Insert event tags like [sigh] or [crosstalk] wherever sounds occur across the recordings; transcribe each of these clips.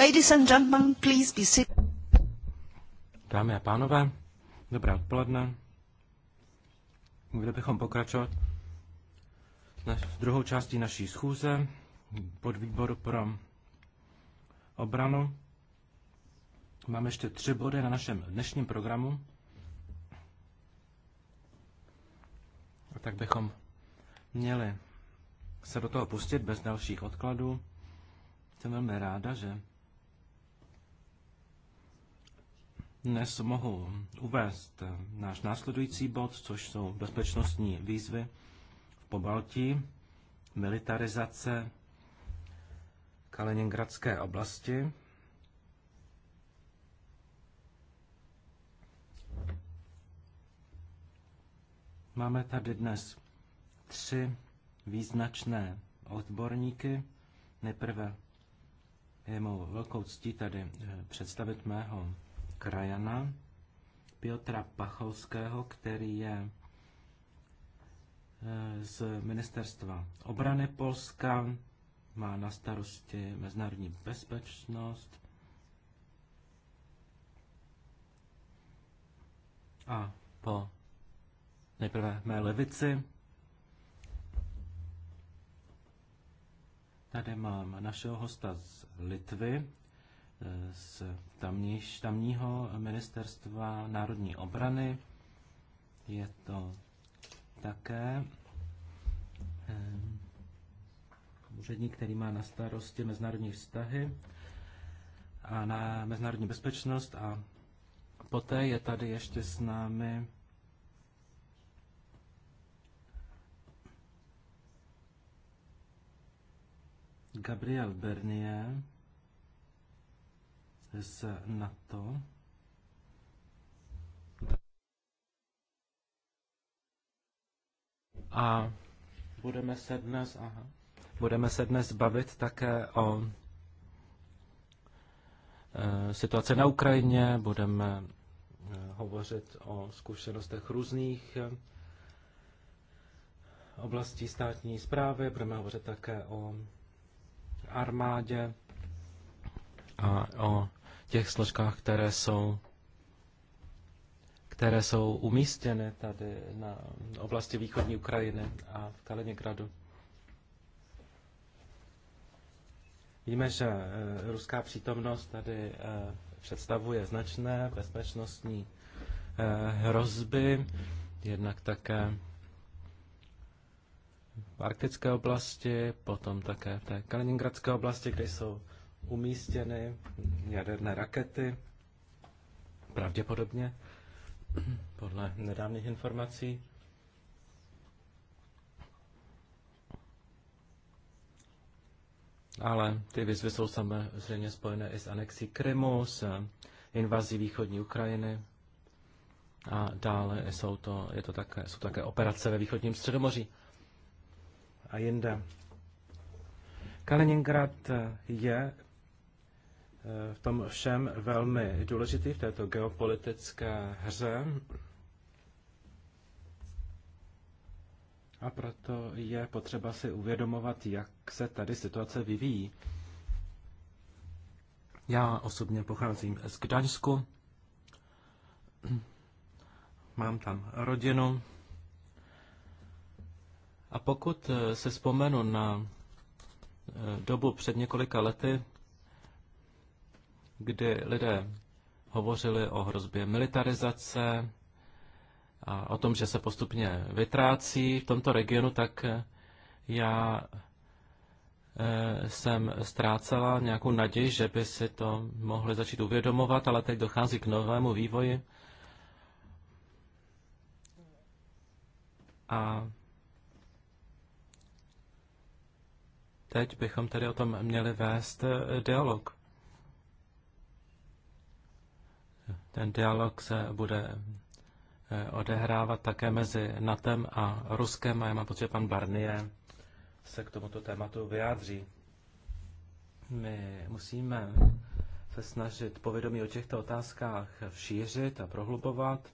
Ladies and gentlemen, please be seated. Dámy a pánové, dobré odpoledne. Měli bychom pokračovat v druhou části naší schůze pod výboru pro obranu. Máme ještě tři body na našem dnešním programu. A tak bychom měli se do toho pustit bez dalších odkladů. Jsem velmi ráda, že Dnes mohu uvést eh, náš následující bod, což jsou bezpečnostní výzvy v Pobaltí, militarizace Kaliningradské oblasti. Máme tady dnes tři význačné odborníky. Nejprve je mou velkou ctí tady eh, představit mého krajana Piotra Pachovského, který je eh, z ministerstva obrany Polska, má na starosti mezinárodní bezpečnost a po nejprve mé levici Tady mám našeho hosta z Litvy, z tamníž, tamního ministerstva národní obrany. Je to také úředník, který má na starosti mezinárodní vztahy a na mezinárodní bezpečnost a poté je tady ještě s námi Gabriel Bernier, z NATO. A budeme se dnes, aha, budeme se dnes bavit také o e, situaci na Ukrajině, budeme e, hovořit o zkušenostech různých e, oblastí státní zprávy, budeme hovořit také o armádě a o těch složkách, které jsou které jsou umístěny tady na oblasti východní Ukrajiny a v Kaliningradu. Víme, že e, ruská přítomnost tady e, představuje značné bezpečnostní e, hrozby, jednak také v arktické oblasti, potom také v té kaliningradské oblasti, kde jsou umístěny jaderné rakety, pravděpodobně, podle nedávných informací. Ale ty výzvy jsou samozřejmě spojené i s anexí Krymu, s invazí východní Ukrajiny a dále jsou to, je to také, jsou také operace ve východním středomoří a jinde. Kaliningrad je v tom všem velmi důležitý v této geopolitické hře. A proto je potřeba si uvědomovat, jak se tady situace vyvíjí. Já osobně pocházím z Gdaňsku. Mám tam rodinu. A pokud se vzpomenu na dobu před několika lety, kdy lidé hovořili o hrozbě militarizace a o tom, že se postupně vytrácí v tomto regionu, tak já eh, jsem ztrácela nějakou naději, že by si to mohli začít uvědomovat, ale teď dochází k novému vývoji. A teď bychom tedy o tom měli vést eh, dialog. Ten dialog se bude eh, odehrávat také mezi NATEM a Ruskem a já mám pocit, že pan Barnier se k tomuto tématu vyjádří. My musíme se snažit povědomí o těchto otázkách šířit a prohlubovat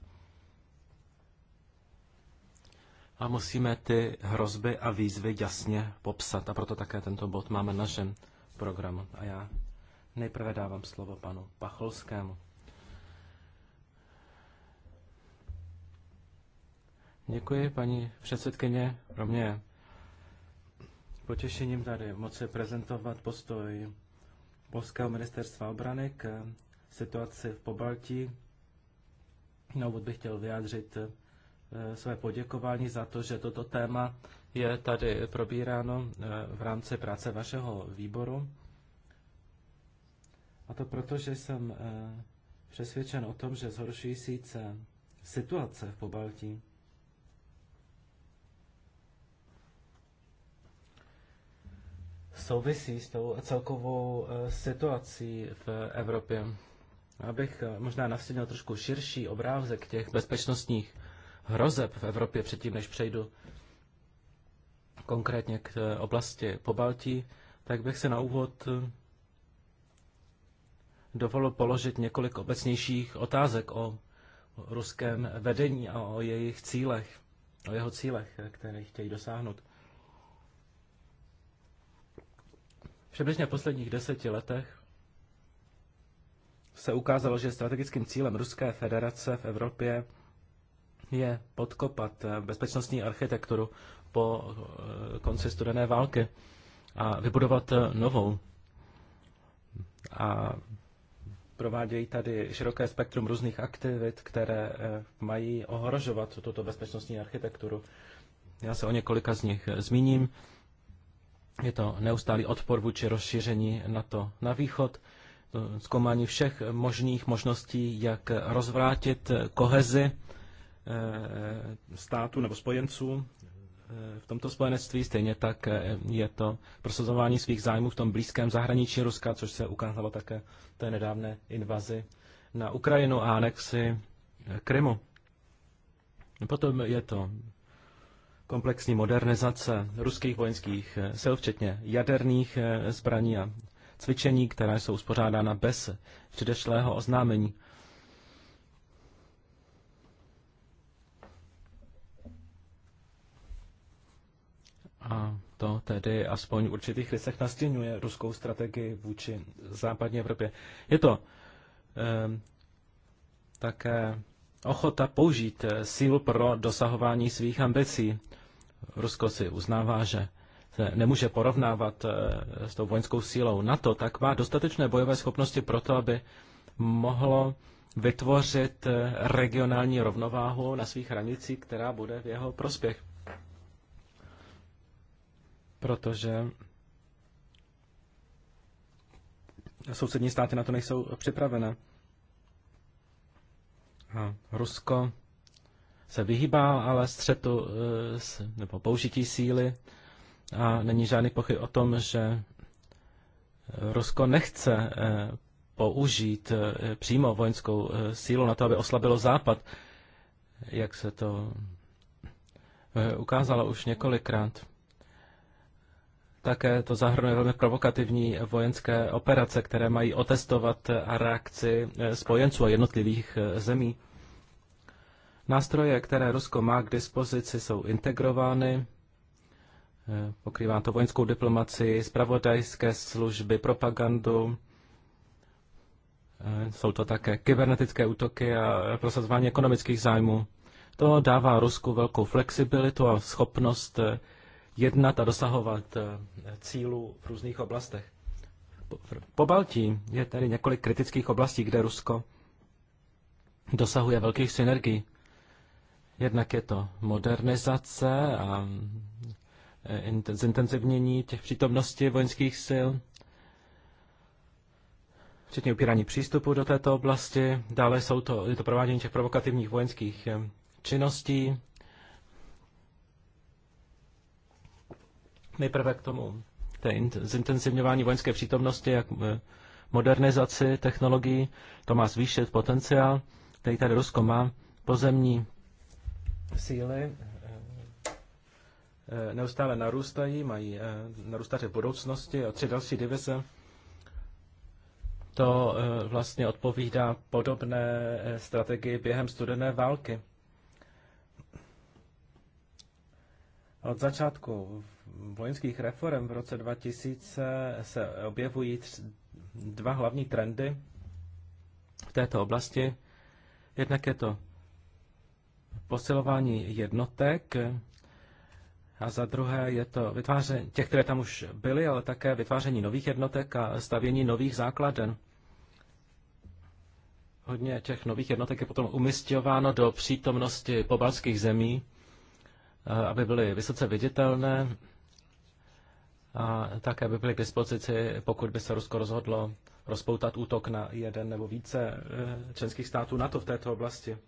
a musíme ty hrozby a výzvy jasně popsat a proto také tento bod máme našem programu. A já nejprve dávám slovo panu Pacholskému. Děkuji, paní předsedkyně. Pro mě potěšením tady moci prezentovat postoj Polského ministerstva obrany k situaci v Pobaltí. Na úvod bych chtěl vyjádřit eh, své poděkování za to, že toto téma je tady probíráno eh, v rámci práce vašeho výboru. A to proto, že jsem eh, přesvědčen o tom, že zhoršující se situace v Pobaltí souvisí s tou celkovou eh, situací v Evropě. Abych eh, možná nastínil trošku širší obrázek těch bezpečnostních hrozeb v Evropě předtím, než přejdu konkrétně k eh, oblasti po Baltí, tak bych se na úvod dovolil položit několik obecnějších otázek o ruském vedení a o jejich cílech, o jeho cílech, které chtějí dosáhnout. Přibližně v posledních deseti letech se ukázalo, že strategickým cílem Ruské federace v Evropě je podkopat bezpečnostní architekturu po eh, konci studené války a vybudovat eh, novou. A provádějí tady široké spektrum různých aktivit, které eh, mají ohrožovat tuto bezpečnostní architekturu. Já se o několika z nich zmíním. Je to neustálý odpor vůči rozšíření NATO na východ, zkoumání všech možných možností, jak rozvrátit kohezi eh, státu nebo spojenců eh, v tomto spojenectví. Stejně tak eh, je to prosazování svých zájmů v tom blízkém zahraničí Ruska, což se ukázalo také té nedávné invazi na Ukrajinu a anexi Krymu. Potom je to komplexní modernizace ruských vojenských eh, sil, včetně jaderných eh, zbraní a cvičení, která jsou uspořádána bez předešlého oznámení. A to tedy aspoň v určitých rysech nastěňuje ruskou strategii vůči západní Evropě. Je to eh, také ochota použít eh, sílu pro dosahování svých ambicí. Rusko si uznává, že se nemůže porovnávat eh, s tou vojenskou sílou NATO, tak má dostatečné bojové schopnosti pro to, aby mohlo vytvořit eh, regionální rovnováhu na svých hranicích, která bude v jeho prospěch. Protože sousední státy na to nejsou připravené. A Rusko se vyhýbá ale střetu eh, nebo použití síly a není žádný pochyb o tom, že Rusko nechce eh, použít eh, přímo vojenskou sílu na to, aby oslabilo Západ, jak se to ukázalo už několikrát. Také to zahrnuje velmi provokativní vojenské operace, které mají otestovat reakci spojenců a jednotlivých zemí. Nástroje, které Rusko má k dispozici, jsou integrovány. Pokrývá to vojenskou diplomaci, spravodajské služby, propagandu. Jsou to také kybernetické útoky a prosazování ekonomických zájmů. To dává Rusku velkou flexibilitu a schopnost jednat a dosahovat cílů v různých oblastech. Po Baltí je tady několik kritických oblastí, kde Rusko dosahuje velkých synergií. Jednak je to modernizace a eh, zintenzivnění těch přítomností vojenských sil, včetně upírání přístupu do této oblasti. Dále jsou to, je to provádění těch provokativních vojenských eh, činností. Nejprve k tomu té zintenzivňování vojenské přítomnosti, jak eh, modernizaci technologií, to má zvýšit potenciál, který tady Rusko má, pozemní síly eh, eh, neustále narůstají, mají eh, narůstaře v budoucnosti a tři další divize. To vlastně odpovídá podobné strategii během studené války. Od začátku vojenských reform v roce 2000 se objevují dva hlavní trendy v této oblasti. Jednak je to posilování jednotek a za druhé je to vytváření těch, které tam už byly, ale také vytváření nových jednotek a stavění nových základen. Hodně těch nových jednotek je potom umistěváno do přítomnosti pobalských zemí, eh, aby byly vysoce viditelné a také aby byly k dispozici, pokud by se Rusko rozhodlo rozpoutat útok na jeden nebo více eh, členských států NATO v této oblasti.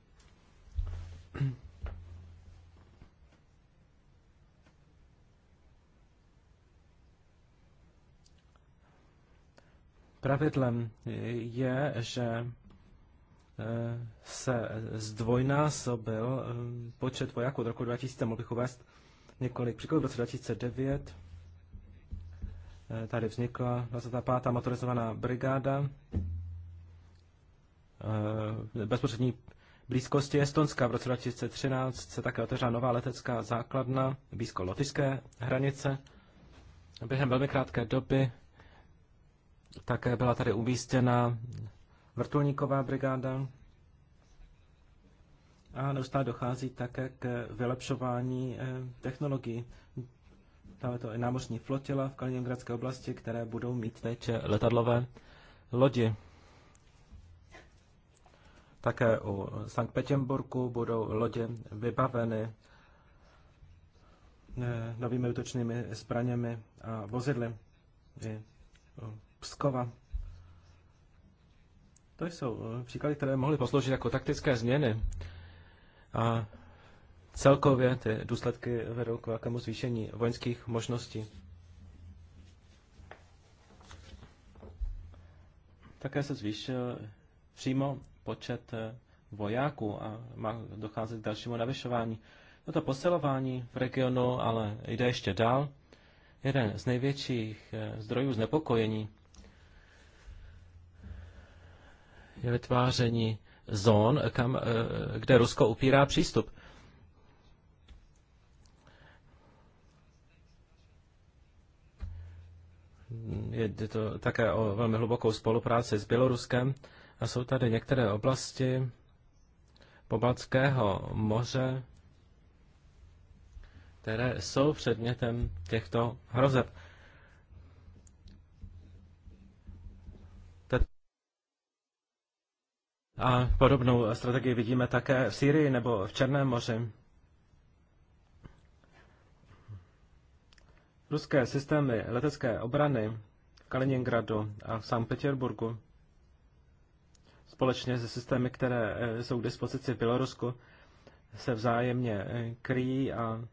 Pravidlem je, že eh, se zdvojnásobil eh, počet vojáků od roku 2000. Mohl bych uvést několik příkladů. V roce 2009 eh, tady vznikla 25. motorizovaná brigáda. Bezprostřední blízkosti Estonska. V roce 2013 se také otevřela nová letecká základna blízko lotyšské hranice. Během velmi krátké doby také byla tady umístěna vrtulníková brigáda a neustále dochází také k vylepšování eh, technologií. Tam je to i námořní flotila v Kaliningradské oblasti, které budou mít teď letadlové lodi. Také u Sankt Petěmburku budou lodě vybaveny eh, novými útočnými zbraněmi a vozidly i Pskova. To jsou eh, příklady, které mohly posloužit jako taktické změny. A celkově ty důsledky vedou k velkému zvýšení vojenských možností. Také se zvýšil přímo počet eh, vojáků a má docházet k dalšímu navyšování. Toto posilování v regionu ale jde ještě dál. Jeden z největších eh, zdrojů znepokojení je vytváření zón, kam, eh, kde Rusko upírá přístup. Je to také o velmi hlubokou spolupráci s Běloruskem a jsou tady některé oblasti Pobaltského moře, které jsou předmětem těchto hrozeb. A podobnou strategii vidíme také v Sýrii nebo v Černém moři. Ruské systémy letecké obrany v Kaliningradu a v Sankt Petersburgu společně se systémy, které eh, jsou k dispozici v Bělorusku, se vzájemně eh, kryjí a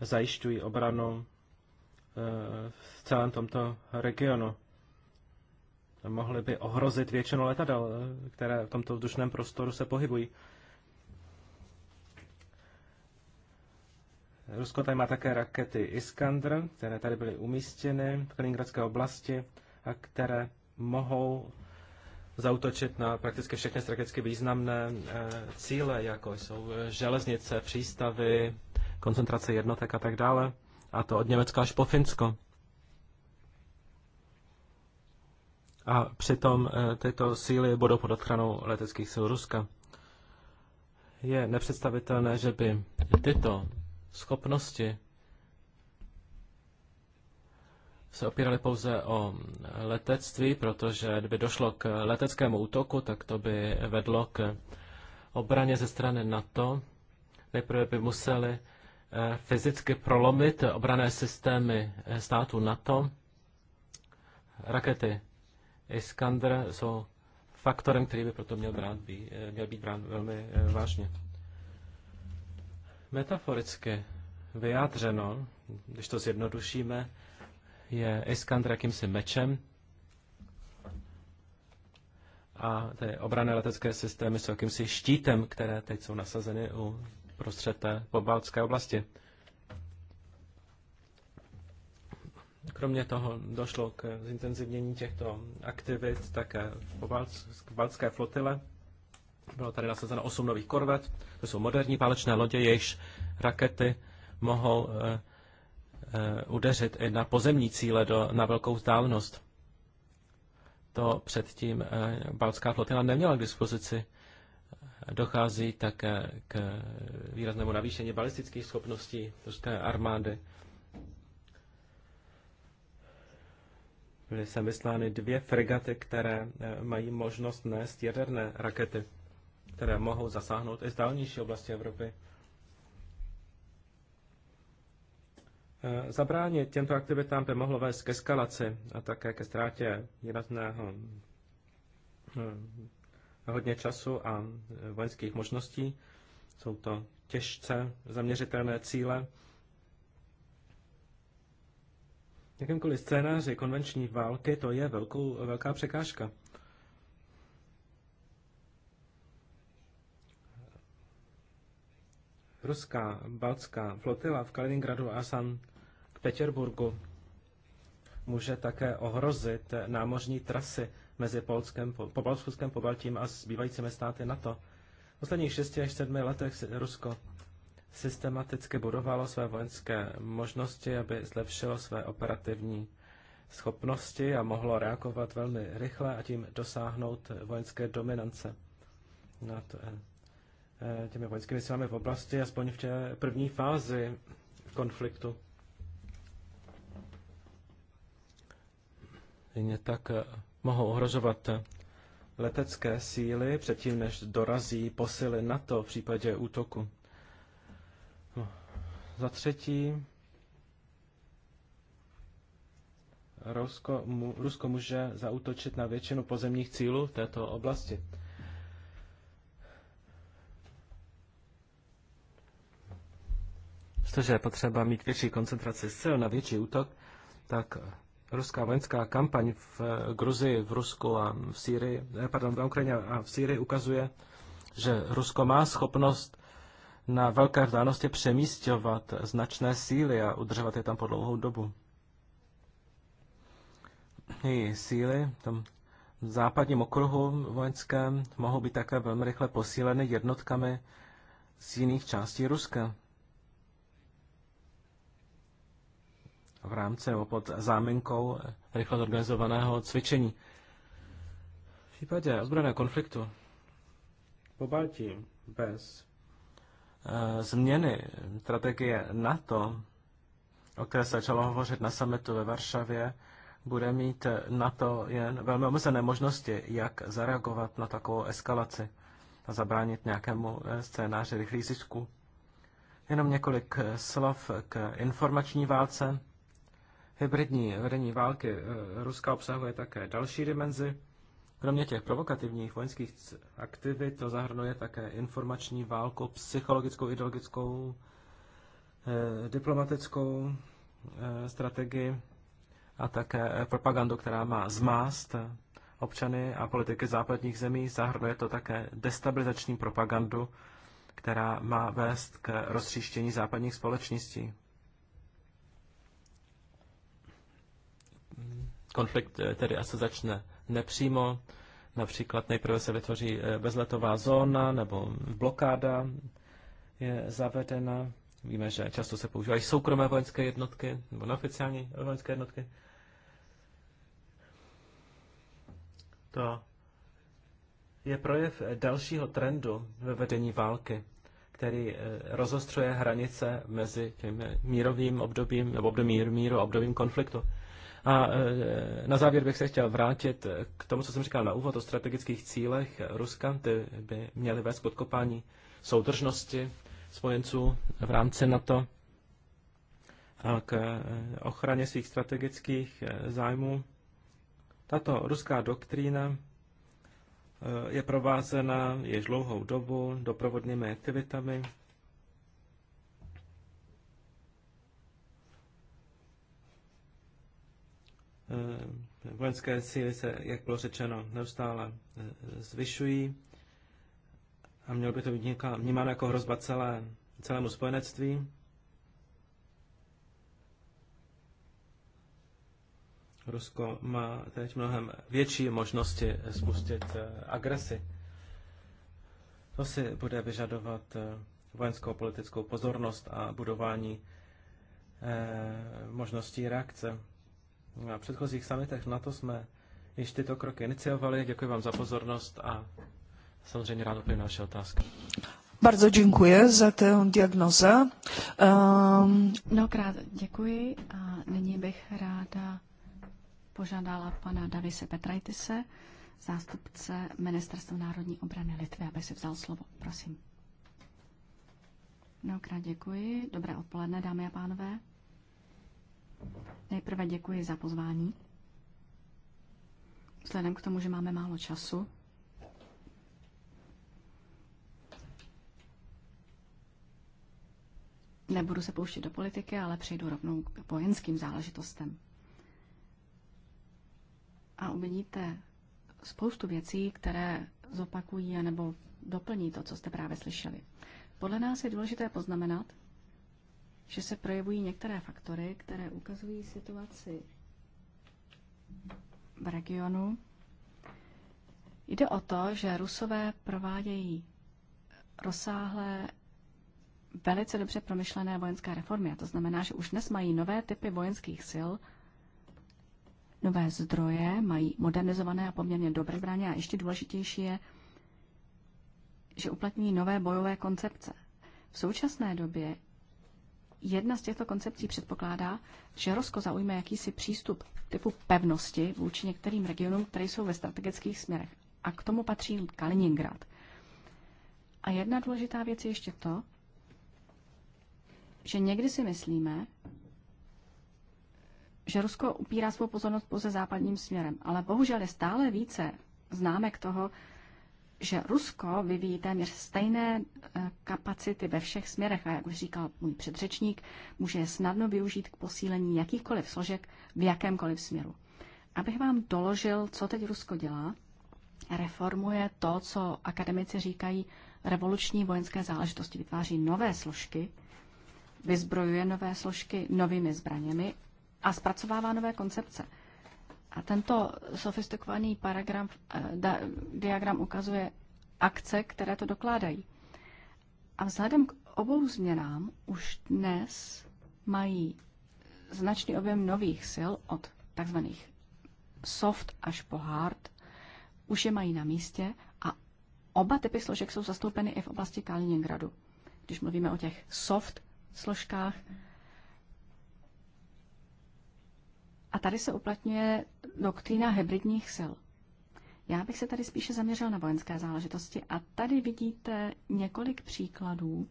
zajišťují obranu eh, v celém tomto regionu. Mohly by ohrozit většinu letadel, které v tomto vzdušném prostoru se pohybují. Rusko tady má také rakety Iskandr, které tady byly umístěny v Kaliningradské oblasti a které mohou zautočit na prakticky všechny strategicky významné eh, cíle, jako jsou eh, železnice, přístavy, koncentrace jednotek a tak dále. A to od Německa až po Finsko. A přitom eh, tyto síly budou pod ochranou leteckých sil Ruska. Je nepředstavitelné, že by tyto schopnosti se opírali pouze o letectví, protože kdyby došlo k leteckému útoku, tak to by vedlo k obraně ze strany NATO. Nejprve by museli eh, fyzicky prolomit obrané systémy eh, států NATO. Rakety Iskander jsou faktorem, který by proto měl, brát, být, eh, měl být brán velmi vážně. Metaforicky vyjádřeno, když to zjednodušíme, je Iskander jakýmsi mečem a ty obrané letecké systémy jsou jakýmsi štítem, které teď jsou nasazeny u prostřed té pobaltské oblasti. Kromě toho došlo k zintenzivnění těchto aktivit také v pobaltské flotile. Bylo tady nasazeno 8 nových korvet, to jsou moderní válečné lodě, jejichž rakety mohou eh, Eh, udeřit i na pozemní cíle do, na velkou vzdálenost. To předtím eh, Balská flotila neměla k dispozici. Dochází také k výraznému navýšení balistických schopností ruské armády. Byly se vyslány dvě fregaty, které eh, mají možnost nést jaderné rakety, které mohou zasáhnout i z dálnější oblasti Evropy. Eh, zabránit těmto aktivitám by mohlo vést k eskalaci a také ke ztrátě výrazného eh, hodně času a eh, vojenských možností. Jsou to těžce zaměřitelné cíle. Jakémkoliv scénáři konvenční války to je velkou, velká překážka. Ruská baltská flotila v Kaliningradu a San Petěrburgu může také ohrozit námořní trasy mezi Polskem, po Polskem, po Baltím a zbývajícími státy NATO. V posledních 6 až 7 letech Rusko systematicky budovalo své vojenské možnosti, aby zlepšilo své operativní schopnosti a mohlo reagovat velmi rychle a tím dosáhnout vojenské dominance nad eh, eh, těmi vojenskými silami v oblasti, aspoň v té první fázi konfliktu. Stejně tak eh, mohou ohrožovat eh, letecké síly předtím, než dorazí posily NATO v případě útoku. No, za třetí, Rusko, mu, Rusko může zautočit na většinu pozemních cílů v této oblasti. Protože je potřeba mít větší koncentraci sil na větší útok, tak eh, ruská vojenská kampaň v eh, Gruzii, v Rusku a v Sýrii, eh, pardon, v Ukrajině a v Sýrii ukazuje, že Rusko má schopnost na velké vzdálenosti přemístěvat značné síly a udržovat je tam po dlouhou dobu. Její síly v tom západním okruhu vojenském mohou být také velmi rychle posíleny jednotkami z jiných částí Ruska. v rámci nebo pod záminkou rychle zorganizovaného cvičení. V případě ozbrojeného konfliktu po Balti bez eh, změny strategie NATO, o které se začalo hovořit na summitu ve Varšavě, bude mít na to jen velmi omezené možnosti, jak zareagovat na takovou eskalaci a zabránit nějakému eh, scénáři rychlých zisků. Jenom několik eh, slov k informační válce hybridní vedení války eh, Ruska obsahuje také další dimenzi. Kromě těch provokativních vojenských aktivit to zahrnuje také informační válku, psychologickou, ideologickou, eh, diplomatickou eh, strategii a také eh, propagandu, která má zmást eh, občany a politiky západních zemí. Zahrnuje to také destabilizační propagandu, která má vést k roztříštění západních společností. Konflikt eh, tedy asi začne nepřímo, například nejprve se vytvoří eh, bezletová zóna nebo blokáda je zavedena. Víme, že často se používají soukromé vojenské jednotky nebo neoficiální vojenské jednotky. To je projev dalšího trendu ve vedení války, který eh, rozostřuje hranice mezi tím mírovým obdobím nebo obdobím míru a obdobím konfliktu. A eh, na závěr bych se chtěl vrátit eh, k tomu, co jsem říkal na úvod o strategických cílech Ruska. Ty by měly vést podkopání soudržnosti spojenců v rámci NATO a k eh, ochraně svých strategických zájmů. Tato ruská doktrína je provázena již dlouhou dobu doprovodnými aktivitami Eh, vojenské síly se, jak bylo řečeno, neustále eh, zvyšují a mělo by to být vnímáno jako hrozba celé, celému spojenectví. Rusko má teď mnohem větší možnosti spustit eh, agresi. To si bude vyžadovat vojenskou politickou pozornost a budování možností reakce. Na předchozích samitech na to jsme již tyto kroky iniciovali. Děkuji vám za pozornost a samozřejmě rád odpovím na vaše otázky. Bardzo dziękuję za tę diagnozę. Um... Mnohokrát děkuji a nyní bych ráda požádala pana Davise Petraitise, zástupce Ministerstva národní obrany Litvy, aby si vzal slovo. Prosím. Mnohokrát děkuji. Dobré odpoledne, dámy a pánové. Nejprve děkuji za pozvání. Vzhledem k tomu, že máme málo času, nebudu se pouštět do politiky, ale přejdu rovnou k vojenským záležitostem. A uvidíte spoustu věcí, které zopakují nebo doplní to, co jste právě slyšeli. Podle nás je důležité poznamenat, že se projevují některé faktory, které ukazují situaci v regionu. Jde o to, že Rusové provádějí rozsáhlé, velice dobře promyšlené vojenské reformy. A to znamená, že už dnes mají nové typy vojenských sil, nové zdroje, mají modernizované a poměrně dobré zbraně a ještě důležitější je, že uplatní nové bojové koncepce. V současné době Jedna z těchto koncepcí předpokládá, že Rusko zaujme jakýsi přístup typu pevnosti vůči některým regionům, které jsou ve strategických směrech. A k tomu patří Kaliningrad. A jedna důležitá věc je ještě to, že někdy si myslíme, že Rusko upírá svou pozornost pouze západním směrem, ale bohužel je stále více známek toho, že Rusko vyvíjí téměř stejné e, kapacity ve všech směrech a jak už říkal můj předřečník, může je snadno využít k posílení jakýchkoliv složek v jakémkoliv směru. Abych vám doložil, co teď Rusko dělá, reformuje to, co akademici říkají revoluční vojenské záležitosti, vytváří nové složky, vyzbrojuje nové složky novými zbraněmi a zpracovává nové koncepce – a tento sofistikovaný paragram, eh, da, diagram ukazuje akce, které to dokládají. A vzhledem k obou změnám už dnes mají značný objem nových sil od tzv. soft až po hard, už je mají na místě a oba typy složek jsou zastoupeny i v oblasti Kaliningradu. Když mluvíme o těch soft složkách, A tady se uplatňuje doktrína hybridních sil. Já bych se tady spíše zaměřil na vojenské záležitosti a tady vidíte několik příkladů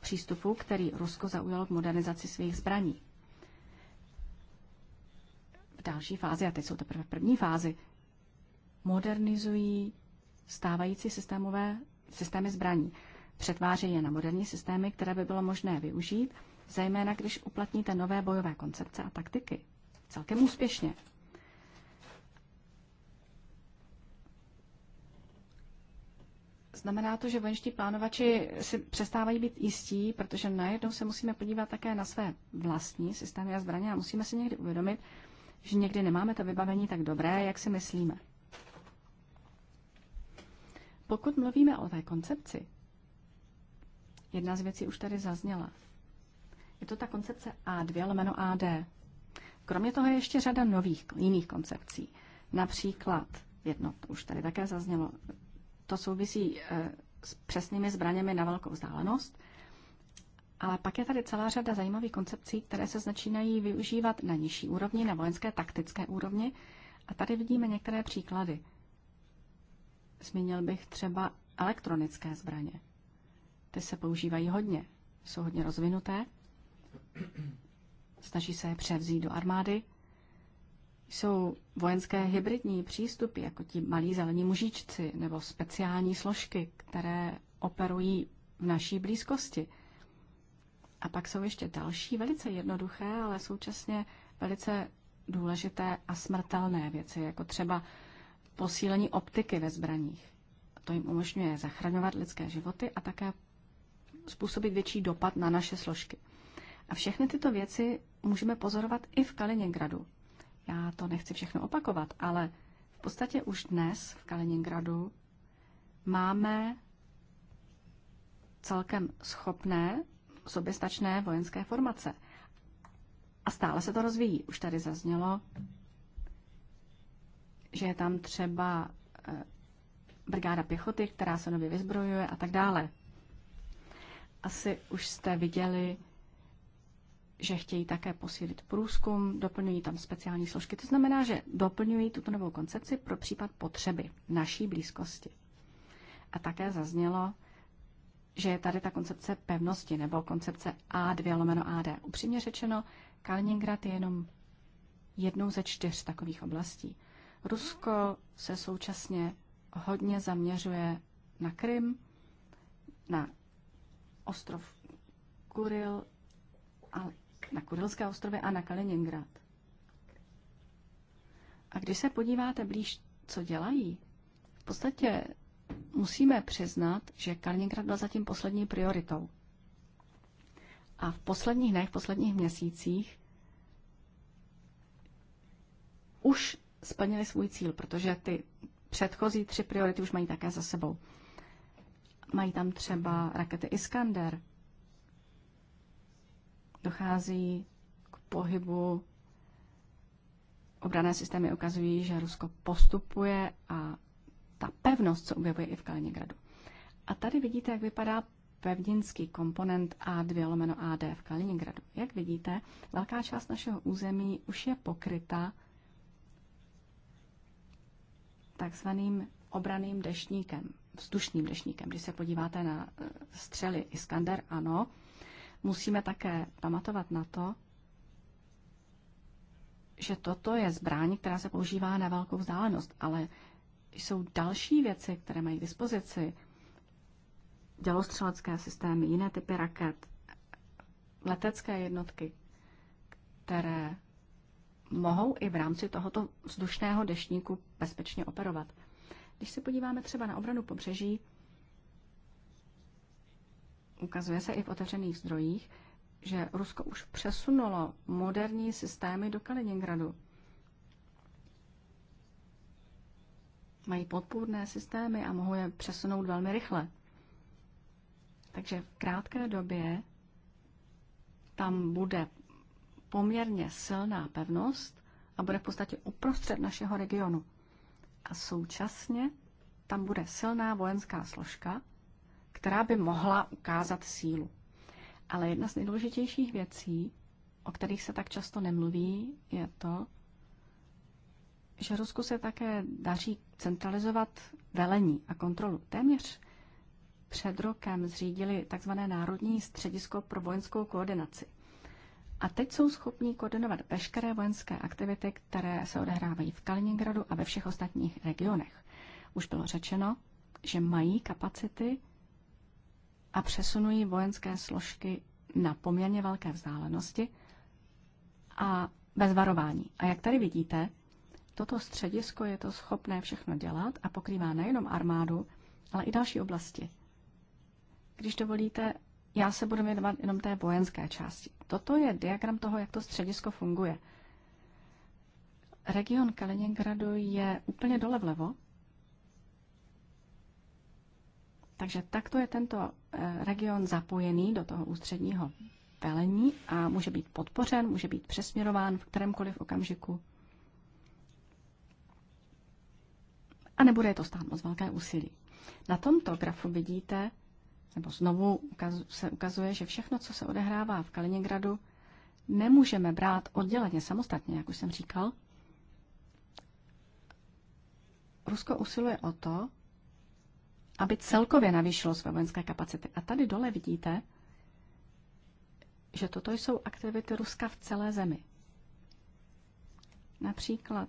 přístupu, který Rusko zaujalo k modernizaci svých zbraní. V další fázi, a teď jsou teprve v první fázi, modernizují stávající systémové systémy zbraní. Přetváří je na moderní systémy, které by bylo možné využít – zejména když uplatníte nové bojové koncepce a taktiky. Celkem úspěšně. Znamená to, že vojenští plánovači si přestávají být jistí, protože najednou se musíme podívat také na své vlastní systémy a zbraně a musíme si někdy uvědomit, že někdy nemáme to vybavení tak dobré, jak si myslíme. Pokud mluvíme o té koncepci, jedna z věcí už tady zazněla. Je to ta koncepce A2 lomeno AD. Kromě toho je ještě řada nových jiných koncepcí. Například, jedno to už tady také zaznělo, to souvisí eh, s přesnými zbraněmi na velkou vzdálenost, ale pak je tady celá řada zajímavých koncepcí, které se začínají využívat na nižší úrovni, na vojenské taktické úrovni. A tady vidíme některé příklady. Zmínil bych třeba elektronické zbraně. Ty se používají hodně, jsou hodně rozvinuté Snaží se je převzít do armády. Jsou vojenské hybridní přístupy, jako ti malí zelení mužičci nebo speciální složky, které operují v naší blízkosti. A pak jsou ještě další velice jednoduché, ale současně velice důležité a smrtelné věci, jako třeba posílení optiky ve zbraních. To jim umožňuje zachraňovat lidské životy a také způsobit větší dopad na naše složky. A všechny tyto věci můžeme pozorovat i v Kaliningradu. Já to nechci všechno opakovat, ale v podstatě už dnes v Kaliningradu máme celkem schopné, soběstačné vojenské formace. A stále se to rozvíjí. Už tady zaznělo, že je tam třeba eh, brigáda pěchoty, která se nově vyzbrojuje a tak dále. Asi už jste viděli že chtějí také posílit průzkum, doplňují tam speciální složky. To znamená, že doplňují tuto novou koncepci pro případ potřeby naší blízkosti. A také zaznělo, že je tady ta koncepce pevnosti nebo koncepce A2 lomeno AD. Upřímně řečeno, Kaliningrad je jenom jednou ze čtyř takových oblastí. Rusko se současně hodně zaměřuje na Krym, na ostrov Kuril, ale na Kurilské ostrovy a na Kaliningrad. A když se podíváte blíž, co dělají, v podstatě musíme přiznat, že Kaliningrad byl zatím poslední prioritou. A v posledních dnech, v posledních měsících už splnili svůj cíl, protože ty předchozí tři priority už mají také za sebou. Mají tam třeba rakety Iskander, dochází k pohybu. Obrané systémy ukazují, že Rusko postupuje a ta pevnost se objevuje i v Kaliningradu. A tady vidíte, jak vypadá pevninský komponent A2 lomeno AD v Kaliningradu. Jak vidíte, velká část našeho území už je pokryta takzvaným obraným dešníkem, vzdušným dešníkem. Když se podíváte na eh, střely Iskander, ano, musíme také pamatovat na to, že toto je zbraň, která se používá na velkou vzdálenost, ale jsou další věci, které mají k dispozici. Dělostřelecké systémy, jiné typy raket, letecké jednotky, které mohou i v rámci tohoto vzdušného deštníku bezpečně operovat. Když se podíváme třeba na obranu pobřeží, Ukazuje se i v otevřených zdrojích, že Rusko už přesunulo moderní systémy do Kaliningradu. Mají podpůrné systémy a mohou je přesunout velmi rychle. Takže v krátké době tam bude poměrně silná pevnost a bude v podstatě uprostřed našeho regionu. A současně tam bude silná vojenská složka, která by mohla ukázat sílu. Ale jedna z nejdůležitějších věcí, o kterých se tak často nemluví, je to, že Rusku se také daří centralizovat velení a kontrolu. Téměř před rokem zřídili tzv. Národní středisko pro vojenskou koordinaci. A teď jsou schopní koordinovat veškeré vojenské aktivity, které se odehrávají v Kaliningradu a ve všech ostatních regionech. Už bylo řečeno, že mají kapacity a přesunují vojenské složky na poměrně velké vzdálenosti a bez varování. A jak tady vidíte, toto středisko je to schopné všechno dělat a pokrývá nejenom armádu, ale i další oblasti. Když dovolíte, já se budu věnovat jenom té vojenské části. Toto je diagram toho, jak to středisko funguje. Region Kaliningradu je úplně dole vlevo Takže takto je tento eh, region zapojený do toho ústředního velení a může být podpořen, může být přesměrován v kterémkoliv okamžiku. A nebude to stát moc velké úsilí. Na tomto grafu vidíte, nebo znovu se ukazuje, že všechno, co se odehrává v Kaliningradu, nemůžeme brát odděleně, samostatně, jak už jsem říkal. Rusko usiluje o to, aby celkově navýšilo své vojenské kapacity. A tady dole vidíte, že toto jsou aktivity Ruska v celé zemi. Například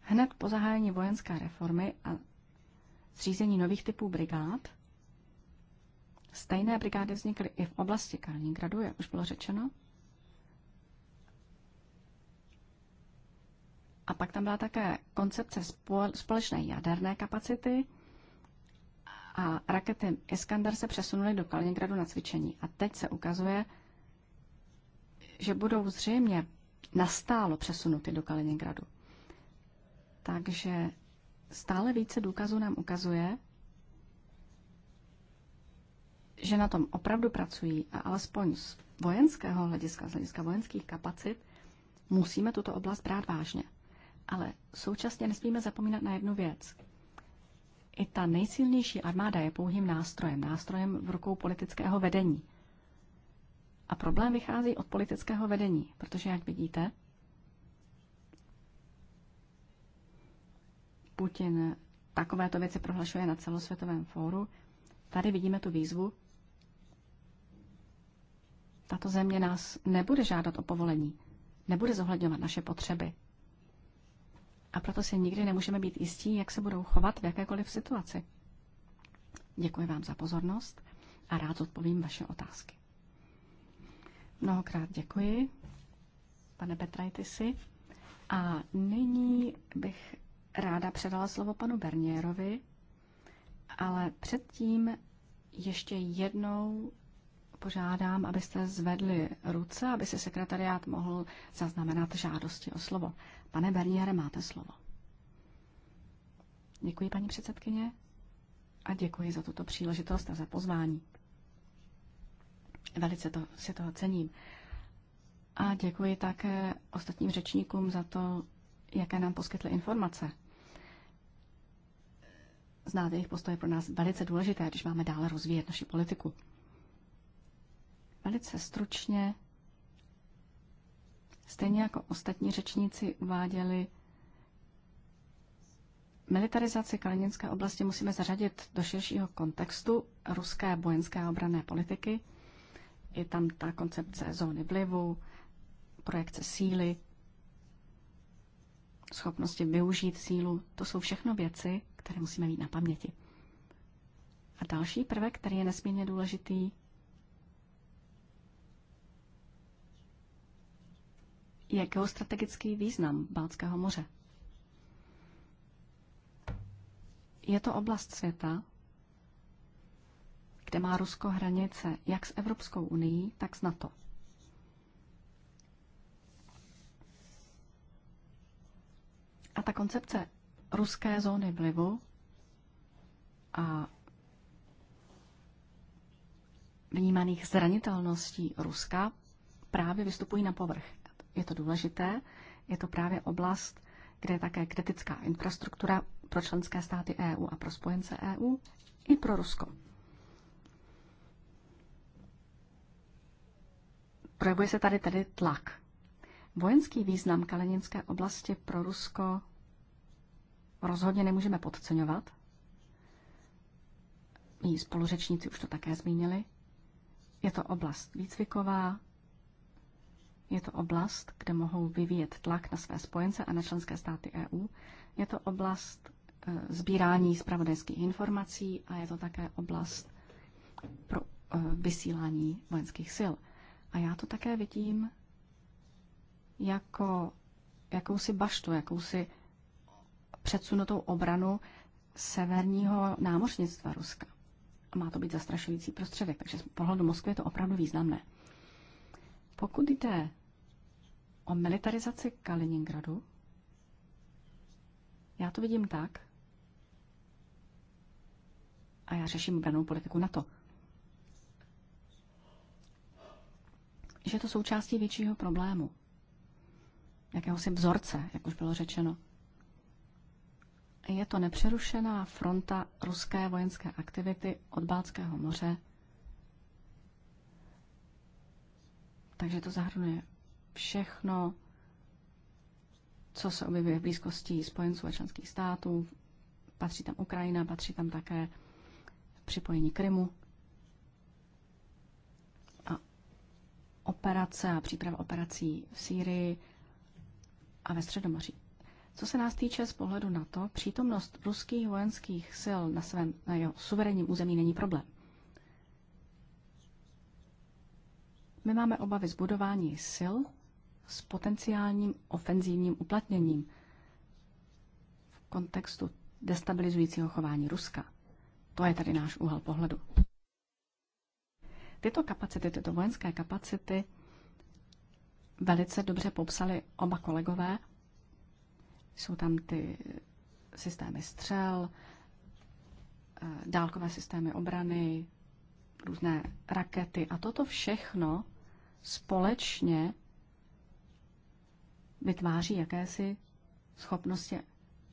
hned po zahájení vojenské reformy a zřízení nových typů brigád, stejné brigády vznikly i v oblasti Kaliningradu, jak už bylo řečeno, A pak tam byla také koncepce společné jaderné kapacity a rakety Iskander se přesunuly do Kaliningradu na cvičení. A teď se ukazuje, že budou zřejmě nastálo přesunuty do Kaliningradu. Takže stále více důkazů nám ukazuje, že na tom opravdu pracují a alespoň z vojenského hlediska, z hlediska vojenských kapacit, musíme tuto oblast brát vážně. Ale současně nesmíme zapomínat na jednu věc – i ta nejsilnější armáda je pouhým nástrojem, nástrojem v rukou politického vedení. A problém vychází od politického vedení, protože, jak vidíte, Putin takovéto věci prohlašuje na celosvětovém fóru. Tady vidíme tu výzvu. Tato země nás nebude žádat o povolení, nebude zohledňovat naše potřeby. A proto si nikdy nemůžeme být jistí, jak se budou chovat v jakékoliv situaci. Děkuji vám za pozornost a rád odpovím vaše otázky. Mnohokrát děkuji, pane Petrajtisi. A nyní bych ráda předala slovo panu Bernierovi, ale předtím ještě jednou požádám, abyste zvedli ruce, aby se sekretariát mohl zaznamenat žádosti o slovo. Pane Berniere, máte slovo. Děkuji, paní předsedkyně, a děkuji za tuto příležitost a za pozvání. Velice to, si toho cením. A děkuji také ostatním řečníkům za to, jaké nám poskytly informace. Znáte jejich postoje pro nás velice důležité, když máme dále rozvíjet naši politiku. Velice stručně Stejně jako ostatní řečníci uváděli, militarizaci kalinické oblasti musíme zařadit do širšího kontextu ruské vojenské a obrané politiky. Je tam ta koncepce zóny vlivu, projekce síly, schopnosti využít sílu. To jsou všechno věci, které musíme mít na paměti. A další prvek, který je nesmírně důležitý, je geostrategický význam Bálckého moře. Je to oblast světa, kde má Rusko hranice jak s Evropskou unii, tak s NATO. A ta koncepce ruské zóny vlivu a vnímaných zranitelností Ruska právě vystupují na povrch je to důležité. Je to právě oblast, kde je také kritická infrastruktura pro členské státy EU a pro spojence EU i pro Rusko. Projevuje se tady tedy tlak. Vojenský význam kalininské oblasti pro Rusko rozhodně nemůžeme podceňovat. Mí spoluřečníci už to také zmínili. Je to oblast výcviková, je to oblast, kde mohou vyvíjet tlak na své spojence a na členské státy EU. Je to oblast eh, sbírání zpravodajských informací a je to také oblast pro eh, vysílání vojenských sil. A já to také vidím jako jakousi baštu, jakousi předsunutou obranu severního námořnictva Ruska. A má to být zastrašující prostředek, takže z pohledu Moskvy je to opravdu významné. Pokud jde O militarizaci Kaliningradu? Já to vidím tak. A já řeším branou politiku na to, Že je to součástí většího problému. Jakéhosi vzorce, jak už bylo řečeno. Je to nepřerušená fronta ruské vojenské aktivity od Bálského moře. Takže to zahrnuje všechno, co se objevuje v blízkosti spojenců a členských států. Patří tam Ukrajina, patří tam také připojení Krymu. A operace a příprava operací v Sýrii a ve Středomoří. Co se nás týče z pohledu na to, přítomnost ruských vojenských sil na svém na jeho suverénním území není problém. My máme obavy z budování sil s potenciálním ofenzivním uplatněním v kontextu destabilizujícího chování Ruska. To je tady náš úhel pohledu. Tyto kapacity, tyto vojenské kapacity velice dobře popsali oba kolegové. Jsou tam ty systémy střel, eh, dálkové systémy obrany, různé rakety a toto všechno společně vytváří jakési schopnosti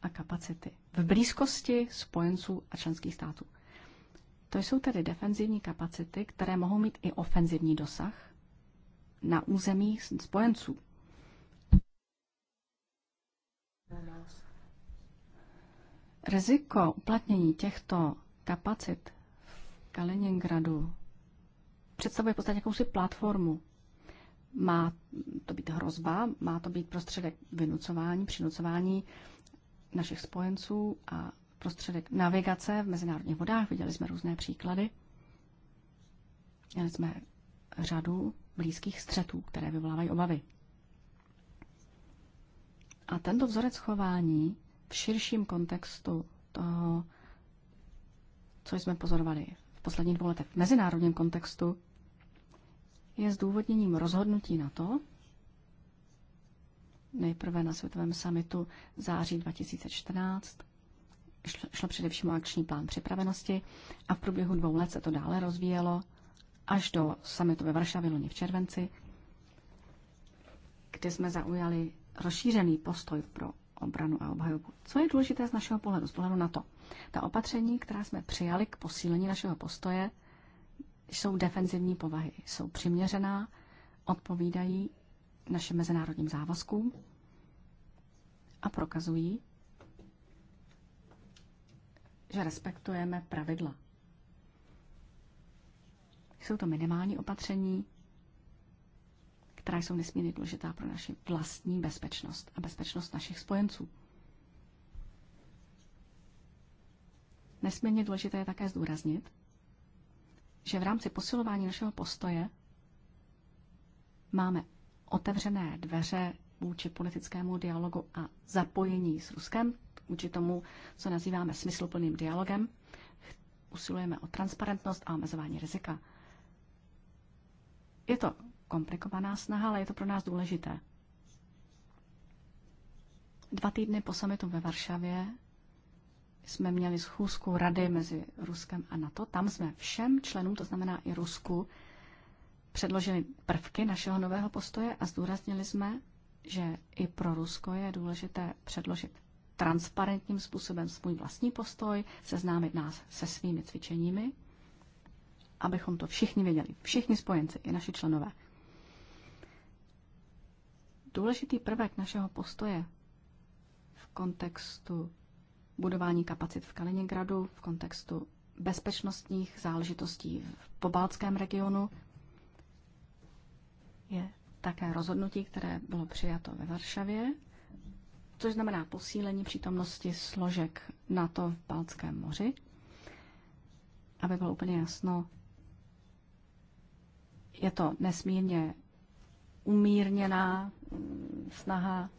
a kapacity v blízkosti spojenců a členských států. To jsou tedy defenzivní kapacity, které mohou mít i ofenzivní dosah na území spojenců. Riziko uplatnění těchto kapacit v Kaliningradu představuje v podstatě jakousi platformu má to být hrozba, má to být prostředek vynucování, přinucování našich spojenců a prostředek navigace v mezinárodních vodách. Viděli jsme různé příklady. Měli jsme řadu blízkých střetů, které vyvolávají obavy. A tento vzorec chování v širším kontextu toho, co jsme pozorovali v posledních dvou letech v mezinárodním kontextu, je zdůvodněním rozhodnutí na to, nejprve na Světovém samitu září 2014, šlo, šlo především o akční plán připravenosti a v průběhu dvou let se to dále rozvíjelo až do samitu ve Varšavě loni v červenci, kde jsme zaujali rozšířený postoj pro obranu a obhajobu. Co je důležité z našeho pohledu, z pohledu na to? Ta opatření, která jsme přijali k posílení našeho postoje, jsou defenzivní povahy. Jsou přiměřená, odpovídají našim mezinárodním závazkům a prokazují, že respektujeme pravidla. Jsou to minimální opatření, která jsou nesmírně důležitá pro naši vlastní bezpečnost a bezpečnost našich spojenců. Nesmírně důležité je také zdůraznit, že v rámci posilování našeho postoje máme otevřené dveře vůči politickému dialogu a zapojení s Ruskem, vůči tomu, co nazýváme smysluplným dialogem. Usilujeme o transparentnost a omezování rizika. Je to komplikovaná snaha, ale je to pro nás důležité. Dva týdny po samitu ve Varšavě jsme měli schůzku rady mezi Ruskem a NATO. Tam jsme všem členům, to znamená i Rusku, předložili prvky našeho nového postoje a zdůraznili jsme, že i pro Rusko je důležité předložit transparentním způsobem svůj vlastní postoj, seznámit nás se svými cvičeními, abychom to všichni věděli, všichni spojenci i naši členové. Důležitý prvek našeho postoje v kontextu budování kapacit v Kaliningradu v kontextu bezpečnostních záležitostí v pobaltském regionu. Je také rozhodnutí, které bylo přijato ve Varšavě, což znamená posílení přítomnosti složek NATO v Baltském moři. Aby bylo úplně jasno, je to nesmírně umírněná snaha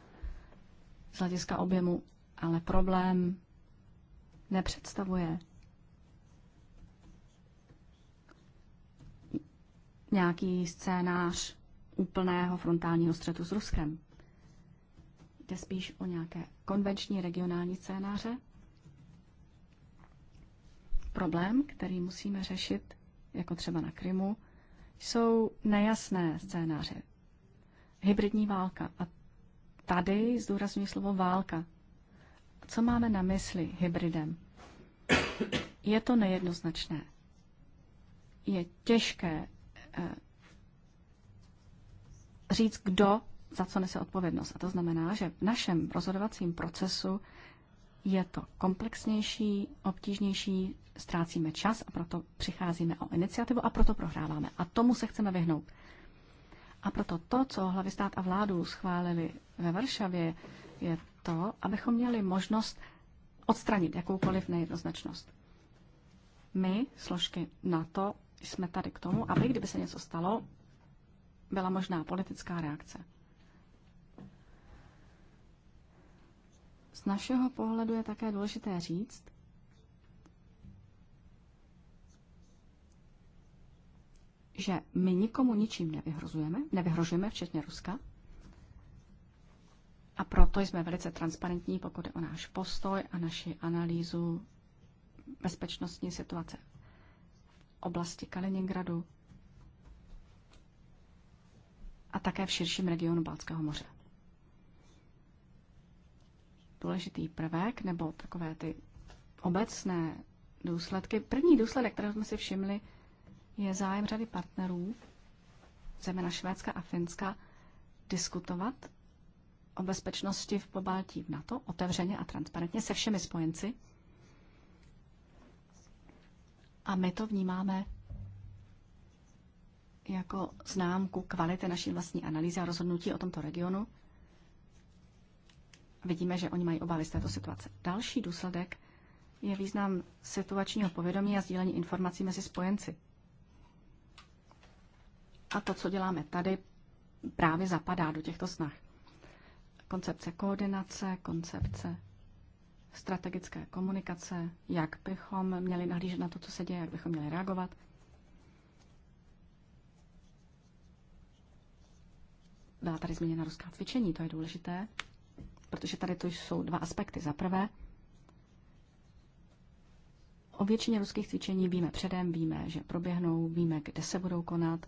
z hlediska objemu, ale problém nepředstavuje nějaký scénář úplného frontálního střetu s Ruskem. Jde spíš o nějaké konvenční regionální scénáře. Problém, který musíme řešit, jako třeba na Krymu, jsou nejasné scénáře. Hybridní válka. A tady zdůrazňuji slovo válka, co máme na mysli hybridem? Je to nejednoznačné. Je těžké eh, říct, kdo za co nese odpovědnost. A to znamená, že v našem rozhodovacím procesu je to komplexnější, obtížnější, ztrácíme čas a proto přicházíme o iniciativu a proto prohráváme. A tomu se chceme vyhnout. A proto to, co hlavy stát a vládu schválili ve Varšavě, je to, abychom měli možnost odstranit jakoukoliv nejednoznačnost. My, složky NATO, jsme tady k tomu, aby, kdyby se něco stalo, byla možná politická reakce. Z našeho pohledu je také důležité říct, že my nikomu ničím nevyhrozujeme, nevyhrožujeme, včetně Ruska. A proto jsme velice transparentní, pokud je o náš postoj a naši analýzu bezpečnostní situace v oblasti Kaliningradu a také v širším regionu Balckého moře. Důležitý prvek, nebo takové ty obecné důsledky. První důsledek, kterého jsme si všimli, je zájem řady partnerů, zejména Švédska a Finska, diskutovat o bezpečnosti v Pobaltí v NATO otevřeně a transparentně se všemi spojenci. A my to vnímáme jako známku kvality naší vlastní analýzy a rozhodnutí o tomto regionu. Vidíme, že oni mají obavy z této situace. Další důsledek je význam situačního povědomí a sdílení informací mezi spojenci. A to, co děláme tady, právě zapadá do těchto snah koncepce koordinace, koncepce strategické komunikace, jak bychom měli nahlížet na to, co se děje, jak bychom měli reagovat. Byla tady zmíněna ruská cvičení, to je důležité, protože tady to jsou dva aspekty. Za prvé, o většině ruských cvičení víme předem, víme, že proběhnou, víme, kde se budou konat,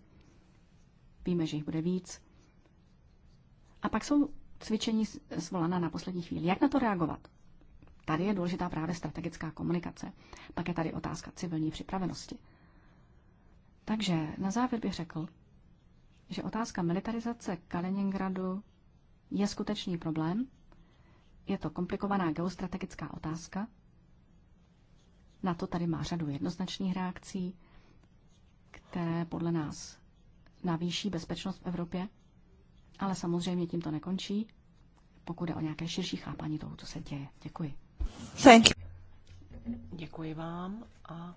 víme, že jich bude víc. A pak jsou cvičení zvolena na poslední chvíli. Jak na to reagovat? Tady je důležitá právě strategická komunikace. Pak je tady otázka civilní připravenosti. Takže na závěr bych řekl, že otázka militarizace Kaliningradu je skutečný problém. Je to komplikovaná geostrategická otázka. Na to tady má řadu jednoznačných reakcí, které podle nás navýší bezpečnost v Evropě ale samozřejmě tím to nekončí, pokud je o nějaké širší chápání toho, co se děje. Děkuji. Thank you. Děkuji vám a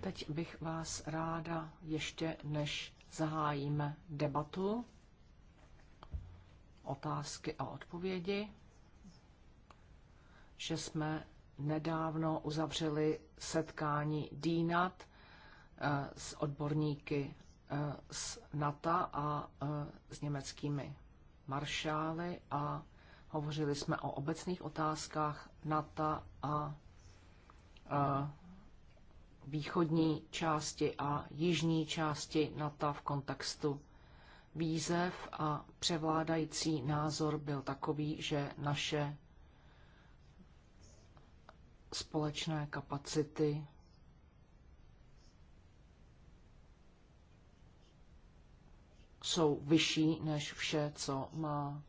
teď bych vás ráda ještě, než zahájíme debatu, otázky a odpovědi, že jsme nedávno uzavřeli setkání DINAT eh, s odborníky s NATO a e, s německými maršály a hovořili jsme o obecných otázkách NATO a e, východní části a jižní části NATO v kontextu výzev a převládající názor byl takový, že naše společné kapacity jsou vyšší než vše, co má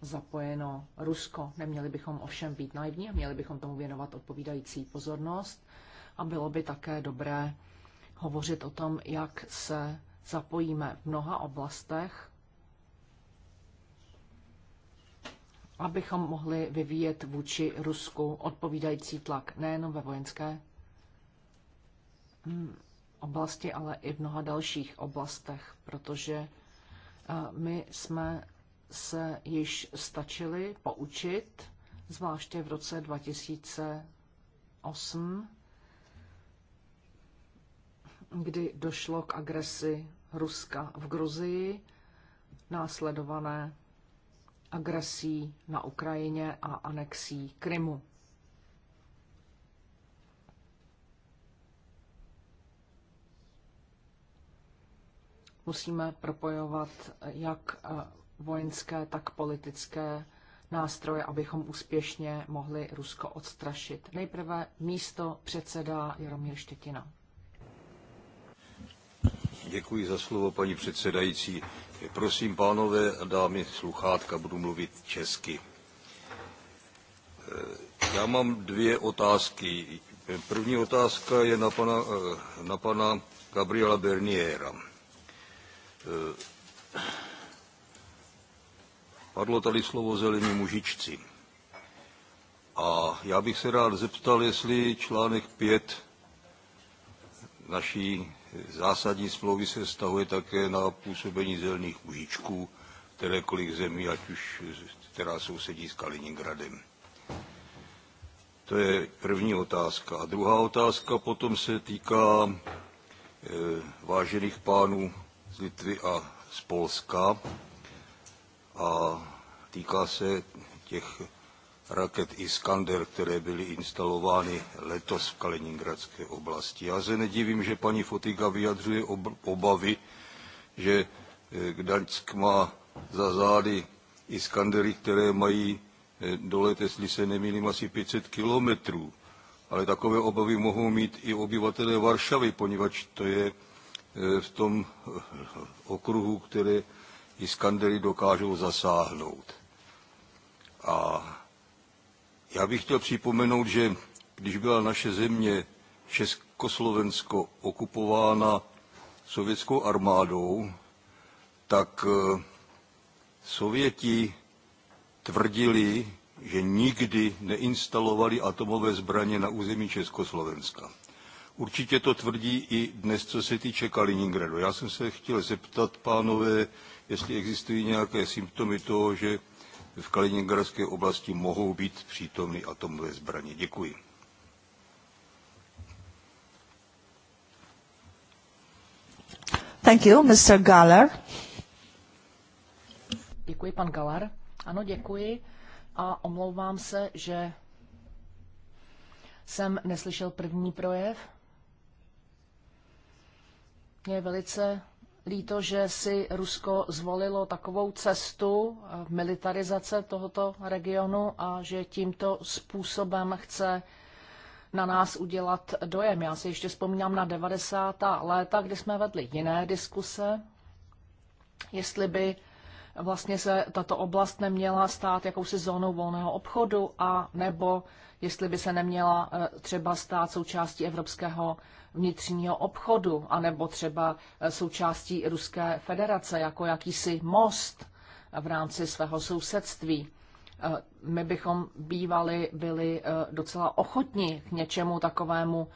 zapojeno Rusko. Neměli bychom ovšem být naivní a měli bychom tomu věnovat odpovídající pozornost. A bylo by také dobré hovořit o tom, jak se zapojíme v mnoha oblastech, abychom mohli vyvíjet vůči Rusku odpovídající tlak nejenom ve vojenské oblasti, ale i v mnoha dalších oblastech, protože eh, my jsme se již stačili poučit, zvláště v roce 2008, kdy došlo k agresi Ruska v Gruzii, následované agresí na Ukrajině a anexí Krymu. musíme propojovat jak eh, vojenské, tak politické nástroje, abychom úspěšně mohli Rusko odstrašit. Nejprve místo předseda Jaromír Štětina. Děkuji za slovo, paní předsedající. Prosím, pánové a dámy sluchátka, budu mluvit česky. Eh, já mám dvě otázky. První otázka je na pana, eh, na pana Gabriela Berniera Eh, padlo tady slovo zelení mužičci. A já bych se rád zeptal, jestli článek 5 naší zásadní smlouvy se stahuje také na působení zelených mužičků kterékoliv zemí, ať už která sousedí s Kaliningradem. To je první otázka. A druhá otázka potom se týká e, vážených pánů Litvy a z Polska a týká se těch raket Iskander, které byly instalovány letos v Kaliningradské oblasti. Já se nedivím, že paní Fotiga vyjadřuje obavy, že eh, Gdaňsk má za zády Iskandery, které mají eh, dolet, jestli se nemýlím, asi 500 kilometrů. Ale takové obavy mohou mít i obyvatelé Varšavy, poněvadž to je v tom eh, okruhu, které Iskandery dokážou zasáhnout. A já bych chtěl připomenout, že když byla naše země Československo okupována sovětskou armádou, tak eh, Sověti tvrdili, že nikdy neinstalovali atomové zbraně na území Československa. Určitě to tvrdí i dnes, co se týče Kaliningradu. Já jsem se chtěl zeptat, pánové, jestli existují nějaké symptomy toho, že v Kaliningradské oblasti mohou být přítomny atomové zbraně. Děkuji. Thank you, Mr. Galler. Děkuji, pan Galler. Ano, děkuji. A omlouvám se, že jsem neslyšel první projev. Mě je velice líto, že si Rusko zvolilo takovou cestu eh, militarizace tohoto regionu a že tímto způsobem chce na nás udělat dojem. Já si ještě vzpomínám na 90. léta, kdy jsme vedli jiné diskuse, jestli by vlastně se tato oblast neměla stát jakousi zónou volného obchodu a nebo jestli by se neměla eh, třeba stát součástí evropského vnitřního obchodu, anebo třeba eh, součástí Ruské federace jako jakýsi most eh, v rámci svého sousedství. Eh, my bychom bývali byli docela ochotni k něčemu takovému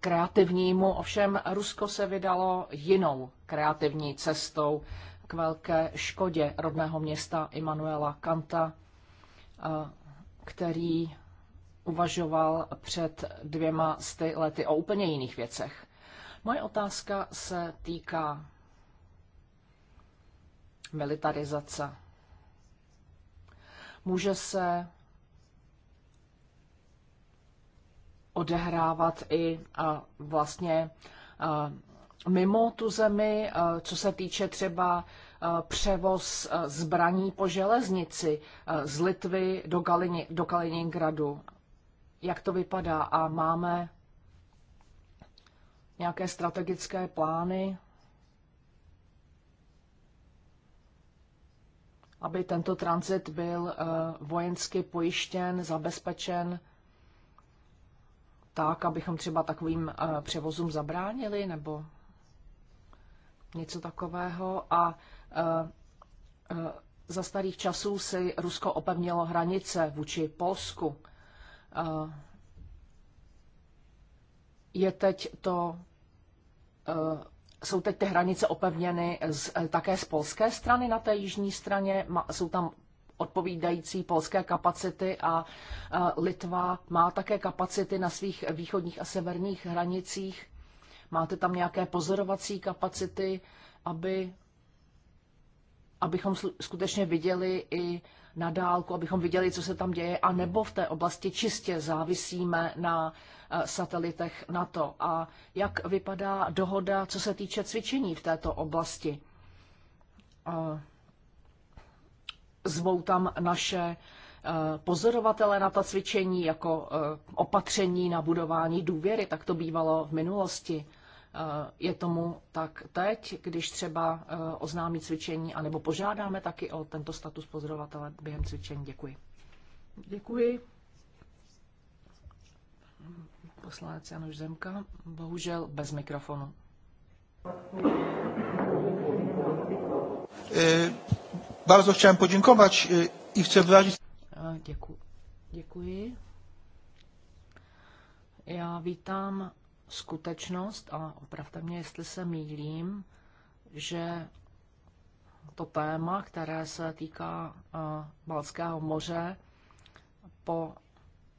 kreativnímu, ovšem Rusko se vydalo jinou kreativní cestou k velké škodě rodného města Immanuela Kanta, který uvažoval před dvěma sty lety o úplně jiných věcech. Moje otázka se týká militarizace. Může se odehrávat i a vlastně a mimo tu zemi, co se týče třeba převoz zbraní po železnici z Litvy do, Galini, do Kaliningradu jak to vypadá a máme nějaké strategické plány, aby tento transit byl eh, vojensky pojištěn, zabezpečen, tak, abychom třeba takovým eh, převozům zabránili nebo něco takového. A eh, za starých časů si Rusko opevnilo hranice vůči Polsku. Eh, je teď to, eh, jsou teď ty hranice opevněny z, eh, také z polské strany na té jižní straně, jsou tam odpovídající polské kapacity a Litva má také kapacity na svých východních a severních hranicích. Máte tam nějaké pozorovací kapacity, aby, abychom skutečně viděli i na dálku, abychom viděli, co se tam děje, a nebo v té oblasti čistě závisíme na eh, satelitech NATO. A jak vypadá dohoda, co se týče cvičení v této oblasti? Eh, zvou tam naše eh, pozorovatele na ta cvičení jako opatření na budování důvěry, tak to bývalo v minulosti. Eh, je tomu tak teď, když třeba eh, oznámí cvičení, anebo požádáme taky o tento status pozorovatele během cvičení. Děkuji. Děkuji. Poslanec Janoš Zemka, bohužel bez mikrofonu. Eh, bardzo chciałem podziękować i chcę wyrazić... Děkuji. Děkuji. Já vítám skutečnost, a opravdu mě, jestli se mýlím, že to téma, které se týká eh, Balského moře, po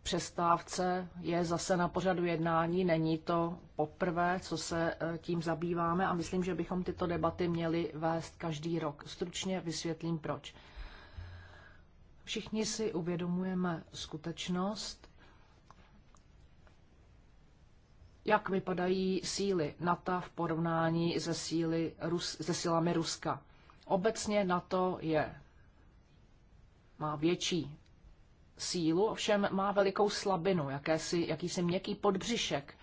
přestávce je zase na pořadu jednání. Není to poprvé, co se eh, tím zabýváme a myslím, že bychom tyto debaty měli vést každý rok. Stručně vysvětlím proč. Všichni si uvědomujeme skutečnost, jak vypadají síly NATO v porovnání se, síly Rus, se silami Ruska. Obecně NATO je, má větší sílu, ovšem má velikou slabinu, jakési, jakýsi měkký podbřišek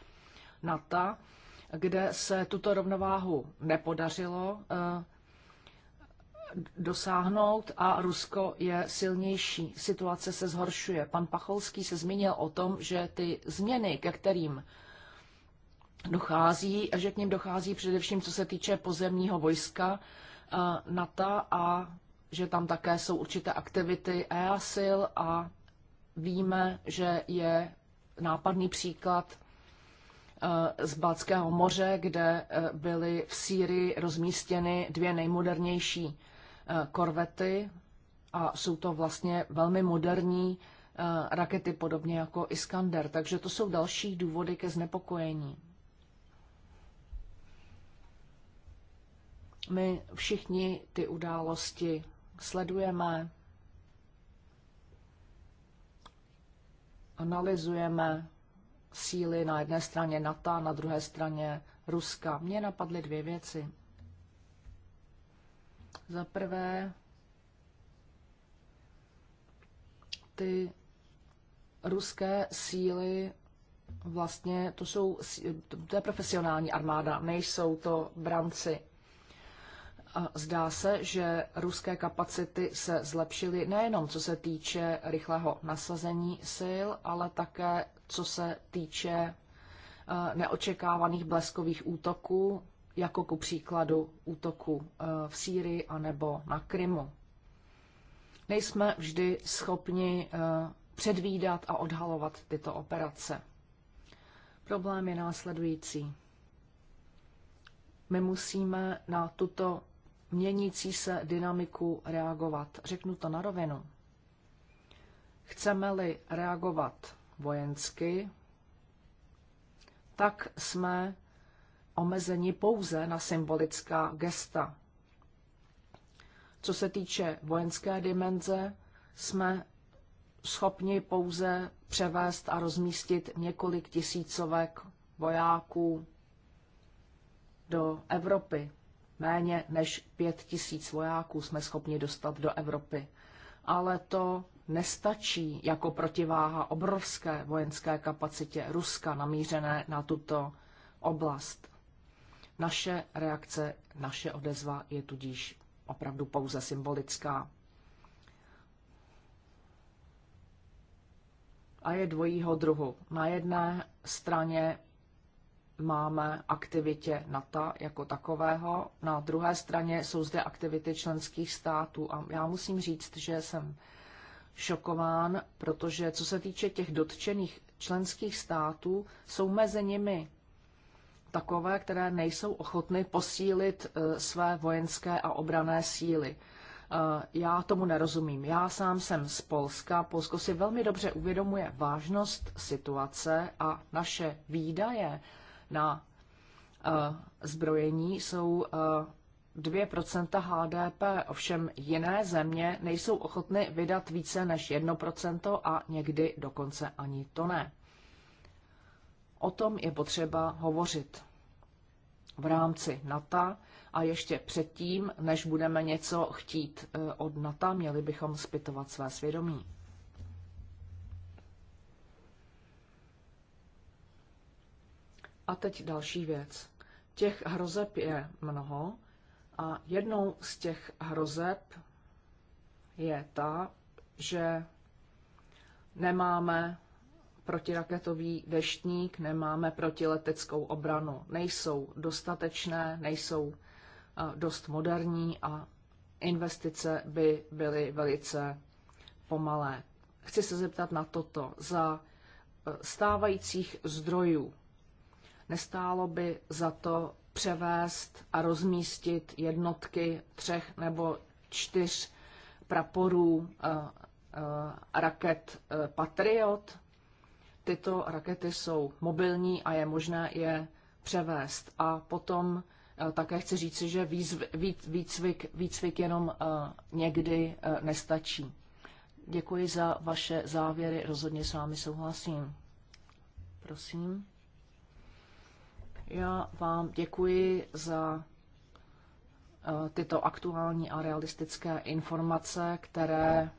NATO, kde se tuto rovnováhu nepodařilo eh, dosáhnout a Rusko je silnější. Situace se zhoršuje. Pan Pacholský se zmínil o tom, že ty změny, ke kterým dochází, že k ním dochází především co se týče pozemního vojska eh, NATO a že tam také jsou určité aktivity EASIL a víme, že je nápadný příklad eh, z Balckého moře, kde eh, byly v Sýrii rozmístěny dvě nejmodernější korvety a jsou to vlastně velmi moderní rakety, podobně jako Iskander. Takže to jsou další důvody ke znepokojení. My všichni ty události sledujeme, analyzujeme síly na jedné straně NATO, na druhé straně Ruska. Mně napadly dvě věci. Za prvé, ty ruské síly vlastně, to jsou, to je profesionální armáda, nejsou to branci zdá se, že ruské kapacity se zlepšily nejenom co se týče rychlého nasazení sil, ale také co se týče eh, neočekávaných bleskových útoků, jako ku příkladu útoku eh, v Sýrii anebo na Krymu. Nejsme vždy schopni eh, předvídat a odhalovat tyto operace. Problém je následující. My musíme na tuto měnící se dynamiku reagovat. Řeknu to na rovinu. Chceme-li reagovat vojensky, tak jsme omezeni pouze na symbolická gesta. Co se týče vojenské dimenze, jsme schopni pouze převést a rozmístit několik tisícovek vojáků do Evropy. Méně než pět tisíc vojáků jsme schopni dostat do Evropy. Ale to nestačí jako protiváha obrovské vojenské kapacitě Ruska namířené na tuto oblast. Naše reakce, naše odezva je tudíž opravdu pouze symbolická. A je dvojího druhu. Na jedné straně máme aktivitě NATO jako takového. Na druhé straně jsou zde aktivity členských států a já musím říct, že jsem šokován, protože co se týče těch dotčených členských států, jsou mezi nimi takové, které nejsou ochotny posílit eh, své vojenské a obrané síly. Eh, já tomu nerozumím. Já sám jsem z Polska. Polsko si velmi dobře uvědomuje vážnost situace a naše výdaje na eh, zbrojení jsou 2% eh, HDP, ovšem jiné země nejsou ochotny vydat více než 1% a někdy dokonce ani to ne. O tom je potřeba hovořit v rámci NATO a ještě předtím, než budeme něco chtít eh, od NATO, měli bychom zpytovat své svědomí. A teď další věc. Těch hrozeb je mnoho a jednou z těch hrozeb je ta, že nemáme protiraketový deštník, nemáme protileteckou obranu. Nejsou dostatečné, nejsou eh, dost moderní a investice by byly velice pomalé. Chci se zeptat na toto. Za eh, stávajících zdrojů Nestálo by za to převést a rozmístit jednotky třech nebo čtyř praporů eh, eh, raket eh, Patriot. Tyto rakety jsou mobilní a je možné je převést. A potom také chci říci, že výcvik, výcvik jenom někdy nestačí. Děkuji za vaše závěry, rozhodně s vámi souhlasím. Prosím. Já vám děkuji za eh, tyto aktuální a realistické informace, které,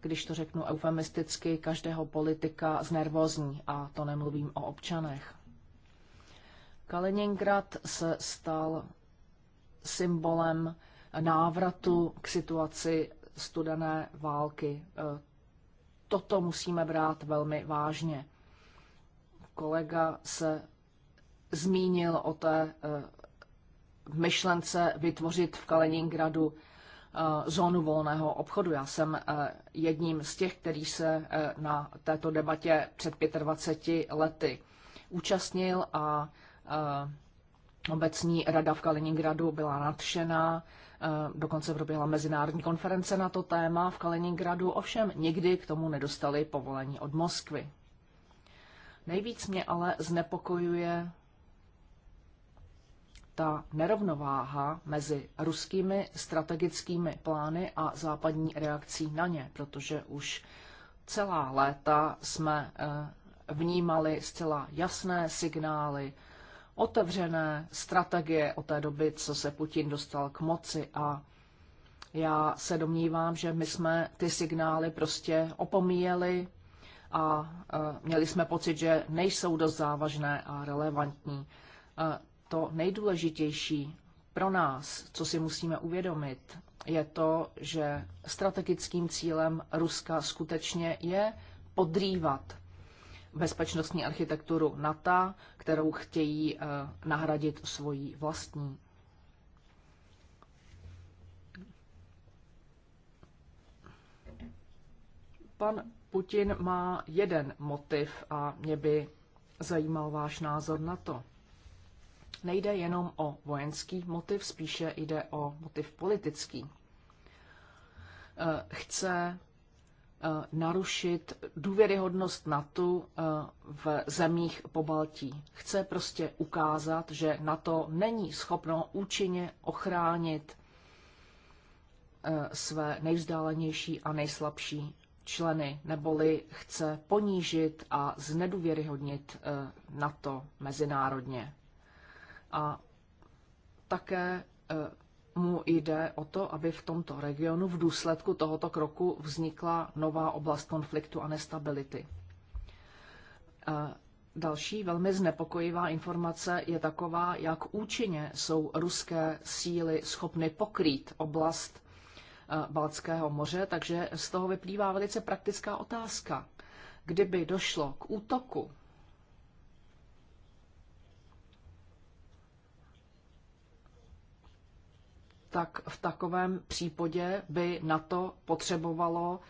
když to řeknu eufemisticky, každého politika znervozní, a to nemluvím o občanech. Kaliningrad se stal symbolem návratu k situaci studené války. Eh, toto musíme brát velmi vážně. Kolega se zmínil o té eh, myšlence vytvořit v Kaliningradu eh, zónu volného obchodu. Já jsem eh, jedním z těch, který se na této debatě před 25 lety účastnil a obecní rada v Kaliningradu byla nadšená. Dokonce proběhla mezinárodní konference na to téma v Kaliningradu, ovšem nikdy k tomu nedostali povolení od Moskvy. Nejvíc mě ale znepokojuje ta nerovnováha mezi ruskými strategickými plány a západní reakcí na ně, protože už celá léta jsme eh, vnímali zcela jasné signály, otevřené strategie od té doby, co se Putin dostal k moci a já se domnívám, že my jsme ty signály prostě opomíjeli a eh, měli jsme pocit, že nejsou dost závažné a relevantní. Eh, to nejdůležitější pro nás, co si musíme uvědomit, je to, že strategickým cílem Ruska skutečně je podrývat bezpečnostní architekturu NATO, kterou chtějí eh, nahradit svojí vlastní. Pan Putin má jeden motiv a mě by zajímal váš názor na to nejde jenom o vojenský motiv, spíše jde o motiv politický. Eh, chce eh, narušit důvěryhodnost NATO eh, v zemích po Baltí. Chce prostě ukázat, že NATO není schopno účinně ochránit své nejvzdálenější a nejslabší členy, neboli chce ponížit a znedůvěryhodnit NATO mezinárodně. A také e, mu jde o to, aby v tomto regionu v důsledku tohoto kroku vznikla nová oblast konfliktu a nestability. E, další velmi znepokojivá informace je taková, jak účinně jsou ruské síly schopny pokrýt oblast e, Balckého moře, takže z toho vyplývá velice praktická otázka. Kdyby došlo k útoku tak v takovém případě by na to potřebovalo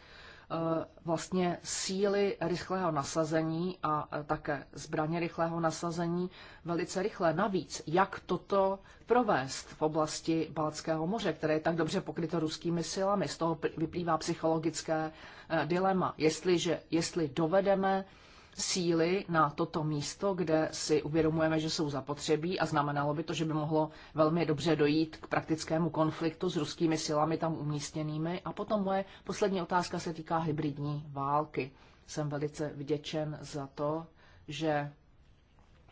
eh, vlastně síly rychlého nasazení a eh, také zbraně rychlého nasazení velice rychle. Navíc, jak toto provést v oblasti Balckého moře, které je tak dobře pokryto ruskými silami. Z toho vyplývá psychologické eh, dilema. Jestliže, jestli dovedeme síly na toto místo, kde si uvědomujeme, že jsou zapotřebí a znamenalo by to, že by mohlo velmi dobře dojít k praktickému konfliktu s ruskými silami tam umístěnými. A potom moje poslední otázka se týká hybridní války. Jsem velice vděčen za to, že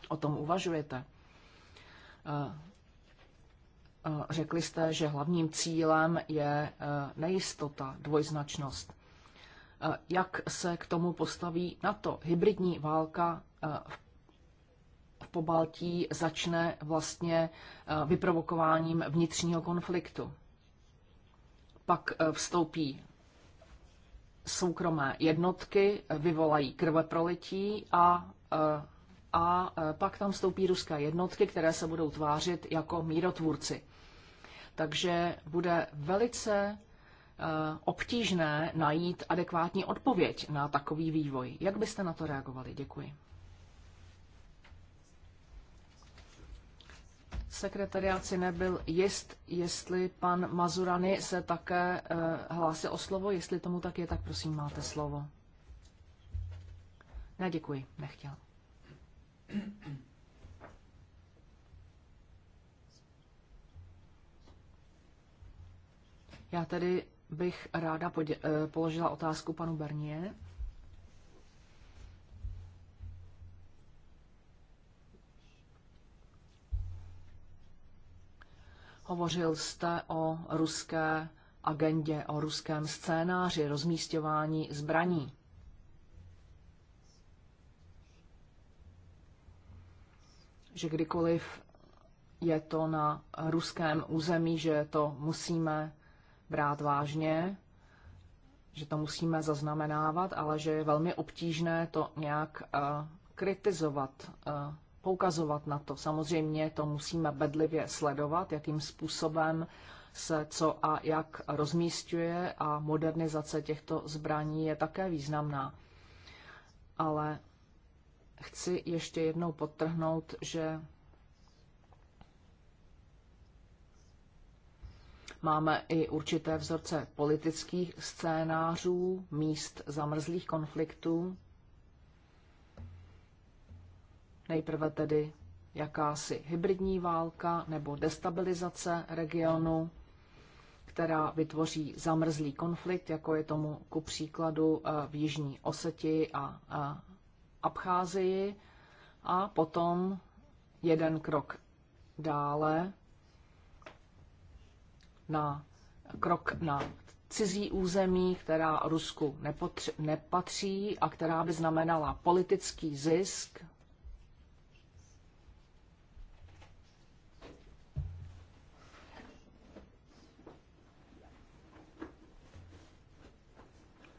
o tom uvažujete. Eh, eh, řekli jste, že hlavním cílem je eh, nejistota, dvojznačnost. Eh, jak se k tomu postaví NATO. Hybridní válka eh, v Pobaltí začne vlastně eh, vyprovokováním vnitřního konfliktu. Pak vstoupí soukromé jednotky, vyvolají krveprolití a a pak tam vstoupí ruské jednotky, které se budou tvářit jako mírotvůrci. Takže bude velice Eh, obtížné najít adekvátní odpověď na takový vývoj. Jak byste na to reagovali? Děkuji. Sekretariát si nebyl jist, jestli pan Mazurany se také eh, hlásil o slovo. Jestli tomu tak je, tak prosím, máte slovo. Ne, děkuji, nechtěl. Já tedy bych ráda eh, položila otázku panu Bernie. Hovořil jste o ruské agendě, o ruském scénáři rozmístěvání zbraní. Že kdykoliv je to na ruském území, že to musíme brát vážně, že to musíme zaznamenávat, ale že je velmi obtížné to nějak eh, kritizovat, eh, poukazovat na to. Samozřejmě to musíme bedlivě sledovat, jakým způsobem se co a jak rozmístuje a modernizace těchto zbraní je také významná. Ale chci ještě jednou podtrhnout, že Máme i určité vzorce politických scénářů, míst zamrzlých konfliktů. Nejprve tedy jakási hybridní válka nebo destabilizace regionu, která vytvoří zamrzlý konflikt, jako je tomu ku příkladu eh, v Jižní Oseti a Abcházii. A potom jeden krok dále na krok na cizí území, která Rusku nepotři, nepatří a která by znamenala politický zisk.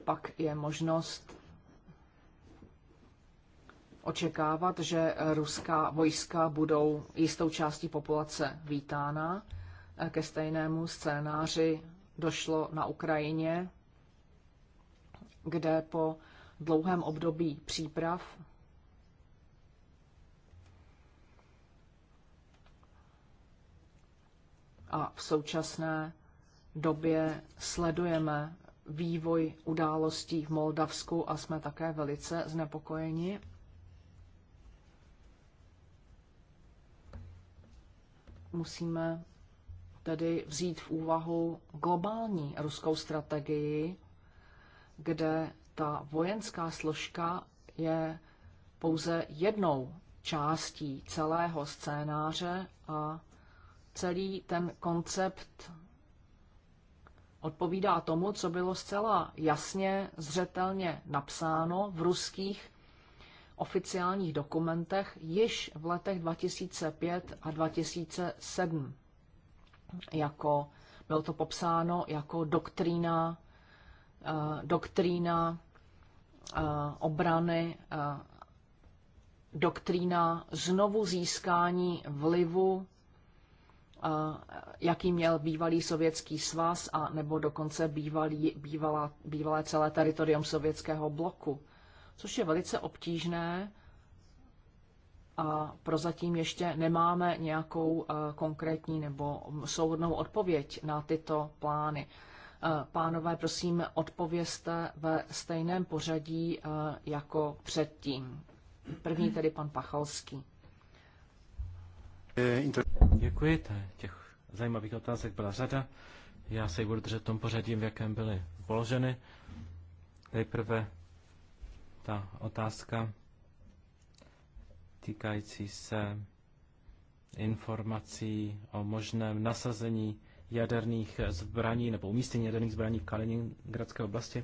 Pak je možnost očekávat, že ruská vojska budou jistou částí populace vítána ke stejnému scénáři došlo na Ukrajině, kde po dlouhém období příprav a v současné době sledujeme vývoj událostí v Moldavsku a jsme také velice znepokojeni. Musíme tedy vzít v úvahu globální ruskou strategii, kde ta vojenská složka je pouze jednou částí celého scénáře a celý ten koncept odpovídá tomu, co bylo zcela jasně, zřetelně napsáno v ruských oficiálních dokumentech již v letech 2005 a 2007 jako, bylo to popsáno jako doktrína, eh, doktrína eh, obrany, eh, doktrína znovu získání vlivu jaký měl bývalý sovětský svaz a nebo dokonce bývalý, bývala, bývalé celé teritorium sovětského bloku. Což je velice obtížné a prozatím ještě nemáme nějakou eh, konkrétní nebo souhodnou odpověď na tyto plány. Eh, pánové, prosím, odpovězte ve stejném pořadí eh, jako předtím. První tedy pan Pachalský. Děkuji, těch zajímavých otázek byla řada. Já se ji budu držet v tom pořadí, v jakém byly položeny. Nejprve ta otázka týkající se informací o možném nasazení jaderných zbraní nebo umístění jaderných zbraní v Kaliningradské oblasti.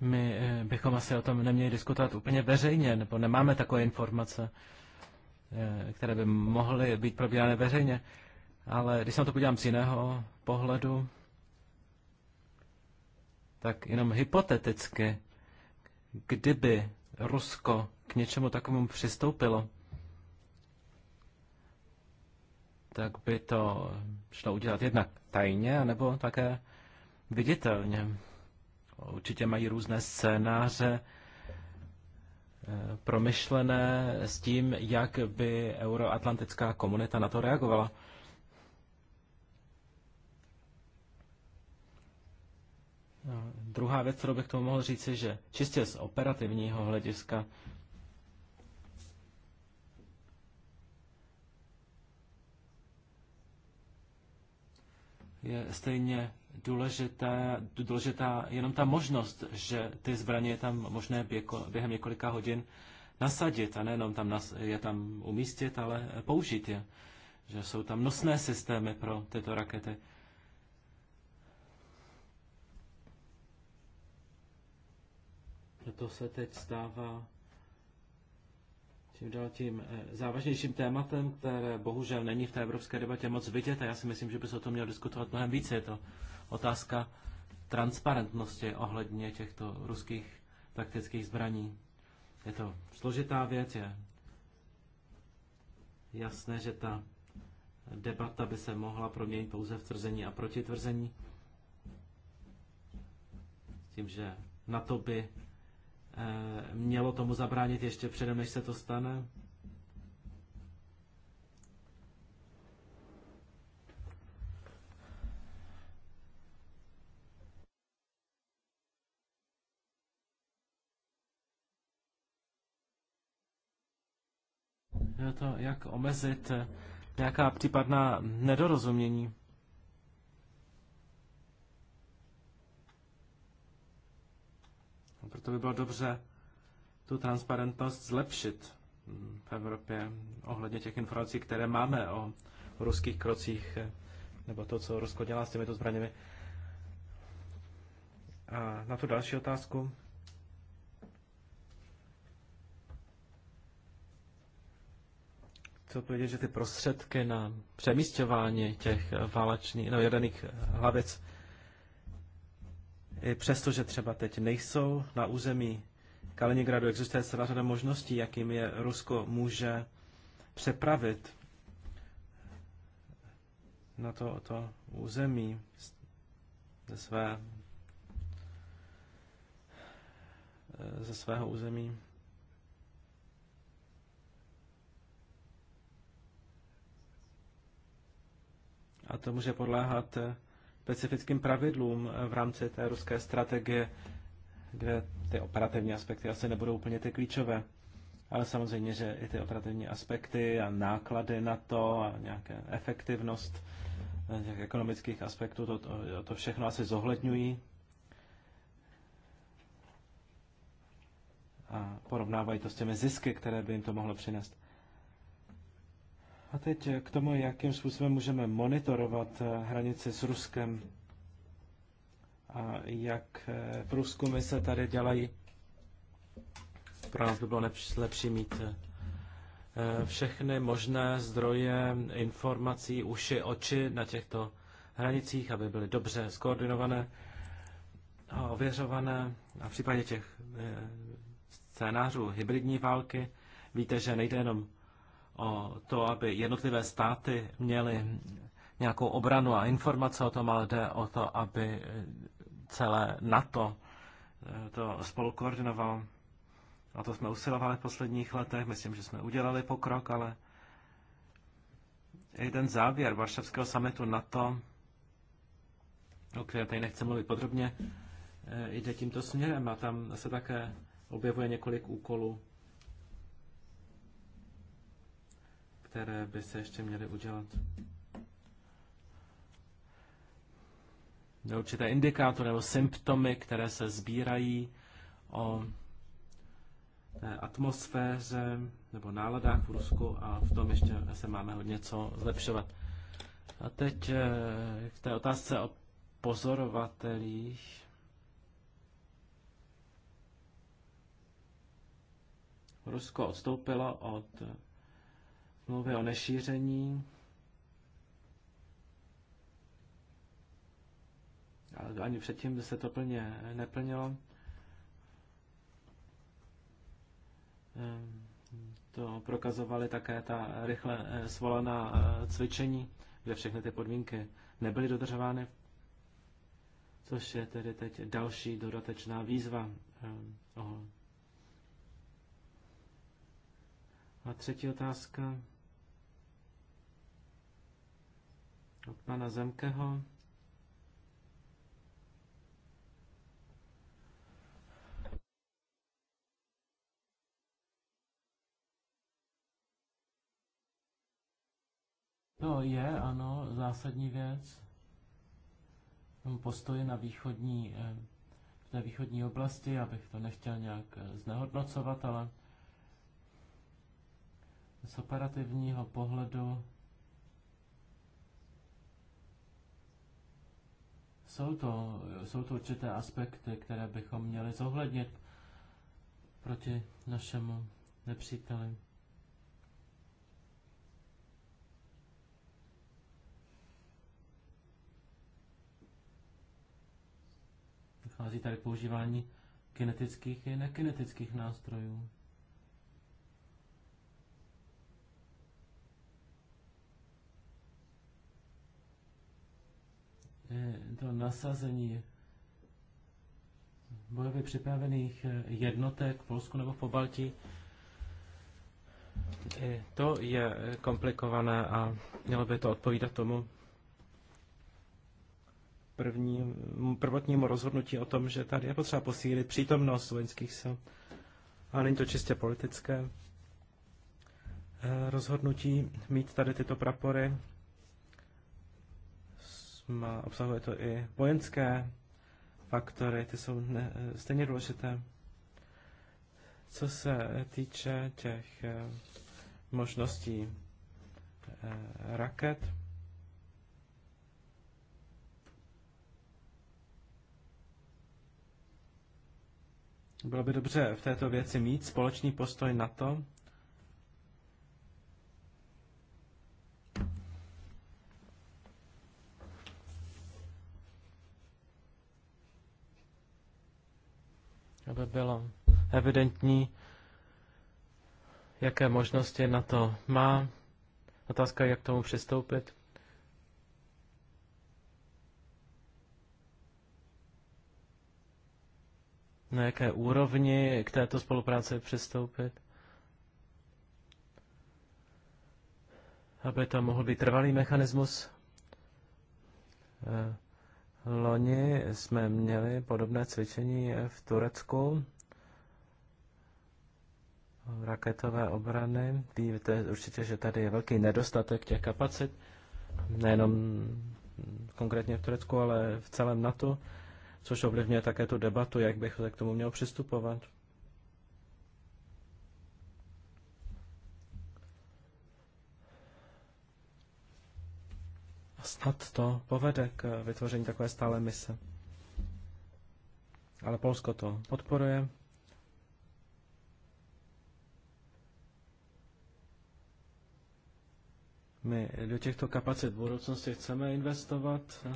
My eh, bychom asi o tom neměli diskutovat úplně veřejně, nebo nemáme takové informace, eh, které by mohly být probírány veřejně. Ale když se na to podívám z jiného pohledu, tak jenom hypoteticky, kdyby Rusko k něčemu takovému přistoupilo, tak by to šlo udělat jednak tajně, nebo také viditelně. Určitě mají různé scénáře eh, promyšlené s tím, jak by euroatlantická komunita na to reagovala. druhá věc, kterou bych tomu mohl říct, je, že čistě z operativního hlediska je stejně důležitá, důležitá jenom ta možnost, že ty zbraně je tam možné během několika hodin nasadit a nejenom tam nas, je tam umístit, ale použít je. Že jsou tam nosné systémy pro tyto rakety. To se teď stává Tím dál tím eh, závažnějším tématem, které bohužel není v té evropské debatě moc vidět a já si myslím, že by se o tom mělo diskutovat mnohem více. Je to otázka transparentnosti ohledně těchto ruských taktických zbraní. Je to složitá věc, je jasné, že ta debata by se mohla proměnit pouze v tvrzení a protitvrzení. S tím, že na to by Eh, mělo tomu zabránit ještě předem, než se to stane? Je to, jak omezit eh, nějaká případná nedorozumění. proto by bylo dobře tu transparentnost zlepšit v Evropě ohledně těch informací, které máme o ruských krocích eh, nebo to, co Rusko dělá s těmito zbraněmi. A na tu další otázku. Chci odpovědět, že ty prostředky na přemístěvání těch válečných, no, jaderných eh, hlavic i přesto, že třeba teď nejsou na území Kaliningradu, existuje celá řada možností, jakým je Rusko může přepravit na to, to území ze, své, ze svého území. A to může podléhat specifickým pravidlům eh, v rámci té ruské strategie, kde ty operativní aspekty asi nebudou úplně ty klíčové. Ale samozřejmě, že i ty operativní aspekty a náklady na to a nějaké efektivnost eh, těch ekonomických aspektů, to, to, to všechno asi zohledňují. A porovnávají to s těmi zisky, které by jim to mohlo přinést. A teď eh, k tomu, jakým způsobem můžeme monitorovat eh, hranici s Ruskem a jak eh, průzkumy se tady dělají. Pro nás by bylo lepší mít všechny možné zdroje informací, uši, oči na těchto hranicích, aby byly dobře skoordinované a ověřované. A v případě těch scénářů hybridní války víte, že nejde jenom o to, aby jednotlivé státy měly nějakou obranu a informace o tom, ale jde o to, aby celé NATO eh, to spolu koordinovalo. A to jsme usilovali v posledních letech, myslím, že jsme udělali pokrok, ale i ten závěr Varšavského samitu NATO, o které tady nechci mluvit podrobně, eh, jde tímto směrem a tam se také objevuje několik úkolů které by se ještě měly udělat. Určité indikátory nebo symptomy, které se sbírají o atmosféře nebo náladách v Rusku a v tom ještě se máme hodně co zlepšovat. A teď eh, k té otázce o pozorovatelích. Rusko odstoupilo od mluví o nešíření. Ale ani předtím se to plně neplnilo. Ehm, to prokazovaly také ta rychle eh, svolaná eh, cvičení, kde všechny ty podmínky nebyly dodržovány, což je tedy teď další dodatečná výzva. Ehm, A třetí otázka. od pana Zemkeho. To je, ano, zásadní věc. Postoji na východní, eh, v té východní oblasti, abych to nechtěl nějak eh, znehodnocovat, ale z operativního pohledu Jsou to, jsou to určité aspekty, které bychom měli zohlednit proti našemu nepříteli. Dochází tady k používání kinetických i nekinetických nástrojů. Eh, to nasazení bojově připravených eh, jednotek v Polsku nebo v Pobalti. Eh, to je komplikované a mělo by to odpovídat tomu první, prvotnímu rozhodnutí o tom, že tady je potřeba posílit přítomnost vojenských sil. A není to čistě politické rozhodnutí mít tady tyto prapory má, obsahuje to i vojenské faktory, ty jsou ne, stejně důležité. Co se týče těch eh, možností eh, raket, Bylo by dobře v této věci mít společný postoj na to, aby bylo evidentní, jaké možnosti na to má. Otázka, jak k tomu přistoupit. Na jaké úrovni k této spolupráci přistoupit. Aby to mohl být trvalý mechanismus eh, Loni jsme měli podobné cvičení v Turecku, raketové obrany. Víte určitě, že tady je velký nedostatek těch kapacit, nejenom konkrétně v Turecku, ale v celém NATO, což ovlivňuje také tu debatu, jak bych se k tomu měl přistupovat. snad to povede k vytvoření takové stále mise. Ale Polsko to podporuje. My do těchto kapacit v budoucnosti chceme investovat,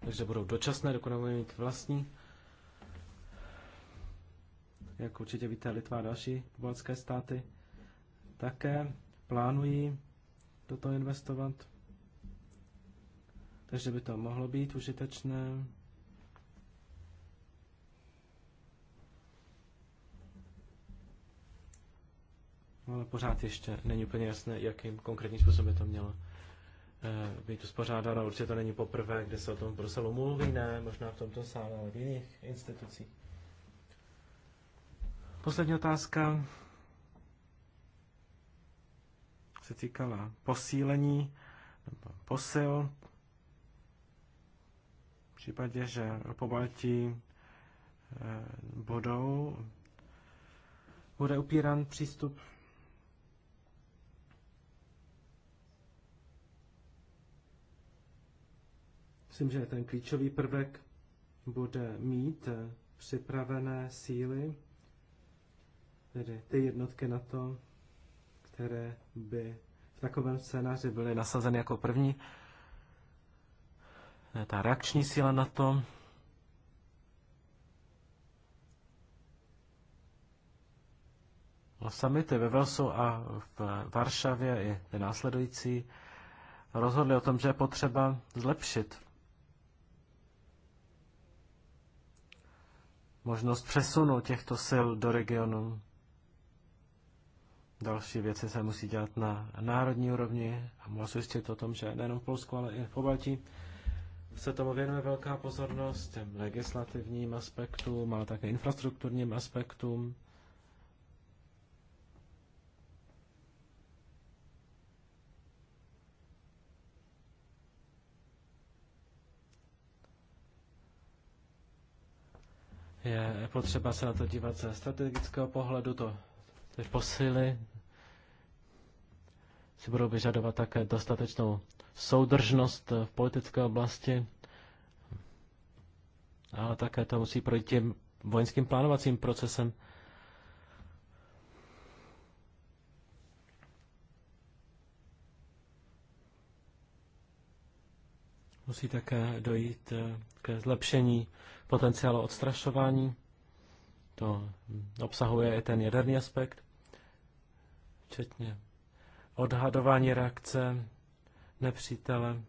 takže budou dočasné, dokud budeme mít vlastní. Jak určitě víte, Litva a další baltské státy také plánují do toho investovat. Takže by to mohlo být užitečné. Ale pořád ještě není úplně jasné, jakým konkrétním způsobem by to mělo eh, být uspořádáno. Určitě to není poprvé, kde se o tom v Bruselu mluví, ne, možná v tomto sále, ale v jiných institucích. Poslední otázka se týkala posílení nebo posil. V případě, že po Balti eh, budou, bude upíran přístup Myslím, že ten klíčový prvek bude mít eh, připravené síly, tedy ty jednotky na to, které by v takovém scénáři byly nasazeny jako první. Eh, ta reakční síla na to. Samity ve Velsu a v Varšavě i ty následující rozhodli o tom, že je potřeba zlepšit možnost přesunu těchto sil do regionu. Další věci se musí dělat na národní úrovni a mohu se o tom, že nejenom v Polsku, ale i v Pobaltí se tomu věnuje velká pozornost, těm legislativním aspektům, ale také infrastrukturním aspektům. Je potřeba se na to dívat ze strategického pohledu, to posily si budou vyžadovat také dostatečnou soudržnost v politické oblasti, ale také to musí projít tím vojenským plánovacím procesem. Musí také dojít eh, ke zlepšení potenciálu odstrašování. To obsahuje i ten jaderný aspekt, včetně odhadování reakce nepřítele.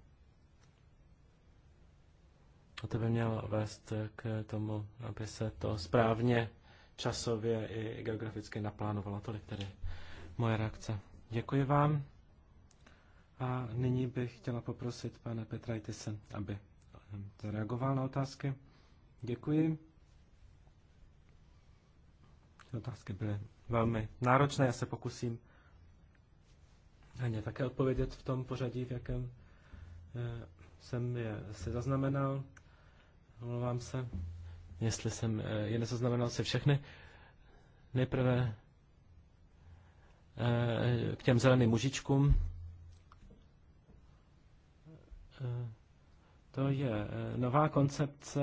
A to by mělo vést k tomu, aby se to správně časově i geograficky naplánovalo. Tolik tedy moje reakce. Děkuji vám. A nyní bych chtěla poprosit pana Petra Itise, aby zareagoval na otázky. Děkuji. Ty otázky byly velmi náročné, já se pokusím na ně také odpovědět v tom pořadí, v jakém eh, jsem je si zaznamenal. Omlouvám se, jestli jsem eh, je nezaznamenal si všechny. Nejprve eh, k těm zeleným mužičkům. To je nová koncepce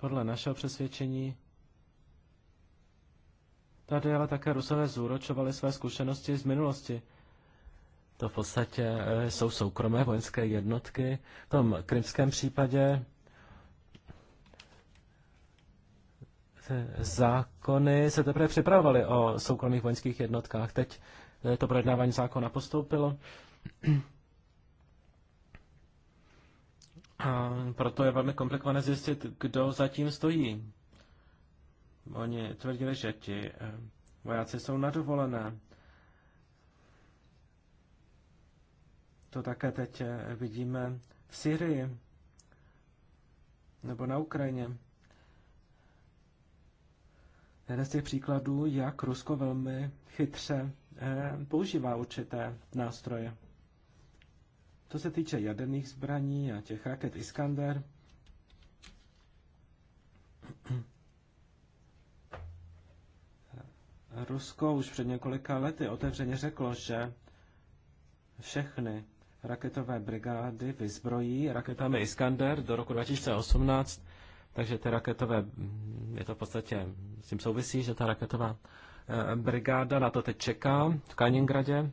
podle našeho přesvědčení Tady ale také Rusové zúročovali své zkušenosti z minulosti. To v podstatě eh, jsou soukromé vojenské jednotky. V tom krymském případě zákony se teprve připravovaly o soukromých vojenských jednotkách. Teď eh, to projednávání zákona postoupilo. A proto je velmi komplikované zjistit, kdo zatím stojí. Oni tvrdili, že ti eh, vojáci jsou nadovolené. To také teď eh, vidíme v Syrii nebo na Ukrajině. Jeden z těch příkladů, jak Rusko velmi chytře eh, používá určité nástroje. To se týče jaderných zbraní a těch raket Iskander, Rusko už před několika lety otevřeně řeklo, že všechny raketové brigády vyzbrojí raketami Iskander do roku 2018, takže ty raketové, je to v podstatě, s tím souvisí, že ta raketová eh, brigáda na to teď čeká v Kaliningradě.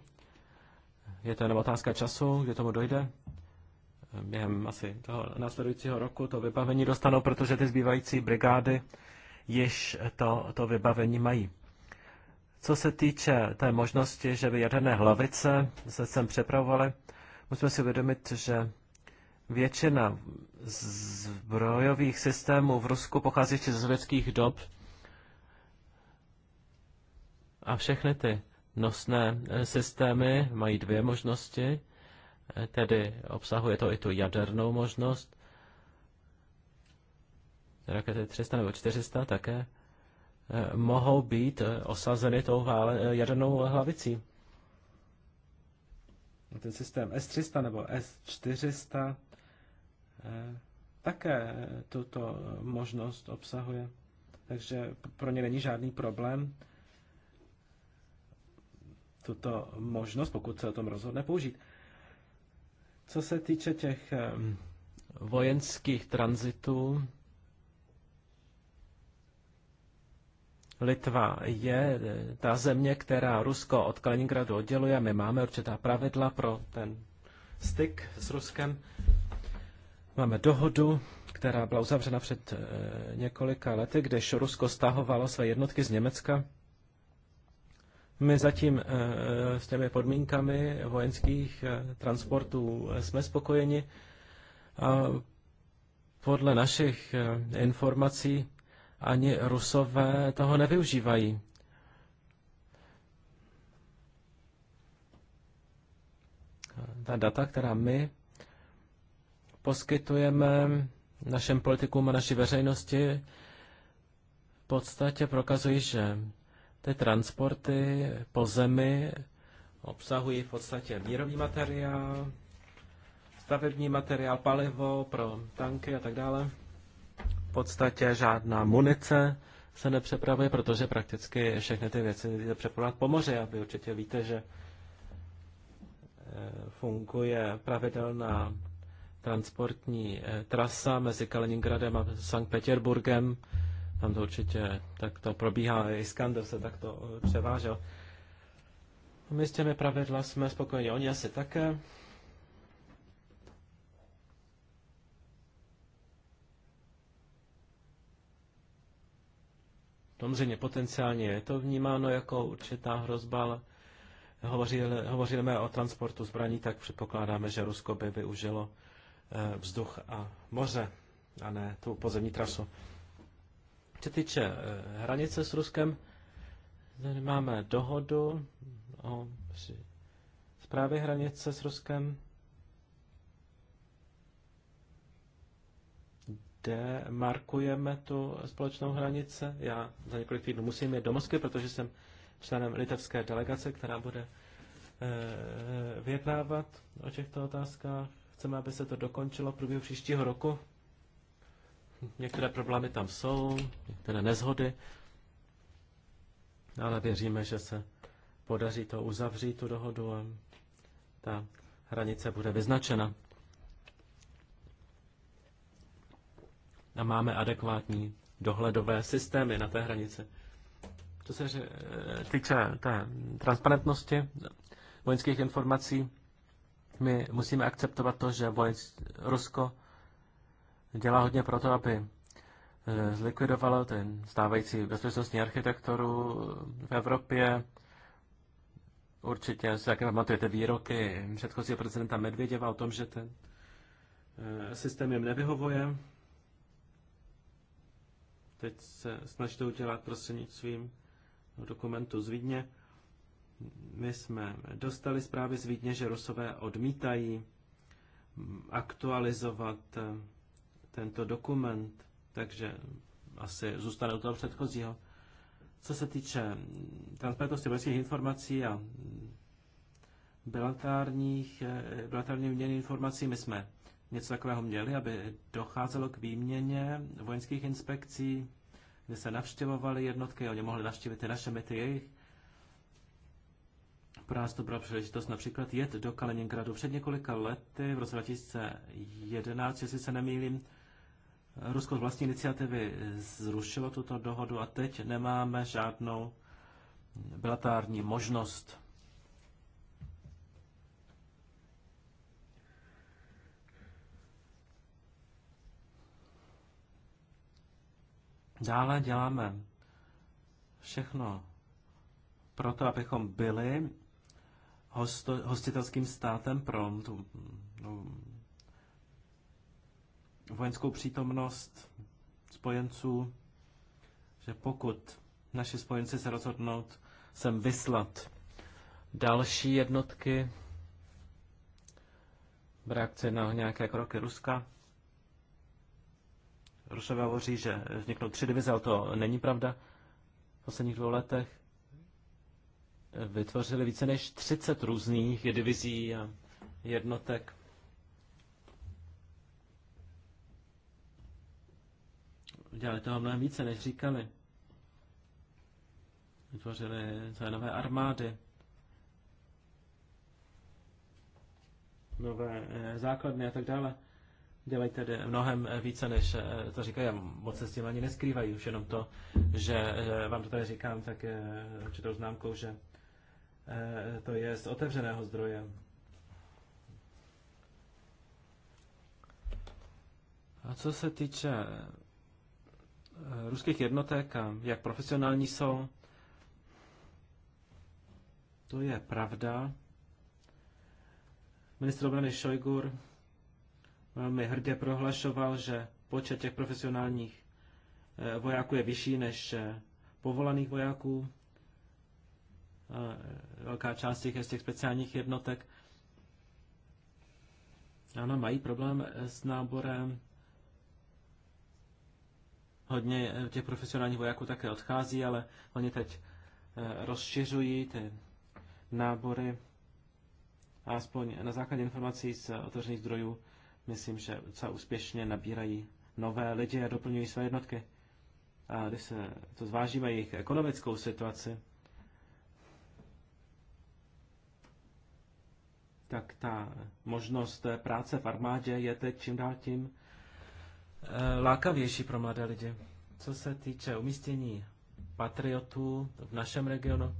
Je to jenom otázka času, kdy tomu dojde. Eh, během asi toho následujícího roku to vybavení dostanou, protože ty zbývající brigády již to, to vybavení mají. Co se týče té možnosti, že by jaderné hlavice se sem přepravovaly, musíme si uvědomit, že většina zbrojových systémů v Rusku pochází ze sovětských dob a všechny ty nosné eh, systémy mají dvě možnosti, eh, tedy obsahuje to i tu jadernou možnost, rakety 300 nebo 400 také mohou být eh, osazeny tou eh, jadernou hlavicí. Ten systém S300 nebo S400 eh, také tuto možnost obsahuje, takže pro ně není žádný problém tuto možnost, pokud se o tom rozhodne použít. Co se týče těch vojenských tranzitů, Litva je eh, ta země, která Rusko od Kaliningradu odděluje. My máme určitá pravidla pro ten styk s Ruskem. Máme dohodu, která byla uzavřena před eh, několika lety, když Rusko stahovalo své jednotky z Německa. My zatím eh, s těmi podmínkami vojenských transportů jsme spokojeni. A podle našich informací ani Rusové toho nevyužívají. Ta data, která my poskytujeme našem politikům a naší veřejnosti, v podstatě prokazují, že ty transporty po zemi obsahují v podstatě výrobní materiál, stavební materiál, palivo pro tanky a tak dále podstatě žádná munice se nepřepravuje, protože prakticky všechny ty věci jde přepravovat po moři. A vy určitě víte, že eh, funguje pravidelná transportní eh, trasa mezi Kaliningradem a Sankt Petersburgem. Tam to určitě tak to probíhá. Iskander se takto eh, převážel. My s těmi pravidla jsme spokojeni, oni asi také. Samozřejmě potenciálně je to vnímáno jako určitá hrozba, ale hovoříme o transportu zbraní, tak předpokládáme, že Rusko by využilo eh, vzduch a moře, a ne tu pozemní trasu. Co týče eh, hranice s Ruskem, máme dohodu o zprávě hranice s Ruskem. kde markujeme tu společnou hranici. Já za několik týdnů musím jít do Moskvy, protože jsem členem litevské delegace, která bude eh, vyjednávat o těchto otázkách. Chceme, aby se to dokončilo v průběhu příštího roku. Některé problémy tam jsou, některé nezhody, ale věříme, že se podaří to uzavřít, tu dohodu a ta hranice bude vyznačena. a máme adekvátní dohledové systémy na té hranici. Co se týče té transparentnosti vojenských informací, my musíme akceptovat to, že vojensk, Rusko dělá hodně pro to, aby e, zlikvidovalo ten stávající bezpečnostní architekturu v Evropě. Určitě se také pamatujete výroky předchozího prezidenta Medvěděva o tom, že ten e, systém jim nevyhovuje teď se snažte udělat prostřednictvím dokumentu z Vídně. My jsme dostali zprávy z Vídně, že Rusové odmítají aktualizovat eh, tento dokument, takže asi zůstane u toho předchozího. Co se týče transparentnosti vojenských informací a bilaterálních, eh, bilaterální měny informací, my jsme něco takového měli, aby docházelo k výměně vojenských inspekcí, kde se navštěvovaly jednotky, oni mohli navštívit ty naše, mety jejich. Pro nás to byla příležitost například jet do Kaliningradu. Před několika lety, v roce 2011, jestli se nemýlím, Rusko z vlastní iniciativy zrušilo tuto dohodu a teď nemáme žádnou bilatární možnost Dále děláme všechno proto, abychom byli hosto, hostitelským státem pro tu, no, vojenskou přítomnost spojenců, že pokud naši spojenci se rozhodnou sem vyslat další jednotky v reakci na nějaké kroky Ruska, Rusové hovoří, že vzniknou tři divize, ale to není pravda. V posledních dvou letech vytvořili více než 30 různých divizí a jednotek. Dělali toho mnohem více, než říkali. Vytvořili celé nové armády, nové eh, základny a tak dále dělají tedy mnohem více, než eh, to říkají, a moc se s tím ani neskrývají. Už jenom to, že vám to tady říkám, tak je určitou známkou, že eh, to je z otevřeného zdroje. A co se týče eh, ruských jednotek a jak profesionální jsou, to je pravda. Ministr obrany Šojgur velmi hrdě prohlašoval, že počet těch profesionálních eh, vojáků je vyšší než eh, povolaných vojáků. Eh, velká část těch je z těch speciálních jednotek. Ano, mají problém s náborem. Hodně těch profesionálních vojáků také odchází, ale oni teď rozšiřují ty nábory. aspoň na základě informací z otevřených zdrojů myslím, že docela úspěšně nabírají nové lidi a doplňují své jednotky. A když se to zvážíme jejich ekonomickou situaci, tak ta možnost práce v armádě je teď čím dál tím eh, lákavější pro mladé lidi. Co se týče umístění patriotů v našem regionu,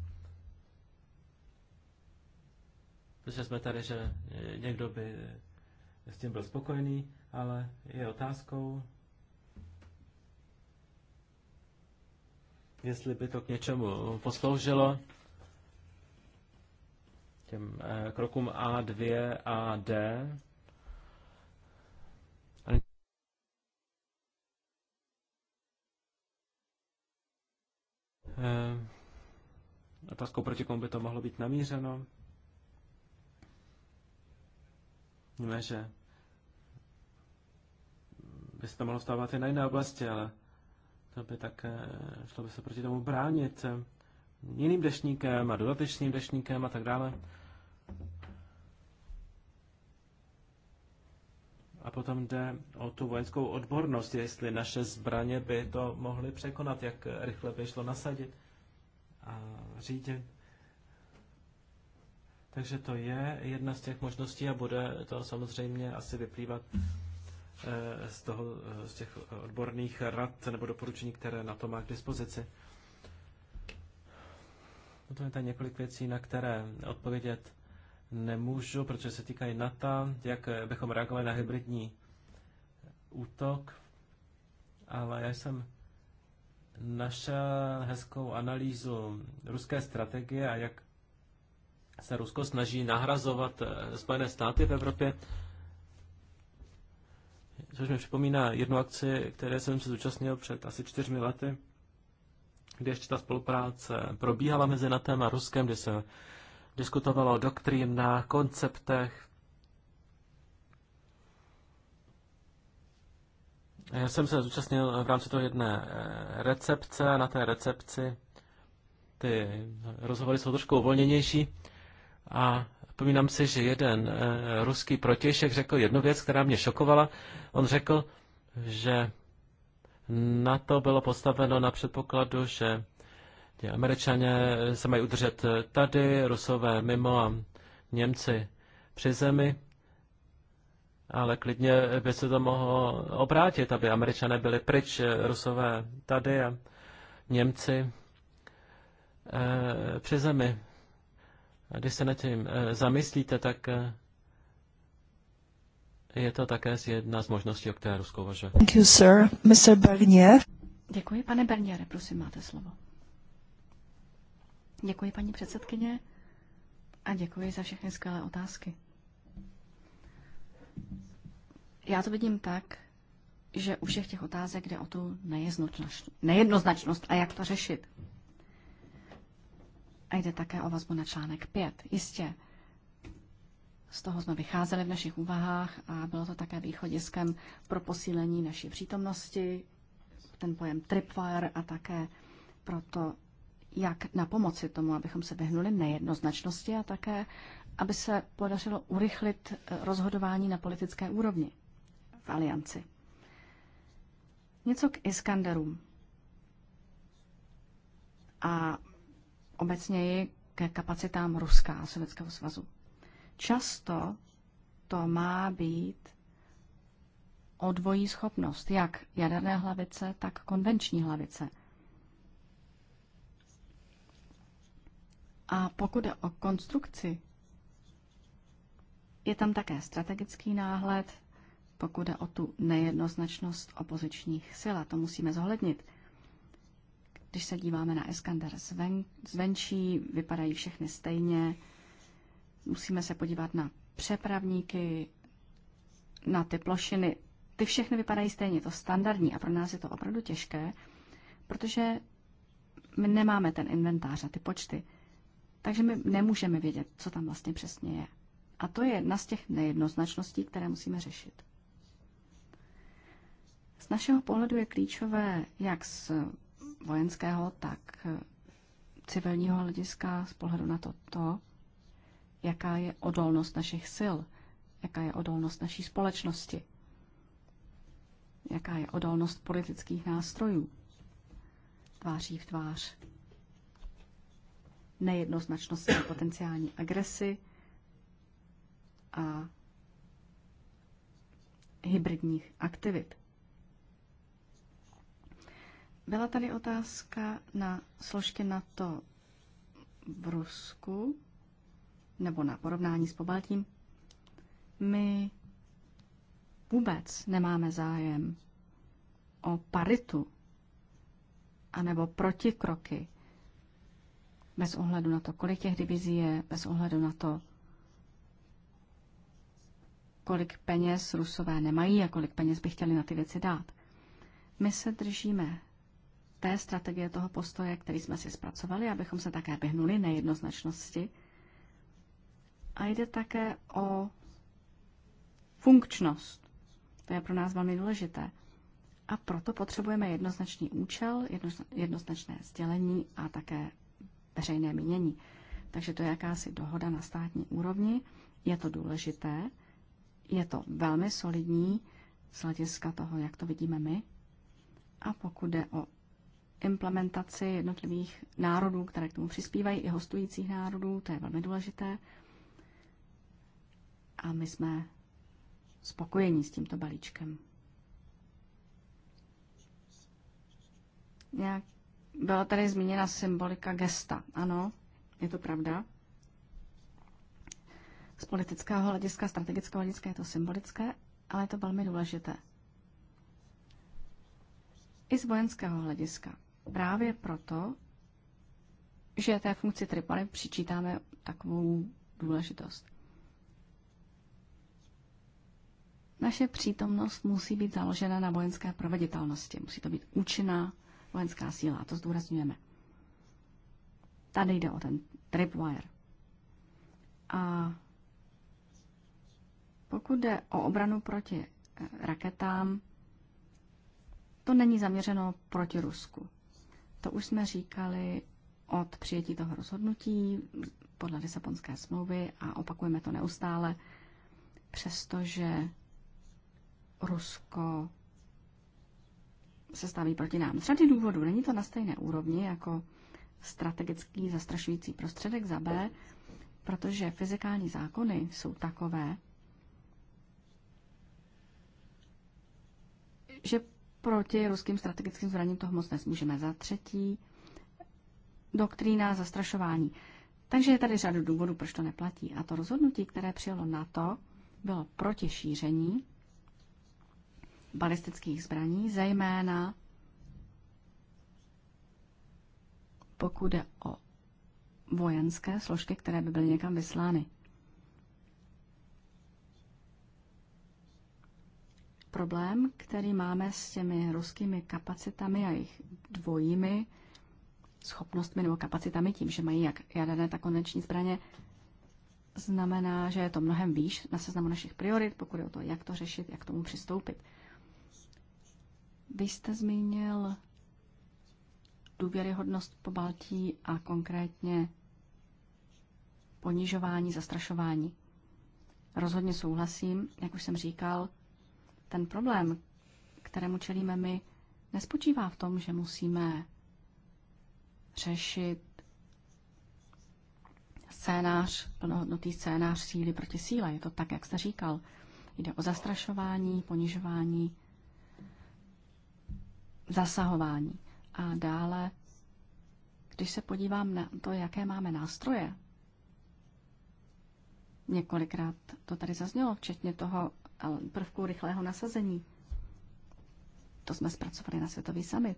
protože jsme tady, že eh, někdo by s tím byl spokojený, ale je otázkou, jestli by to k něčemu posloužilo těm eh, krokům A2 a D. Eh, otázkou, proti komu by to mohlo být namířeno. Víme, že by se to mohlo stávat i na jiné oblasti, ale to by také, eh, šlo by se proti tomu bránit eh, jiným dešníkem a dodatečným dešníkem a tak dále. A potom jde o tu vojenskou odbornost, jestli naše zbraně by to mohly překonat, jak rychle by šlo nasadit a řídit. Takže to je jedna z těch možností a bude to samozřejmě asi vyplývat eh, z, toho, eh, z těch odborných rad nebo doporučení, které na to má k dispozici. No to je tady několik věcí, na které odpovědět nemůžu, protože se týkají NATO, jak bychom reagovali na hybridní útok, ale já jsem našel hezkou analýzu ruské strategie a jak se Rusko snaží nahrazovat eh, Spojené státy v Evropě, což mi připomíná jednu akci, které jsem se zúčastnil před asi čtyřmi lety, kde ještě ta spolupráce probíhala mezi NATEM a Ruskem, kde se diskutovalo o doktrínách, konceptech. Já jsem se zúčastnil v rámci toho jedné eh, recepce a na té recepci ty rozhovory jsou trošku uvolněnější. A vzpomínám si, že jeden eh, ruský protějšek řekl jednu věc, která mě šokovala. On řekl, že na to bylo postaveno na předpokladu, že američané se mají udržet tady, rusové mimo a Němci při zemi, ale klidně by se to mohlo obrátit, aby američané byli pryč, eh, rusové tady a Němci e, při zemi když se nad tím eh, zamyslíte, tak eh, je to také jedna z možností, o které Rusko uvažuje. Thank you, sir. Mr. Bernier. Děkuji, pane Berniere, prosím, máte slovo. Děkuji, paní předsedkyně, a děkuji za všechny skvělé otázky. Já to vidím tak, že u všech těch otázek jde o tu nejednoznačnost a jak to řešit. A jde také o vazbu na článek 5. Jistě, z toho jsme vycházeli v našich úvahách a bylo to také východiskem pro posílení naší přítomnosti, ten pojem tripwire a také pro to, jak na pomoci tomu, abychom se vyhnuli nejednoznačnosti a také, aby se podařilo urychlit eh, rozhodování na politické úrovni v alianci. Něco k Iskanderům a obecněji ke kapacitám Ruska a Sovětského svazu. Často to má být odvojí schopnost, jak jaderné hlavice, tak konvenční hlavice. A pokud jde o konstrukci, je tam také strategický náhled, pokud jde o tu nejednoznačnost opozičních sil, a to musíme zohlednit. Když se díváme na Eskander zven, zvenčí, vypadají všechny stejně. Musíme se podívat na přepravníky, na ty plošiny. Ty všechny vypadají stejně, to standardní a pro nás je to opravdu těžké, protože my nemáme ten inventář a ty počty. Takže my nemůžeme vědět, co tam vlastně přesně je. A to je jedna z těch nejednoznačností, které musíme řešit. Z našeho pohledu je klíčové, jak z vojenského, tak eh, civilního hlediska z pohledu na to, to, jaká je odolnost našich sil, jaká je odolnost naší společnosti, jaká je odolnost politických nástrojů tváří v tvář nejednoznačnosti a potenciální agresy a hybridních aktivit. Byla tady otázka na složky NATO v Rusku nebo na porovnání s Pobaltím. My vůbec nemáme zájem o paritu anebo protikroky bez ohledu na to, kolik těch divizí je, bez ohledu na to, kolik peněz rusové nemají a kolik peněz by chtěli na ty věci dát. My se držíme té strategie, toho postoje, který jsme si zpracovali, abychom se také vyhnuli nejednoznačnosti. A jde také o funkčnost. To je pro nás velmi důležité. A proto potřebujeme jednoznačný účel, jednoznačné sdělení a také veřejné mínění. Takže to je jakási dohoda na státní úrovni. Je to důležité, je to velmi solidní z hlediska toho, jak to vidíme my. A pokud jde o implementaci jednotlivých národů, které k tomu přispívají, i hostujících národů, to je velmi důležité. A my jsme spokojení s tímto balíčkem. Nějak byla tady zmíněna symbolika gesta. Ano, je to pravda. Z politického hlediska, strategického hlediska je to symbolické, ale je to velmi důležité. I z vojenského hlediska. Právě proto, že té funkci Tripaly přičítáme takovou důležitost. Naše přítomnost musí být založena na vojenské proveditelnosti. Musí to být účinná vojenská síla, a to zdůrazňujeme. Tady jde o ten tripwire. A pokud jde o obranu proti eh, raketám, to není zaměřeno proti Rusku. To už jsme říkali od přijetí toho rozhodnutí podle Lisabonské smlouvy a opakujeme to neustále, přestože Rusko se staví proti nám. Z řady důvodů není to na stejné úrovni jako strategický zastrašující prostředek za B, protože fyzikální zákony jsou takové, že Proti ruským strategickým zbraním toho moc nesmůžeme. Za třetí, doktrína zastrašování. Takže je tady řada důvodů, proč to neplatí. A to rozhodnutí, které přijalo NATO, bylo proti šíření balistických zbraní, zejména pokud jde o vojenské složky, které by byly někam vyslány. problém, který máme s těmi ruskými kapacitami a jejich dvojími schopnostmi nebo kapacitami tím, že mají jak jaderné, tak koneční zbraně, znamená, že je to mnohem výš na seznamu našich priorit, pokud je o to, jak to řešit, jak tomu přistoupit. Vy jste zmínil důvěryhodnost po Baltí a konkrétně ponižování, zastrašování. Rozhodně souhlasím, jak už jsem říkal, ten problém, kterému čelíme my, nespočívá v tom, že musíme řešit scénář, plnohodnotý scénář síly proti síle. Je to tak, jak jste říkal. Jde o zastrašování, ponižování, zasahování. A dále, když se podívám na to, jaké máme nástroje, několikrát to tady zaznělo, včetně toho, prvků rychlého nasazení. To jsme zpracovali na Světový summit.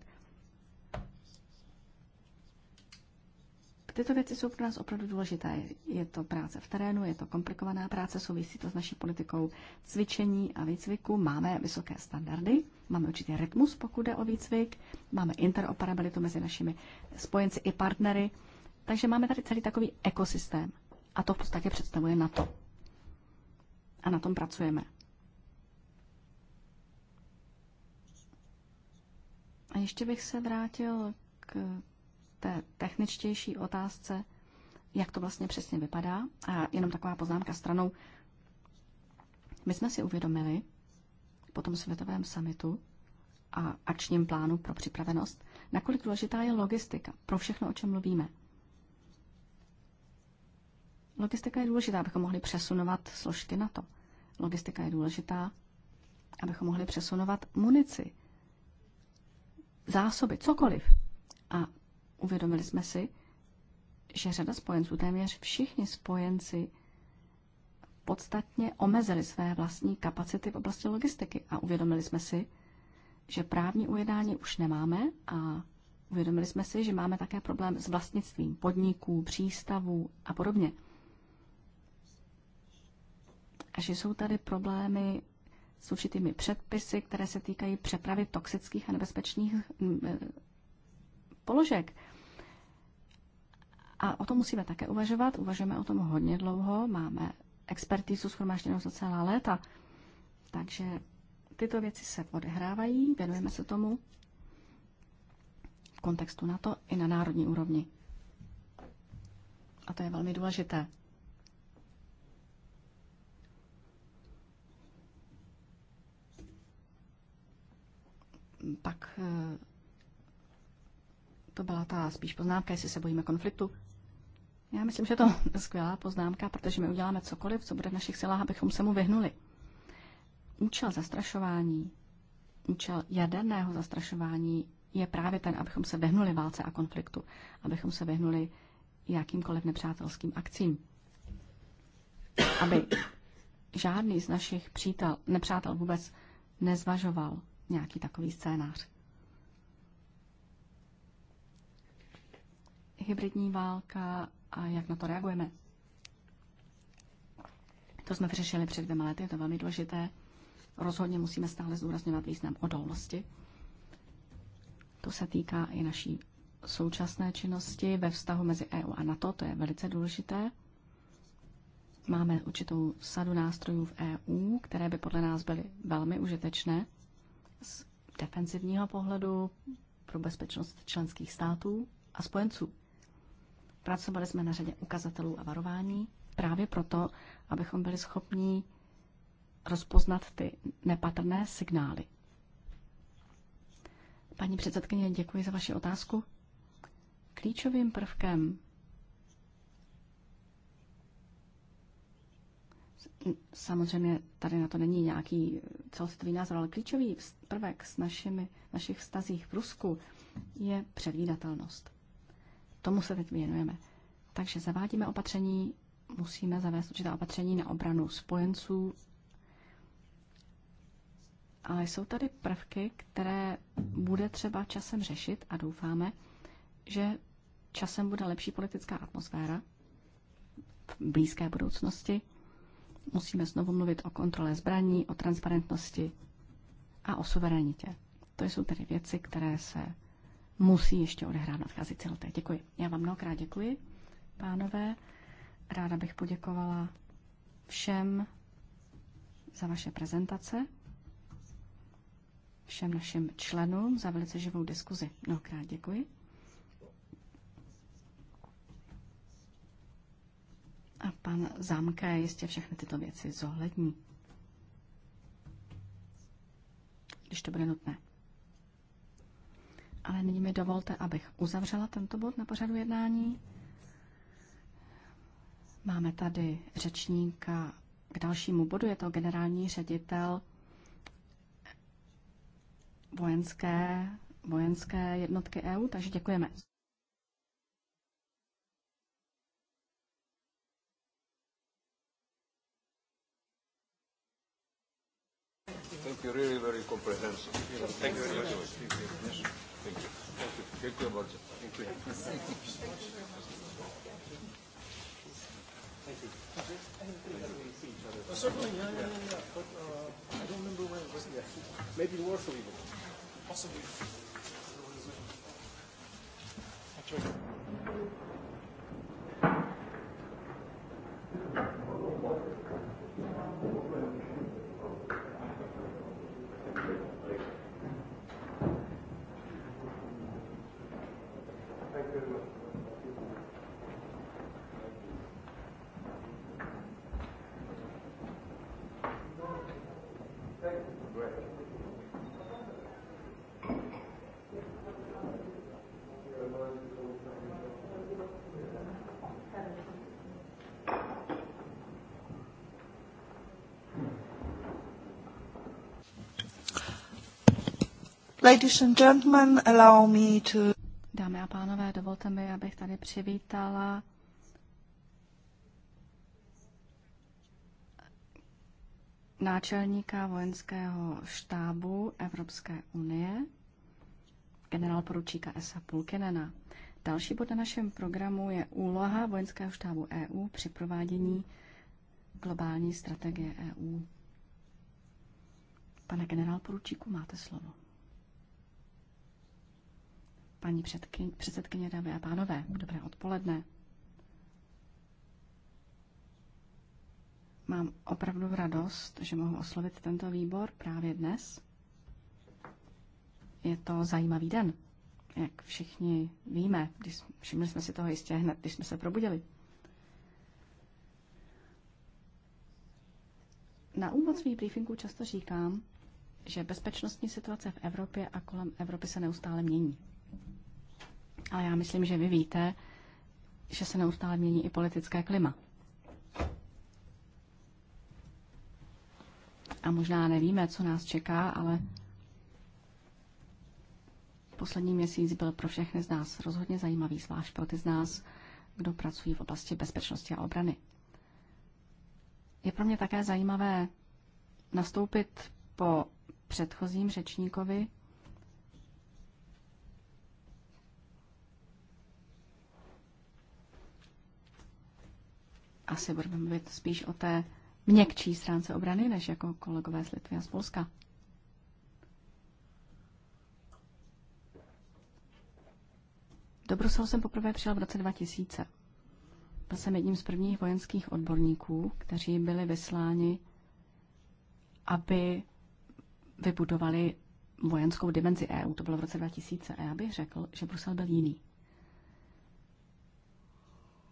Tyto věci jsou pro nás opravdu důležité. Je to práce v terénu, je to komplikovaná práce, souvisí to s naší politikou cvičení a výcviku. Máme vysoké standardy, máme určitý rytmus, pokud jde o výcvik, máme interoperabilitu mezi našimi spojenci i partnery. Takže máme tady celý takový ekosystém. A to v podstatě představuje NATO. A na tom pracujeme. A ještě bych se vrátil k té techničtější otázce, jak to vlastně přesně vypadá. A jenom taková poznámka stranou. My jsme si uvědomili po tom světovém samitu a akčním plánu pro připravenost, nakolik důležitá je logistika pro všechno, o čem mluvíme. Logistika je důležitá, abychom mohli přesunovat složky na to. Logistika je důležitá, abychom mohli přesunovat munici, zásoby, cokoliv. A uvědomili jsme si, že řada spojenců, téměř všichni spojenci, podstatně omezili své vlastní kapacity v oblasti logistiky a uvědomili jsme si, že právní ujednání už nemáme a uvědomili jsme si, že máme také problém s vlastnictvím podniků, přístavů a podobně. A že jsou tady problémy s určitými předpisy, které se týkají přepravy toxických a nebezpečných mm, e, položek. A o tom musíme také uvažovat. Uvažujeme o tom hodně dlouho. Máme expertizu schromážděnou za celá léta. Takže tyto věci se odehrávají, věnujeme se tomu v kontextu na to i na národní úrovni. A to je velmi důležité. pak eh, to byla ta spíš poznámka, jestli se bojíme konfliktu. Já myslím, že to je [laughs] skvělá poznámka, protože my uděláme cokoliv, co bude v našich silách, abychom se mu vyhnuli. Účel zastrašování, účel jaderného zastrašování je právě ten, abychom se vyhnuli válce a konfliktu, abychom se vyhnuli jakýmkoliv nepřátelským akcím. Aby žádný z našich přítel, nepřátel vůbec nezvažoval nějaký takový scénář. Hybridní válka a jak na to reagujeme. To jsme vyřešili před dvěma lety, je to velmi důležité. Rozhodně musíme stále zdůrazňovat význam odolnosti. To se týká i naší současné činnosti ve vztahu mezi EU a NATO, to je velice důležité. Máme určitou sadu nástrojů v EU, které by podle nás byly velmi užitečné z defensivního pohledu pro bezpečnost členských států a spojenců. Pracovali jsme na řadě ukazatelů a varování právě proto, abychom byli schopni rozpoznat ty nepatrné signály. Paní předsedkyně, děkuji za vaši otázku. Klíčovým prvkem Samozřejmě tady na to není nějaký celostový názor, ale klíčový prvek s našimi, našich vztazích v Rusku je předvídatelnost. Tomu se teď věnujeme. Takže zavádíme opatření, musíme zavést určitá opatření na obranu spojenců, ale jsou tady prvky, které bude třeba časem řešit a doufáme, že časem bude lepší politická atmosféra v blízké budoucnosti Musíme znovu mluvit o kontrole zbraní, o transparentnosti a o suverenitě. To jsou tedy věci, které se musí ještě odehrát nadcházející leté. Děkuji. Já vám mnohokrát děkuji, pánové. Ráda bych poděkovala všem za vaše prezentace, všem našim členům za velice živou diskuzi. Mnohokrát děkuji. A pan Zámka jistě všechny tyto věci zohlední. Když to bude nutné. Ale nyní mi dovolte, abych uzavřela tento bod na pořadu jednání. Máme tady řečníka k dalšímu bodu, je to generální ředitel vojenské, vojenské jednotky EU, takže děkujeme. Thank you, really very comprehensive. Thank you very much. Thank you. Děkuji Thank Děkuji. Thank you. Oh, certainly, yeah, yeah, yeah, yeah. But uh, I don't remember where it was. Yeah. Maybe in Warsaw even. Possibly. you. Ladies and gentlemen, allow me to... Dámy a pánové, dovolte mi, abych tady přivítala náčelníka vojenského štábu Evropské unie, generálporučíka Esa Pulkinena. Další bod na našem programu je úloha vojenského štábu EU při provádění globální strategie EU. Pane generálporučíku, máte slovo. Paní předsedkyně, dámy a pánové, dobré odpoledne. Mám opravdu radost, že mohu oslovit tento výbor právě dnes. Je to zajímavý den, jak všichni víme. Když, všimli jsme si toho jistě hned, když jsme se probudili. Na úvod svých briefingů často říkám, že bezpečnostní situace v Evropě a kolem Evropy se neustále mění. Ale já myslím, že vy víte, že se neustále mění i politické klima. A možná nevíme, co nás čeká, ale poslední měsíc byl pro všechny z nás rozhodně zajímavý, zvlášť pro ty z nás, kdo pracují v oblasti bezpečnosti a obrany. Je pro mě také zajímavé nastoupit po předchozím řečníkovi asi budeme mluvit spíš o té měkčí stránce obrany, než jako kolegové z Litvy a z Polska. Do Bruselu jsem poprvé přijel v roce 2000. Byl jsem jedním z prvních vojenských odborníků, kteří byli vysláni, aby vybudovali vojenskou dimenzi EU. To bylo v roce 2000 a já bych řekl, že Brusel byl jiný.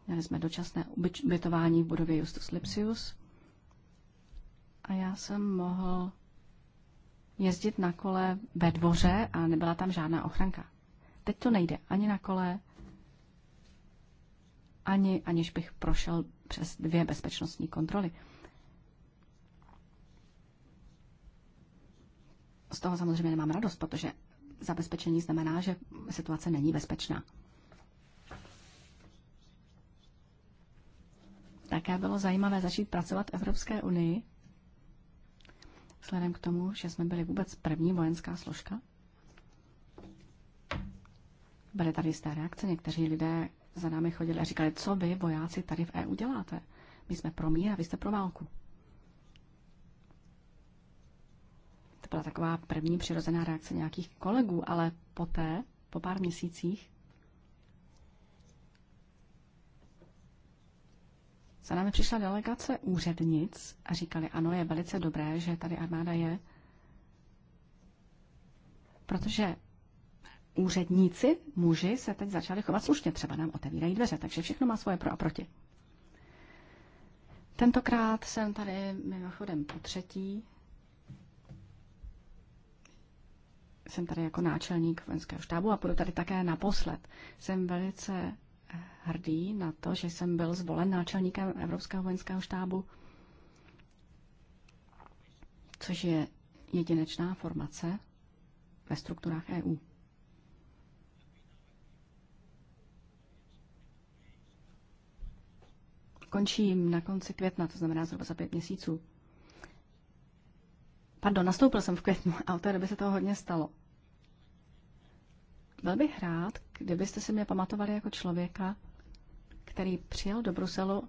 Měli jsme dočasné ubytování v budově Justus Lipsius a já jsem mohl jezdit na kole ve dvoře a nebyla tam žádná ochranka. Teď to nejde ani na kole, ani aniž bych prošel přes dvě bezpečnostní kontroly. Z toho samozřejmě nemám radost, protože zabezpečení znamená, že situace není bezpečná. také bylo zajímavé začít pracovat v Evropské unii, vzhledem k tomu, že jsme byli vůbec první vojenská složka. Byly tady jisté reakce, někteří lidé za námi chodili a říkali, co vy, vojáci, tady v EU děláte? My jsme pro mír a vy jste pro válku. To byla taková první přirozená reakce nějakých kolegů, ale poté, po pár měsících, Za námi přišla delegace úřednic a říkali, ano, je velice dobré, že tady armáda je, protože úředníci, muži, se teď začali chovat slušně, třeba nám otevírají dveře, takže všechno má svoje pro a proti. Tentokrát jsem tady mimochodem po třetí. Jsem tady jako náčelník vojenského štábu a budu tady také naposled. Jsem velice hrdý na to, že jsem byl zvolen náčelníkem Evropského vojenského štábu, což je jedinečná formace ve strukturách EU. Končím na konci května, to znamená zhruba za pět měsíců. Pardon, nastoupil jsem v květnu a od té doby se toho hodně stalo. Byl bych rád, kdybyste si mě pamatovali jako člověka, který přijel do Bruselu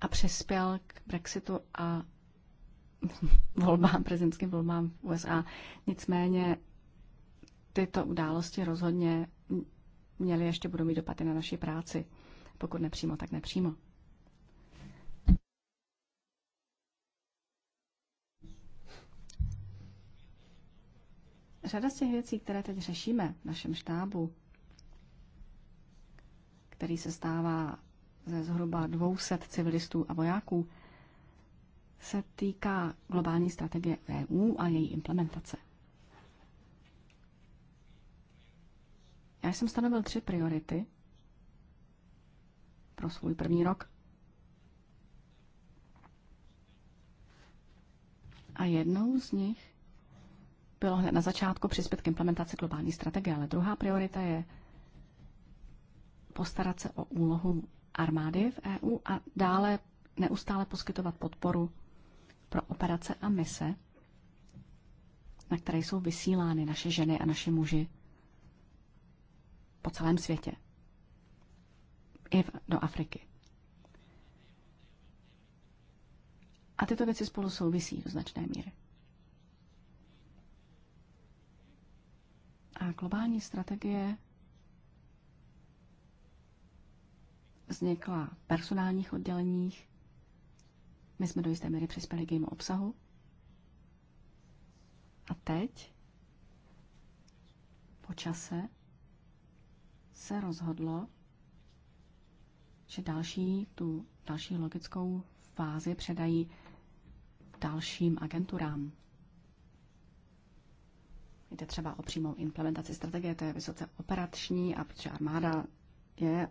a přispěl k Brexitu a [laughs] volbám, prezidentským volbám v USA. Nicméně tyto události rozhodně měly ještě budou mít dopady na naší práci, pokud nepřímo, tak nepřímo. Řada z těch věcí, které teď řešíme v našem štábu, který se stává ze zhruba 200 civilistů a vojáků, se týká globální strategie EU a její implementace. Já jsem stanovil tři priority pro svůj první rok. A jednou z nich bylo hned na začátku přispět k implementaci globální strategie, ale druhá priorita je postarat se o úlohu armády v EU a dále neustále poskytovat podporu pro operace a mise, na které jsou vysílány naše ženy a naši muži po celém světě. I do Afriky. A tyto věci spolu souvisí do značné míry. A globální strategie vznikla v personálních odděleních. My jsme do jisté míry přispěli k jejímu obsahu. A teď, po čase, se rozhodlo, že další, tu další logickou fázi předají dalším agenturám. Jde třeba o přímou implementaci strategie, to je vysoce operační a protože armáda je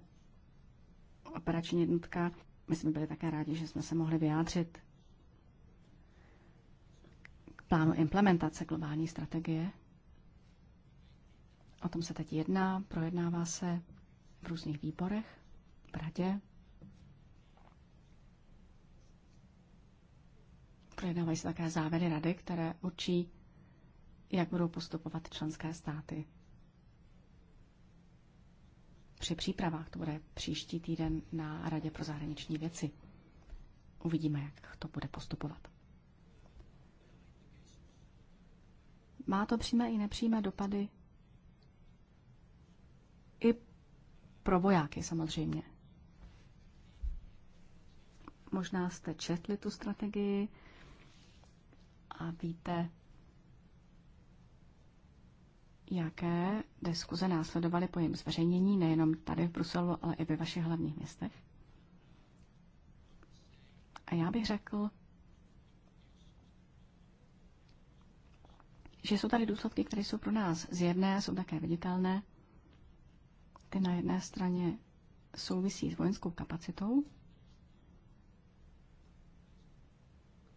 operační jednotka, my jsme byli také rádi, že jsme se mohli vyjádřit k plánu implementace globální strategie. O tom se teď jedná, projednává se v různých výborech, v radě. Projednávají se také závěry rady, které určí, jak budou postupovat členské státy při přípravách. To bude příští týden na Radě pro zahraniční věci. Uvidíme, jak to bude postupovat. Má to přímé i nepřímé dopady i pro vojáky samozřejmě. Možná jste četli tu strategii a víte, jaké diskuze následovaly po jejím zveřejnění, nejenom tady v Bruselu, ale i ve vašich hlavních městech? A já bych řekl, že jsou tady důsledky, které jsou pro nás zjevné, jsou také viditelné. Ty na jedné straně souvisí s vojenskou kapacitou,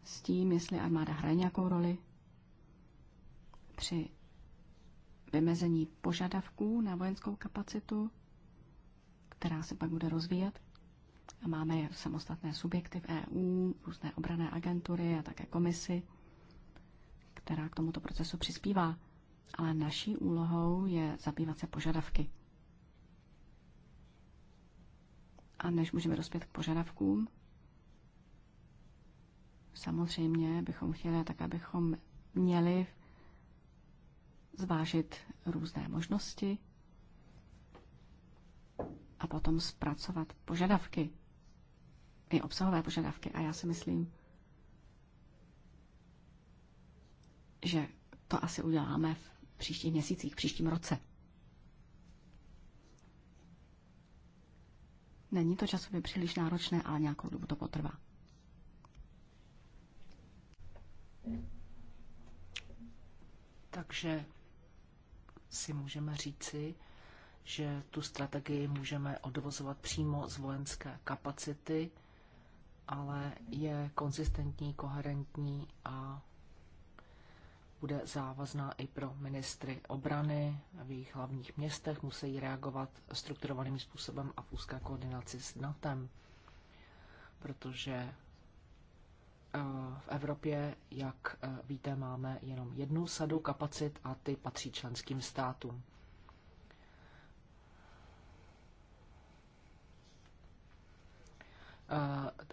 s tím, jestli armáda hraje nějakou roli při vymezení požadavků na vojenskou kapacitu, která se pak bude rozvíjet. A máme samostatné subjekty v EU, různé obrané agentury a také komisy, která k tomuto procesu přispívá. Ale naší úlohou je zabývat se požadavky. A než můžeme dospět k požadavkům, samozřejmě bychom chtěli tak, abychom měli zvážit různé možnosti a potom zpracovat požadavky, i obsahové požadavky. A já si myslím, že to asi uděláme v příštích měsících, v příštím roce. Není to časově příliš náročné, ale nějakou dobu to potrvá. Takže si můžeme říci, že tu strategii můžeme odvozovat přímo z vojenské kapacity, ale je konzistentní, koherentní a bude závazná i pro ministry obrany v jejich hlavních městech, musí reagovat strukturovaným způsobem a v úzké koordinaci s NATO, protože Eh, v Evropě, jak eh, víte, máme jenom jednu sadu kapacit a ty patří členským státům.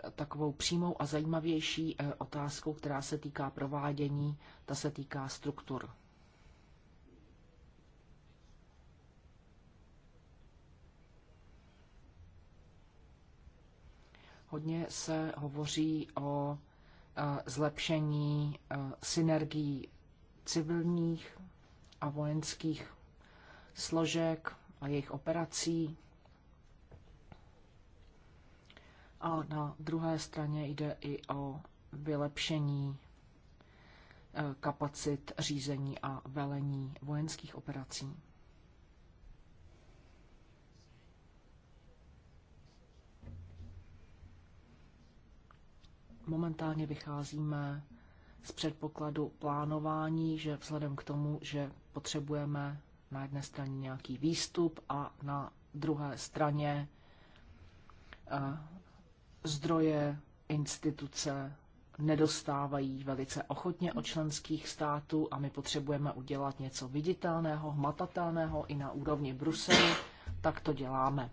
Eh, takovou přímou a zajímavější otázkou, která se týká provádění, ta se týká struktur. Hodně se hovoří o Eh, zlepšení eh, synergií civilních a vojenských složek a jejich operací. A na druhé straně jde i o vylepšení eh, kapacit řízení a velení vojenských operací. Momentálně vycházíme z předpokladu plánování, že vzhledem k tomu, že potřebujeme na jedné straně nějaký výstup a na druhé straně eh, zdroje instituce nedostávají velice ochotně od členských států a my potřebujeme udělat něco viditelného, hmatatelného i na úrovni Bruselu, tak to děláme.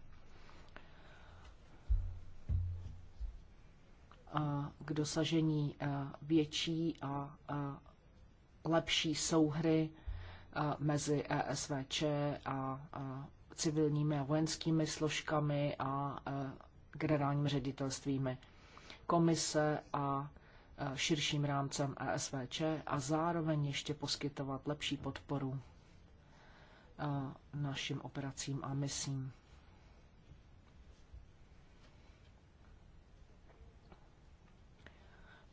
k dosažení eh, větší a eh, lepší souhry eh, mezi ESVČ a civilními a vojenskými složkami a generálním ředitelstvími komise a širším rámcem ESVČ a zároveň ještě poskytovat lepší podporu našim operacím a misím.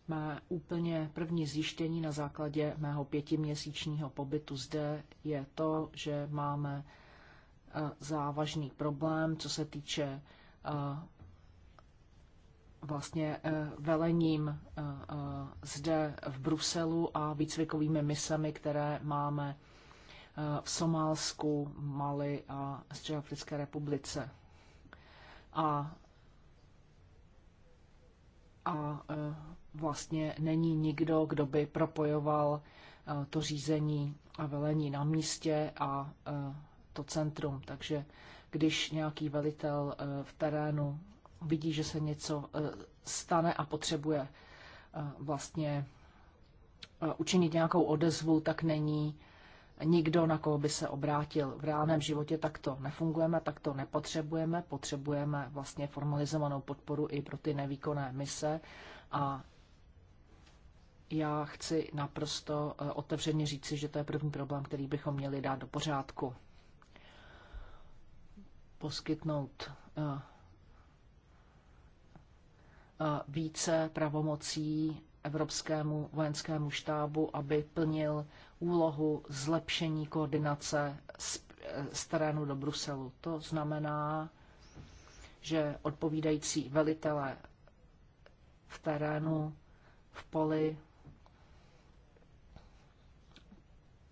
Mé úplně první zjištění na základě mého pětiměsíčního pobytu zde je to, že máme eh, závažný problém, co se týče eh, vlastně eh, velením zde v Bruselu a výcvikovými misemi, které máme v Somálsku, Mali a Středoafrické republice. A, a vlastně není nikdo, kdo by propojoval eh, to řízení a velení na místě a eh, to centrum. Takže když nějaký velitel eh, v terénu vidí, že se něco stane a potřebuje vlastně učinit nějakou odezvu, tak není nikdo, na koho by se obrátil. V reálném životě takto nefungujeme, takto nepotřebujeme, potřebujeme vlastně formalizovanou podporu i pro ty nevýkonné mise a já chci naprosto eh, otevřeně říci, že to je první problém, který bychom měli dát do pořádku. Poskytnout eh, eh, více pravomocí Evropskému vojenskému štábu, aby plnil úlohu zlepšení koordinace z, z terénu do Bruselu. To znamená, že odpovídající velitele v terénu, v poli,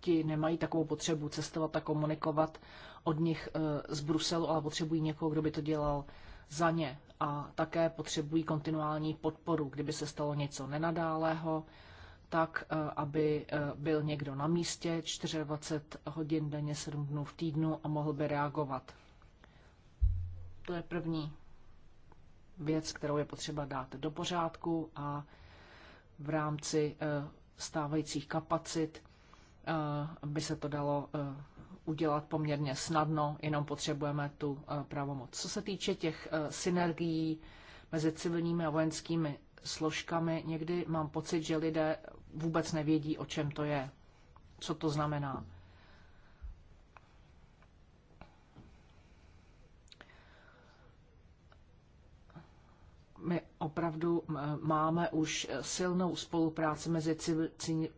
ti nemají takovou potřebu cestovat a komunikovat od nich e, z Bruselu, ale potřebují někoho, kdo by to dělal za ně. A také potřebují kontinuální podporu, kdyby se stalo něco nenadálého, tak, e, aby e, byl někdo na místě 24 hodin denně, 7 dnů v týdnu a mohl by reagovat. To je první věc, kterou je potřeba dát do pořádku a v rámci stávajících kapacit Eh, by se to dalo eh, udělat poměrně snadno, jenom potřebujeme tu eh, pravomoc. Co se týče těch synergií mezi civilními a vojenskými složkami, někdy mám pocit, že lidé vůbec nevědí, o čem to je, co to znamená. my opravdu máme už silnou spolupráci mezi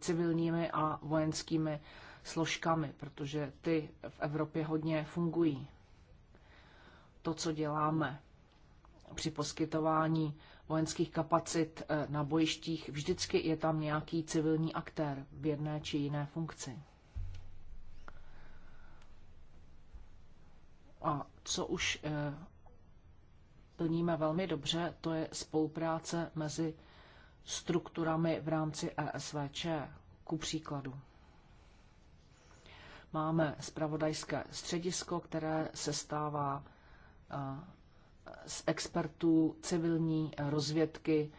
civilními a vojenskými složkami, protože ty v Evropě hodně fungují. To, co děláme při poskytování vojenských kapacit e, na bojištích, vždycky je tam nějaký civilní aktér v jedné či jiné funkci. A co už e, plníme velmi dobře, to je spolupráce mezi strukturami v rámci ESVČ, ku příkladu. Máme spravodajské středisko, které se stává eh, z expertů civilní rozvědky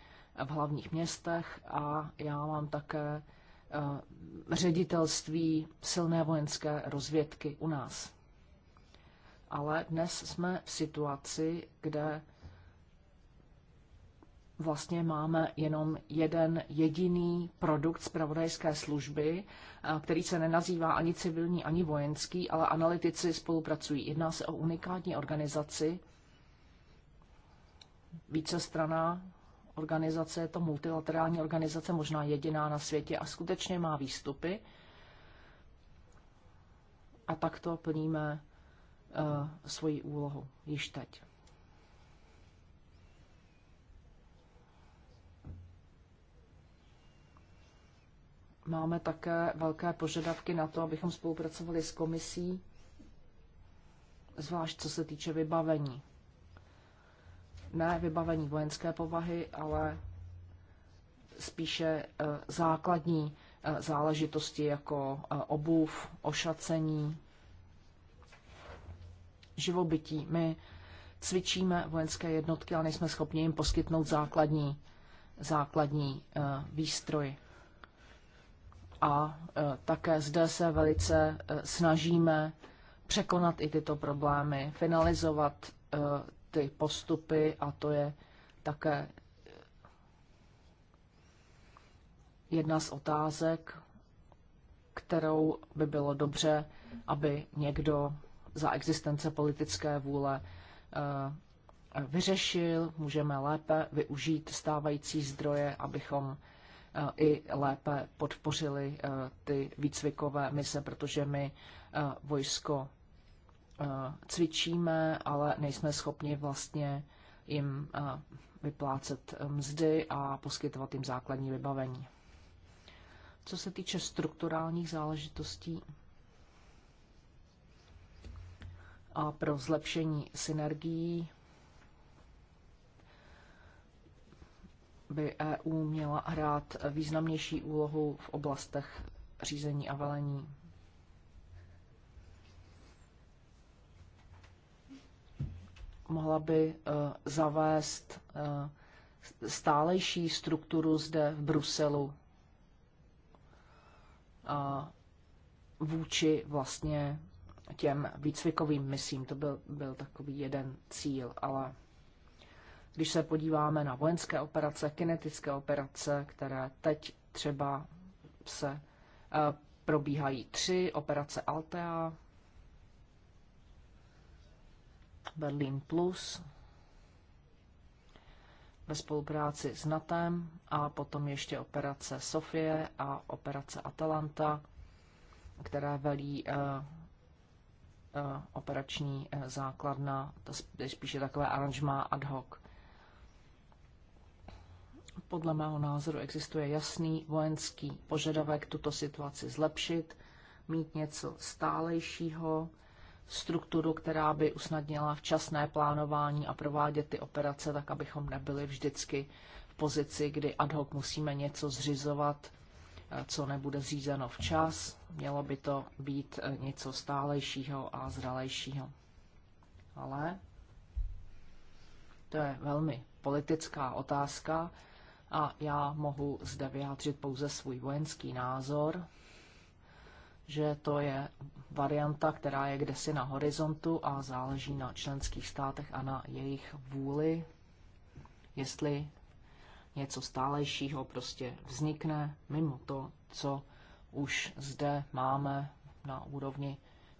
v hlavních městech a já mám také eh, ředitelství silné vojenské rozvědky u nás ale dnes jsme v situaci, kde vlastně máme jenom jeden jediný produkt zpravodajské služby, eh, který se nenazývá ani civilní, ani vojenský, ale analytici spolupracují. Jedná se o unikátní organizaci, vícestraná organizace, je to multilaterální organizace, možná jediná na světě a skutečně má výstupy. A takto plníme Eh, svoji úlohu již teď. Máme také velké požadavky na to, abychom spolupracovali s komisí, zvlášť co se týče vybavení. Ne vybavení vojenské povahy, ale spíše eh, základní eh, záležitosti jako obuv, ošacení, živobytí. My cvičíme vojenské jednotky, ale nejsme schopni jim poskytnout základní, základní eh, výstroj. A eh, také zde se velice eh, snažíme překonat i tyto problémy, finalizovat ty postupy a to je také jedna z otázek, kterou by bylo dobře, aby někdo za existence politické vůle eh, vyřešil, můžeme lépe využít stávající zdroje, abychom eh, i lépe podpořili eh, ty výcvikové mise, protože my vojsko cvičíme, ale nejsme schopni vlastně jim vyplácet mzdy a poskytovat jim základní vybavení. Co se týče strukturálních záležitostí, a pro zlepšení synergií by EU měla hrát významnější úlohu v oblastech řízení a velení. Mohla by e, zavést e, stálejší strukturu zde v Bruselu vůči vlastně těm výcvikovým misím. To byl, byl takový jeden cíl, ale když se podíváme na vojenské operace, kinetické operace, které teď třeba se eh, probíhají tři, operace Altea, Berlin Plus, ve spolupráci s NATEM a potom ještě operace Sofie a operace Atalanta, které velí eh, Eh, operační eh, základna, to je spíše takové aranžma ad hoc. Podle mého názoru existuje jasný vojenský požadavek tuto situaci zlepšit, mít něco stálejšího, strukturu, která by usnadnila včasné plánování a provádět ty operace tak, abychom nebyli vždycky v pozici, kdy ad hoc musíme něco zřizovat co nebude zřízeno včas. Mělo by to být něco stálejšího a zralejšího. Ale to je velmi politická otázka a já mohu zde vyjádřit pouze svůj vojenský názor, že to je varianta, která je kdesi na horizontu a záleží na členských státech a na jejich vůli, jestli něco stálejšího prostě vznikne mimo to, co už zde máme na úrovni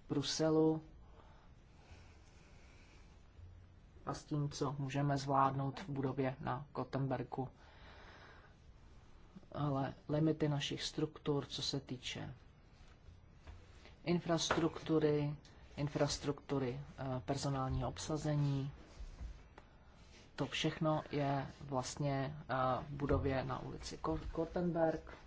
Bruselu a s tím, co můžeme zvládnout v budově na Kotenberku. Ale limity našich struktur, co se týče infrastruktury, infrastruktury eh, personálního obsazení, to všechno je vlastně eh, v budově na ulici Kortenberg.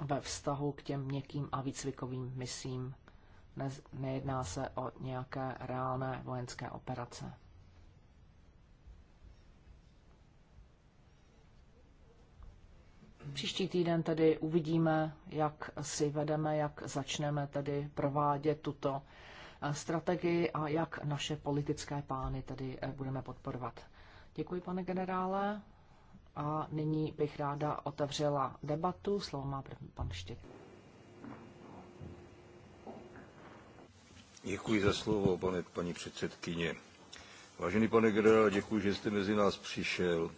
Ve vztahu k těm měkkým a výcvikovým misím nejedná se o nějaké reálné vojenské operace. Příští týden tedy uvidíme, jak si vedeme, jak začneme tedy provádět tuto Eh, strategii a jak naše politické pány tedy eh, budeme podporovat. Děkuji, pane generále. A nyní bych ráda otevřela debatu. Slovo má pan Štěk. Děkuji za slovo, pane, paní předsedkyně. Vážený pane generále, děkuji, že jste mezi nás přišel.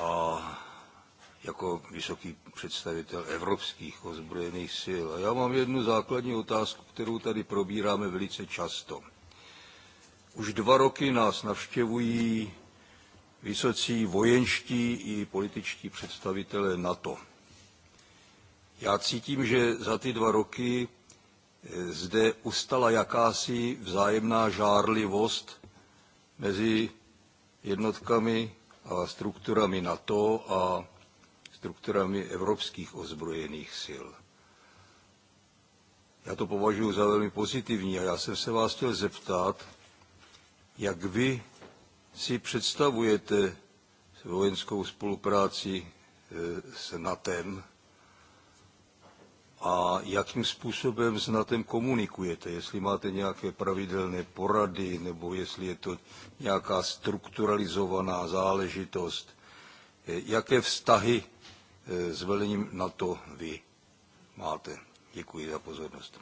A jako vysoký představitel evropských ozbrojených sil. A já mám jednu základní otázku, kterou tady probíráme velice často. Už dva roky nás navštěvují vysocí vojenští i političtí představitelé NATO. Já cítím, že za ty dva roky eh, zde ustala jakási vzájemná žárlivost mezi jednotkami a strukturami NATO a strukturami evropských ozbrojených sil. Já to považuji za velmi pozitivní a já jsem se vás chtěl zeptat, jak vy si představujete vojenskou spolupráci e, s NATEM a jakým způsobem s NATEM komunikujete, jestli máte nějaké pravidelné porady nebo jestli je to nějaká strukturalizovaná záležitost, e, jaké vztahy Eh, s velením NATO vy máte. Děkuji za pozornost.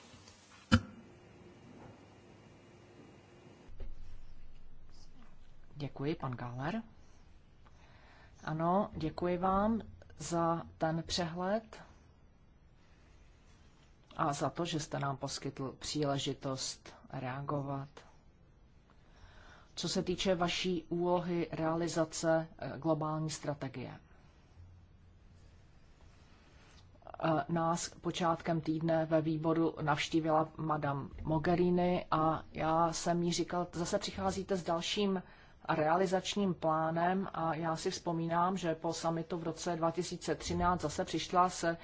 Děkuji, pan Galer. Ano, děkuji vám za ten přehled a za to, že jste nám poskytl příležitost reagovat. Co se týče vaší úlohy realizace eh, globální strategie, Eh, nás počátkem týdne ve výboru navštívila madam Mogherini a já jsem jí říkal, zase přicházíte s dalším realizačním plánem a já si vzpomínám, že po samitu v roce 2013 zase přišla se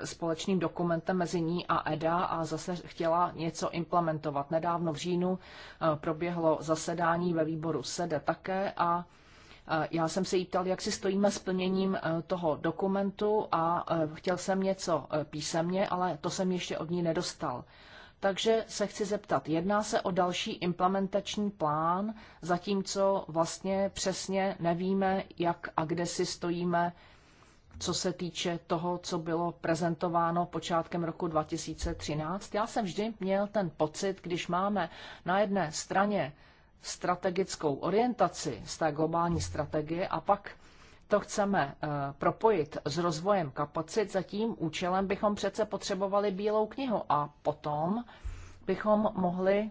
eh, společným dokumentem mezi ní a EDA a zase chtěla něco implementovat. Nedávno v říjnu eh, proběhlo zasedání ve výboru SEDE e také a Eh, já jsem se jí ptal, jak si stojíme s plněním eh, toho dokumentu a eh, chtěl jsem něco písemně, ale to jsem ještě od ní nedostal. Takže se chci zeptat, jedná se o další implementační plán, zatímco vlastně přesně nevíme, jak a kde si stojíme, co se týče toho, co bylo prezentováno počátkem roku 2013. Já jsem vždy měl ten pocit, když máme na jedné straně strategickou orientaci z té globální strategie a pak to chceme eh, propojit s rozvojem kapacit, za tím účelem bychom přece potřebovali bílou knihu a potom bychom mohli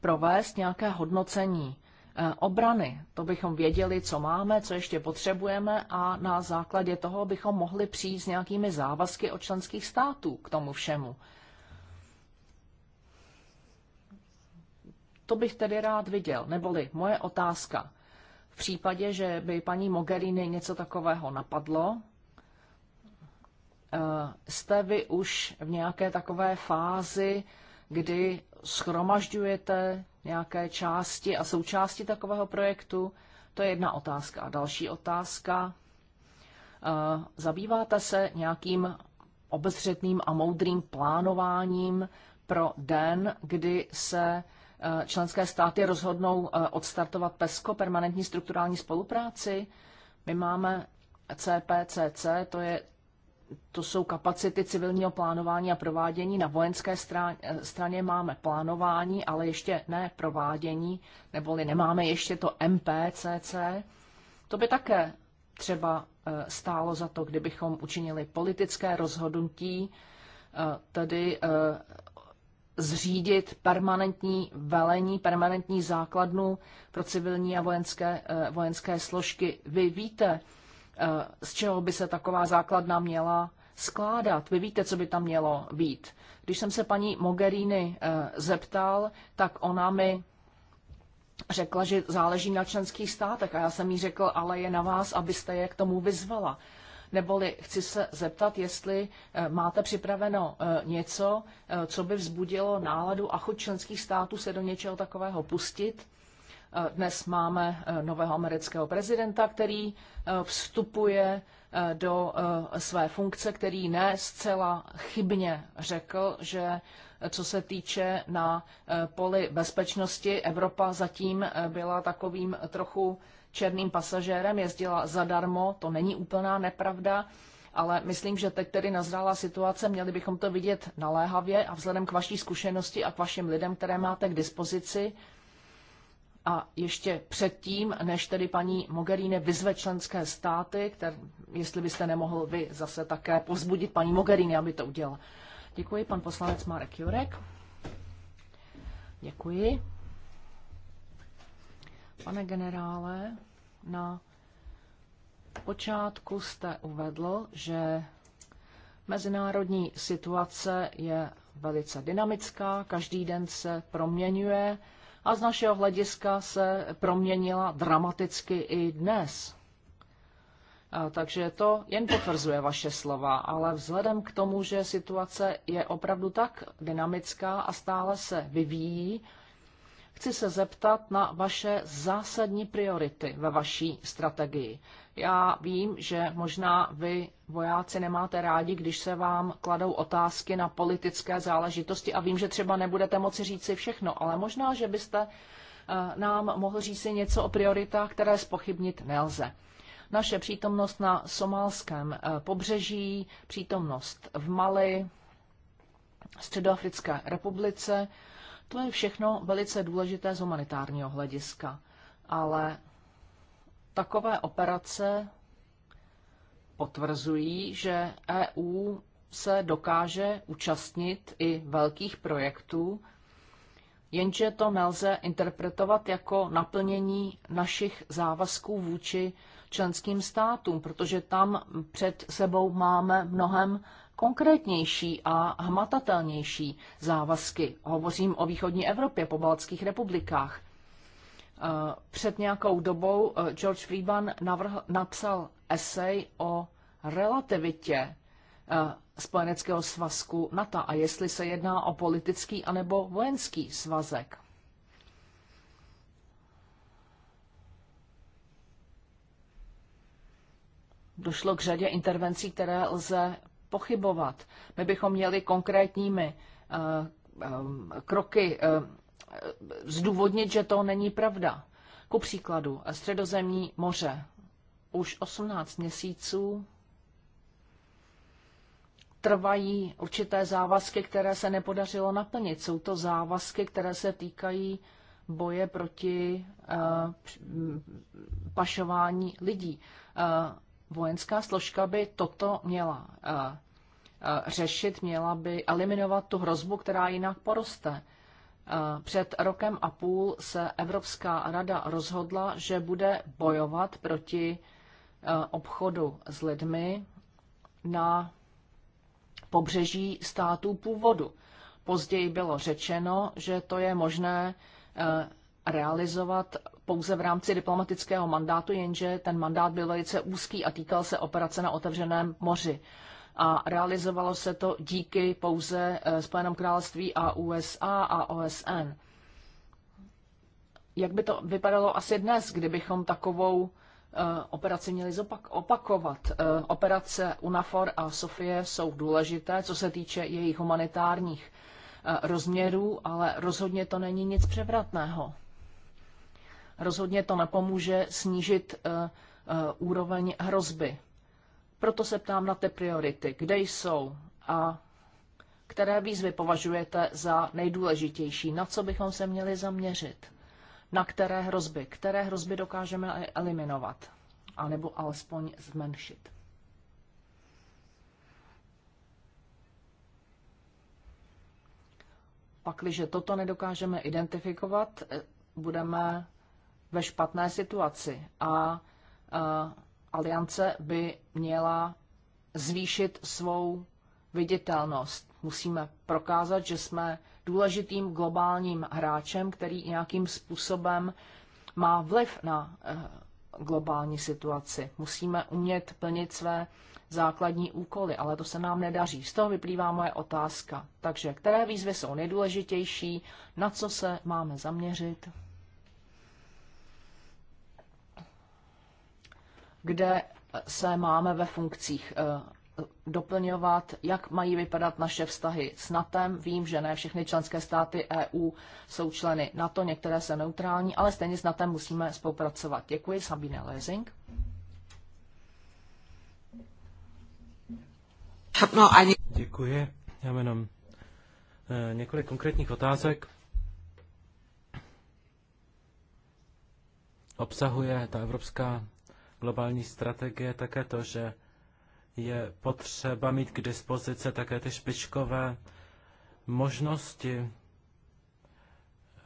provést nějaké hodnocení eh, obrany. To bychom věděli, co máme, co ještě potřebujeme a na základě toho bychom mohli přijít s nějakými závazky od členských států k tomu všemu. To bych tedy rád viděl, neboli moje otázka. V případě, že by paní Mogherini něco takového napadlo, eh, jste vy už v nějaké takové fázi, kdy schromažďujete nějaké části a součásti takového projektu? To je jedna otázka. A další otázka. Eh, zabýváte se nějakým obezřetným a moudrým plánováním pro den, kdy se Eh, členské státy rozhodnou eh, odstartovat PESCO, permanentní strukturální spolupráci. My máme CPCC, to, je, to jsou kapacity civilního plánování a provádění. Na vojenské eh, straně, máme plánování, ale ještě ne provádění, neboli nemáme ještě to MPCC. To by také třeba stálo za to, kdybychom učinili politické rozhodnutí, tedy zřídit permanentní velení, permanentní základnu pro civilní a vojenské, eh, vojenské složky. Vy víte, eh, z čeho by se taková základna měla skládat. Vy víte, co by tam mělo být. Když jsem se paní Mogherini eh, zeptal, tak ona mi řekla, že záleží na členských státech. A já jsem jí řekl, ale je na vás, abyste je k tomu vyzvala. Neboli chci se zeptat, jestli eh, máte připraveno eh, něco, eh, co by vzbudilo náladu a chuť členských států se do něčeho takového pustit. Dnes máme nového amerického prezidenta, který vstupuje do své funkce, který ne zcela chybně řekl, že co se týče na poli bezpečnosti, Evropa zatím byla takovým trochu černým pasažérem, jezdila zadarmo, to není úplná nepravda, ale myslím, že teď tedy nazrála situace, měli bychom to vidět naléhavě a vzhledem k vaší zkušenosti a k vašim lidem, které máte k dispozici, a ještě předtím, než tedy paní Mogherini vyzve členské státy, které, jestli byste nemohl vy zase také pozbudit paní Mogherini, aby to udělala. Děkuji, pan poslanec Marek Jurek. Děkuji. Pane generále, na počátku jste uvedl, že mezinárodní situace je velice dynamická, každý den se proměňuje a z našeho hlediska se proměnila dramaticky i dnes. A takže to jen potvrzuje vaše slova, ale vzhledem k tomu, že situace je opravdu tak dynamická a stále se vyvíjí, Chci se zeptat na vaše zásadní priority ve vaší strategii. Já vím, že možná vy, vojáci, nemáte rádi, když se vám kladou otázky na politické záležitosti a vím, že třeba nebudete moci říci všechno, ale možná, že byste eh, nám mohl říci něco o prioritách, které spochybnit nelze. Naše přítomnost na somálském eh, pobřeží, přítomnost v Mali, Středoafrické republice, to je všechno velice důležité z humanitárního hlediska, ale takové operace potvrzují, že EU se dokáže účastnit i velkých projektů, jenže to nelze interpretovat jako naplnění našich závazků vůči členským státům, protože tam před sebou máme mnohem konkrétnější a hmatatelnější závazky. Hovořím o východní Evropě, po baltských republikách. E, před nějakou dobou e, George Friedman navrhl, napsal esej o relativitě e, spojeneckého svazku NATO a jestli se jedná o politický anebo vojenský svazek. Došlo k řadě intervencí, které lze pochybovat. My bychom měli konkrétními eh, eh, kroky eh, zdůvodnit, že to není pravda. Ku příkladu, středozemní moře. Už 18 měsíců trvají určité závazky, které se nepodařilo naplnit. Jsou to závazky, které se týkají boje proti uh, pašování lidí. Uh, vojenská složka by toto měla eh, eh, řešit, měla by eliminovat tu hrozbu, která jinak poroste. Eh, před rokem a půl se Evropská rada rozhodla, že bude bojovat proti obchodu s lidmi na pobřeží států původu. Později bylo řečeno, že to je možné realizovat pouze v rámci diplomatického mandátu, jenže ten mandát byl velice úzký a týkal se operace na otevřeném moři. A realizovalo se to díky pouze eh, Spojeném království a USA a OSN. Jak by to vypadalo asi dnes, kdybychom takovou eh, operaci měli zopak, opakovat. Eh, operace UNAFOR a SOFIE jsou důležité, co se týče jejich humanitárních rozměrů, ale rozhodně to není nic převratného. Rozhodně to nepomůže snížit eh, eh, úroveň hrozby. Proto se ptám na ty priority. Kde jsou a které výzvy považujete za nejdůležitější? Na co bychom se měli zaměřit? Na které hrozby? Které hrozby dokážeme e- eliminovat? A nebo alespoň zmenšit? Pakliže toto nedokážeme identifikovat, eh, budeme ve špatné situaci a aliance by měla zvýšit svou viditelnost. Musíme prokázat, že jsme důležitým globálním hráčem, který nějakým způsobem má vliv na e, globální situaci. Musíme umět plnit své základní úkoly, ale to se nám nedaří. Z toho vyplývá moje otázka. Takže které výzvy jsou nejdůležitější, na co se máme zaměřit? kde se máme ve funkcích eh, doplňovat, jak mají vypadat naše vztahy s NATEM. Vím, že ne všechny členské státy EU jsou členy NATO, některé se neutrální, ale stejně s NATEM musíme spolupracovat. Děkuji, Sabine Lezing. No, Děkuji. Já jenom eh, několik konkrétních otázek. Obsahuje ta evropská globální strategie také to, že je potřeba mít k dispozici také ty špičkové možnosti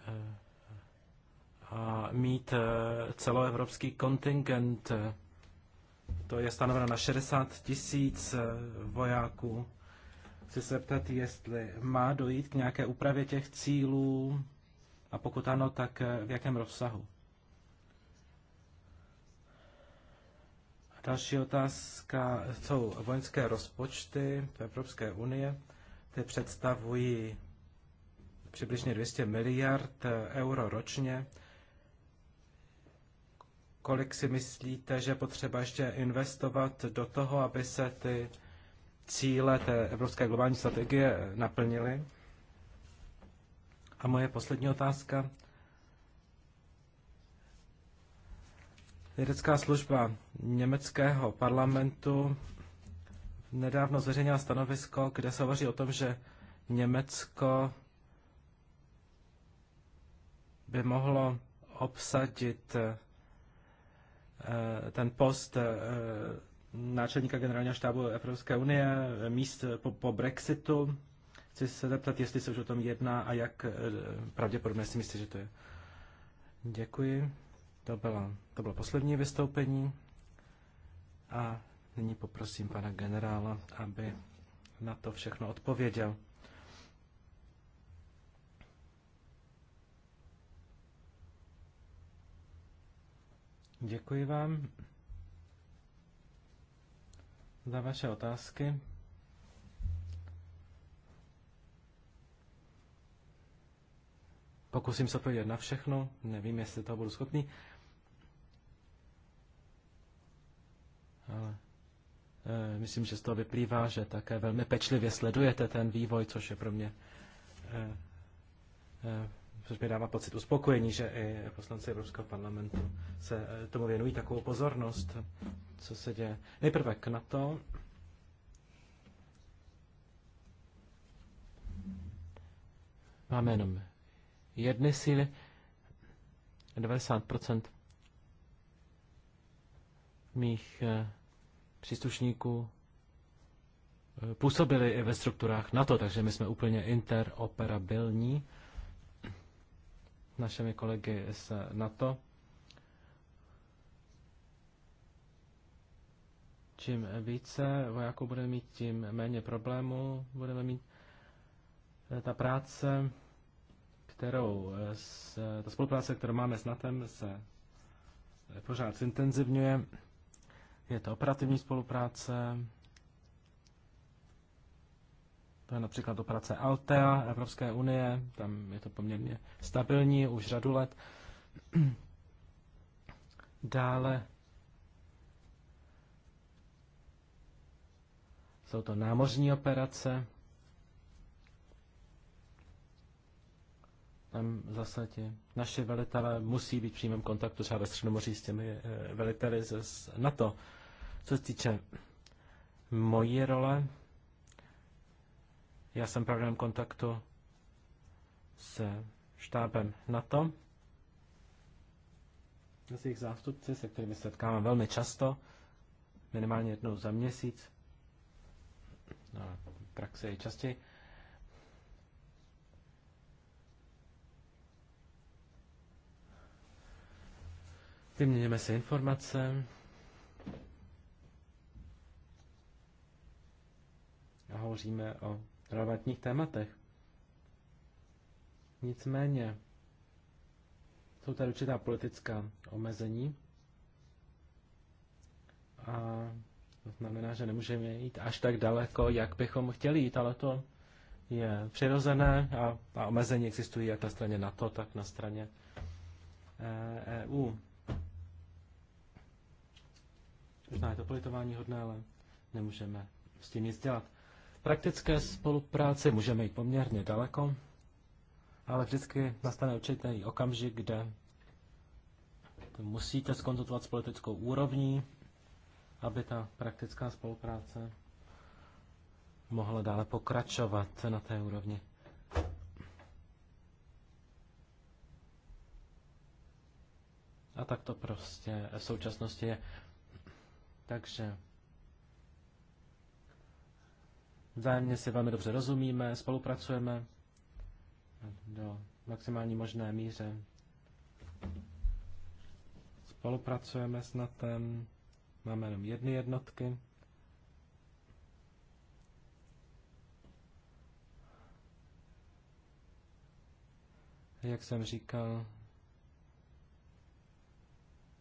eh, a mít eh, celoevropský kontingent. To je stanoveno na 60 tisíc eh, vojáků. Chci se ptat, jestli má dojít k nějaké úpravě těch cílů a pokud ano, tak v jakém rozsahu. Další otázka jsou vojenské rozpočty v Evropské unie. Ty představují přibližně 200 miliard euro ročně. Kolik si myslíte, že potřeba ještě investovat do toho, aby se ty cíle té Evropské globální strategie naplnily? A moje poslední otázka Vědecká služba německého parlamentu nedávno zveřejnila stanovisko, kde se hovoří o tom, že Německo by mohlo obsadit eh, ten post eh, náčelníka generálního štábu Evropské unie, eh, míst po, po Brexitu. Chci se zeptat, jestli se už o tom jedná a jak pravděpodobně si myslíte, že to je. Děkuji. To bylo, to bylo poslední vystoupení a nyní poprosím pana generála, aby na to všechno odpověděl. Děkuji vám za vaše otázky. Pokusím se odpovědět na všechno, nevím, jestli to budu schopný. Ale e, myslím, že z toho vyplývá, že také velmi pečlivě sledujete ten vývoj, což je pro mě e, e, což mi dává pocit uspokojení, že i poslanci Evropského parlamentu se tomu věnují takovou pozornost, co se děje. Nejprve k NATO. Máme jenom jedné síly 90% mých eh, příslušníků eh, působili i ve strukturách NATO, takže my jsme úplně interoperabilní našimi kolegy z NATO. Čím více vojáků budeme mít, tím méně problémů budeme mít. Eh, ta práce kterou eh, s, eh, ta spolupráce, kterou máme s NATem, se eh, pořád intenzivňuje. Je to operativní spolupráce, to je například operace Altea Evropské unie, tam je to poměrně stabilní už řadu let. [clears throat] Dále jsou to námořní operace, tam zase ti naši velitelé musí být v přímém kontaktu třeba ve Středomoří s těmi eh, veliteli z NATO. Co se týče mojí role, já jsem v kontaktu se štábem NATO, s jejich zástupci, se kterými se setkáme velmi často, minimálně jednou za měsíc, no, praxe je častěji. Vyměníme se informace. A hovoříme o relevantních tématech. Nicméně jsou tady určitá politická omezení a to znamená, že nemůžeme jít až tak daleko, jak bychom chtěli jít, ale to je přirozené a, a omezení existují jak na straně NATO, tak na straně EU. Eh, e Možná je to politování hodné, ale nemůžeme s tím nic dělat. Praktické spolupráci můžeme jít poměrně daleko, ale vždycky nastane určitý okamžik, kde musíte skonzultovat s politickou úrovní, aby ta praktická spolupráce mohla dále pokračovat na té úrovni. A tak to prostě v současnosti je. Takže vzájemně si velmi dobře rozumíme, spolupracujeme do maximální možné míře. Spolupracujeme s NATem, máme jenom jedny jednotky. Jak jsem říkal,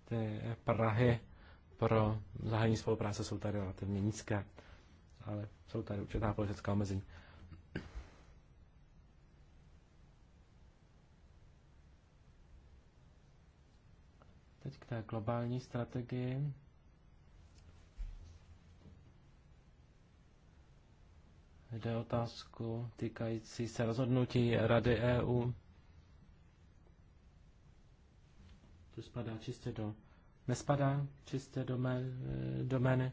ty Prahy pro zahájení spolupráce jsou tady relativně nízké, ale jsou tady určitá politická omezení. Teď k té globální strategii. Jde otázku týkající se rozhodnutí Rady EU. To spadá čistě do nespadá čistě do mé eh, domény.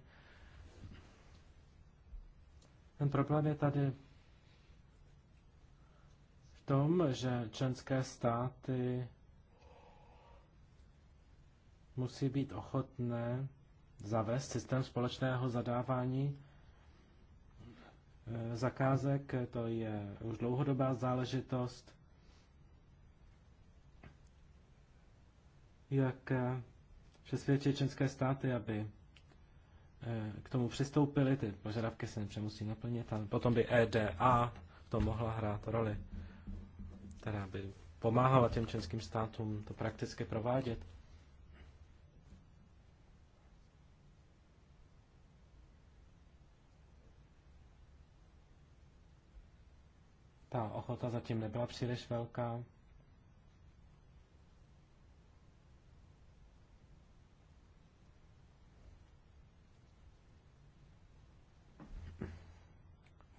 Ten problém je tady v tom, že členské státy musí být ochotné zavést systém společného zadávání eh, zakázek. To je už dlouhodobá záležitost. Jak eh, přesvědčit české státy, aby eh, k tomu přistoupili, ty požadavky se nepřemusí naplnit, ale potom by EDA to mohla hrát roli, která by pomáhala těm českým státům to prakticky provádět. Ta ochota zatím nebyla příliš velká.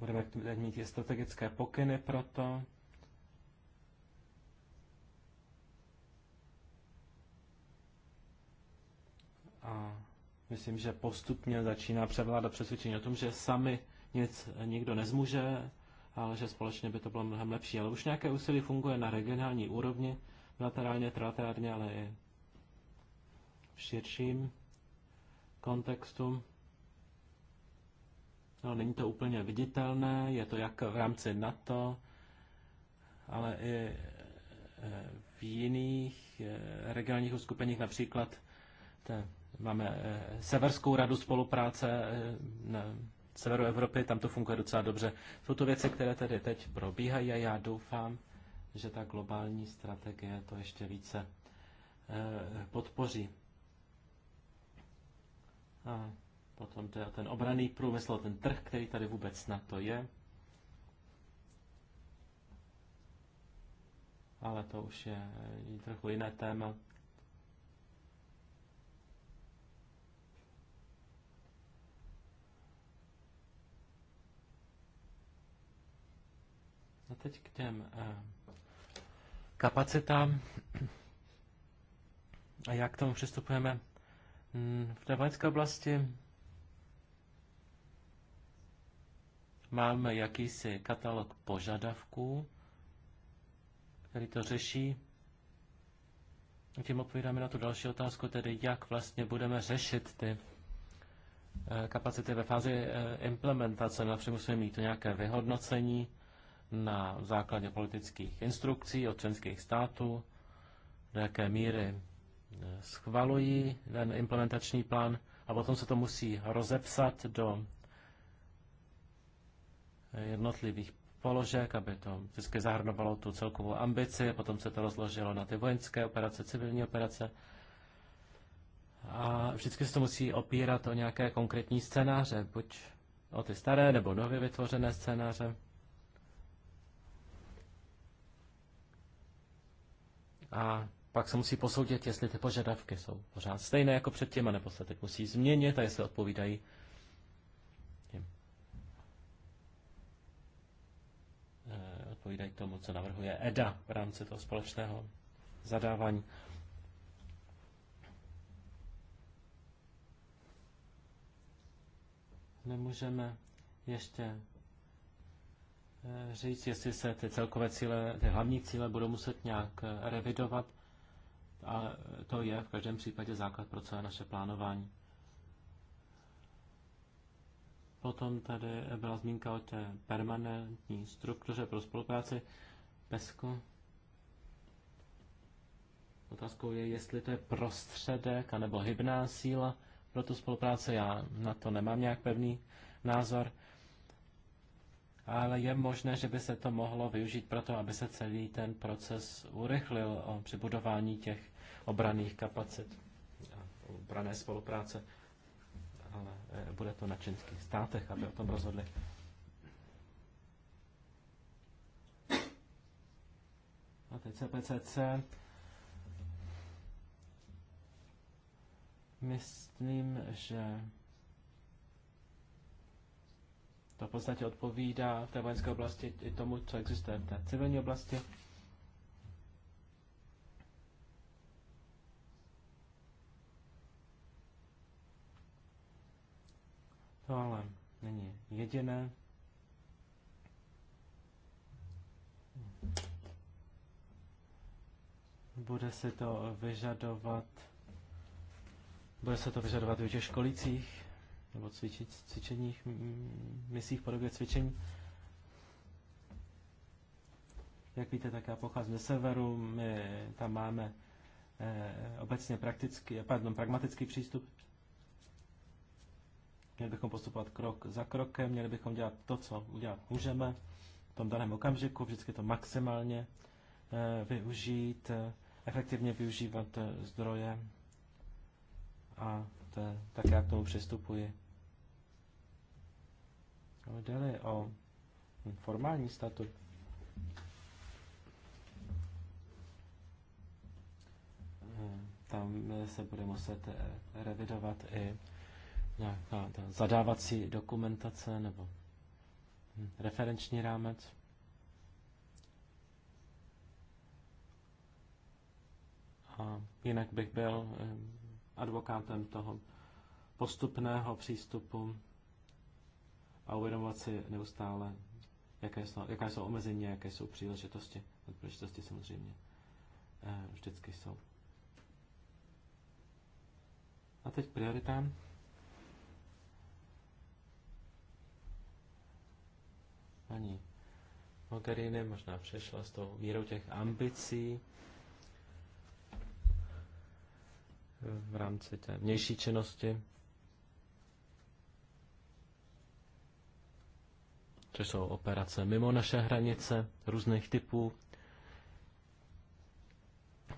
Budeme mít i strategické pokyny pro to. A myslím, že postupně začíná převládat přesvědčení o tom, že sami nic nikdo nezmůže, ale že společně by to bylo mnohem lepší. Ale už nějaké úsilí funguje na regionální úrovni, bilaterálně, trilaterálně, ale i v širším kontextu. No, není to úplně viditelné, je to jak v rámci NATO, ale i e, v jiných e, regionálních uskupeních, například te, máme e, Severskou radu spolupráce na severu Evropy, tam to funguje docela dobře. Jsou to věci, které tedy teď probíhají a já doufám, že ta globální strategie to ještě více podpoří. A Potom jde o ten obraný průmysl, ten trh, který tady vůbec na to je. Ale to už je trochu jiné téma. A teď k těm eh, kapacitám a jak k tomu přistupujeme hm, v té oblasti. Máme jakýsi katalog požadavků, který to řeší. Tím odpovídáme na tu další otázku, tedy jak vlastně budeme řešit ty eh, kapacity ve fázi eh, implementace. Například musíme mít nějaké vyhodnocení na základě politických instrukcí od členských států, do jaké míry eh, schvalují ten implementační plán a potom se to musí rozepsat do jednotlivých položek, aby to vždycky zahrnovalo tu celkovou ambici, potom se to rozložilo na ty vojenské operace, civilní operace. A vždycky se to musí opírat o nějaké konkrétní scénáře, buď o ty staré nebo nově vytvořené scénáře. A pak se musí posoudit, jestli ty požadavky jsou pořád stejné jako předtím, nebo se teď musí změnit a jestli odpovídají odpovídají tomu, co navrhuje EDA v rámci toho společného zadávání. Nemůžeme ještě eh, říct, jestli se ty celkové cíle, ty hlavní cíle budou muset nějak eh, revidovat, ale to je v každém případě základ pro celé naše plánování. Potom tady byla zmínka o té permanentní struktuře pro spolupráci PESCO. Otázkou je, jestli to je prostředek anebo hybná síla pro tu spolupráci. Já na to nemám nějak pevný názor, ale je možné, že by se to mohlo využít pro to, aby se celý ten proces urychlil o přibudování těch obraných kapacit a obrané spolupráce ale eh, bude to na čínských státech, aby o tom rozhodli. A teď CPCC. Myslím, že to v podstatě odpovídá v té vojenské oblasti i tomu, co existuje v té civilní oblasti. To ale není jediné. Bude se to vyžadovat bude se to vyžadovat i v těch školících nebo cvičit, cvičeních, misích podobě cvičení. Jak víte, tak já pocházím ze severu, my tam máme eh, obecně praktický, pardon, pragmatický přístup Měli bychom postupovat krok za krokem, měli bychom dělat to, co udělat můžeme v tom daném okamžiku, vždycky to maximálně eh, využít, eh, efektivně využívat eh, zdroje a to je, tak já k tomu přistupuji. No, jde-li o formální statut. Tam se bude muset revidovat i nějaká ta zadávací dokumentace nebo hm, referenční rámec. A jinak bych byl hm, advokátem toho postupného přístupu a uvědomovat si neustále, jaké jsou, jaká jsou omezení, jaké jsou příležitosti. Příležitosti samozřejmě eh, vždycky jsou. A teď prioritám. paní Mogherini možná přešla s tou mírou těch ambicí v rámci té vnější činnosti. To jsou operace mimo naše hranice, různých typů.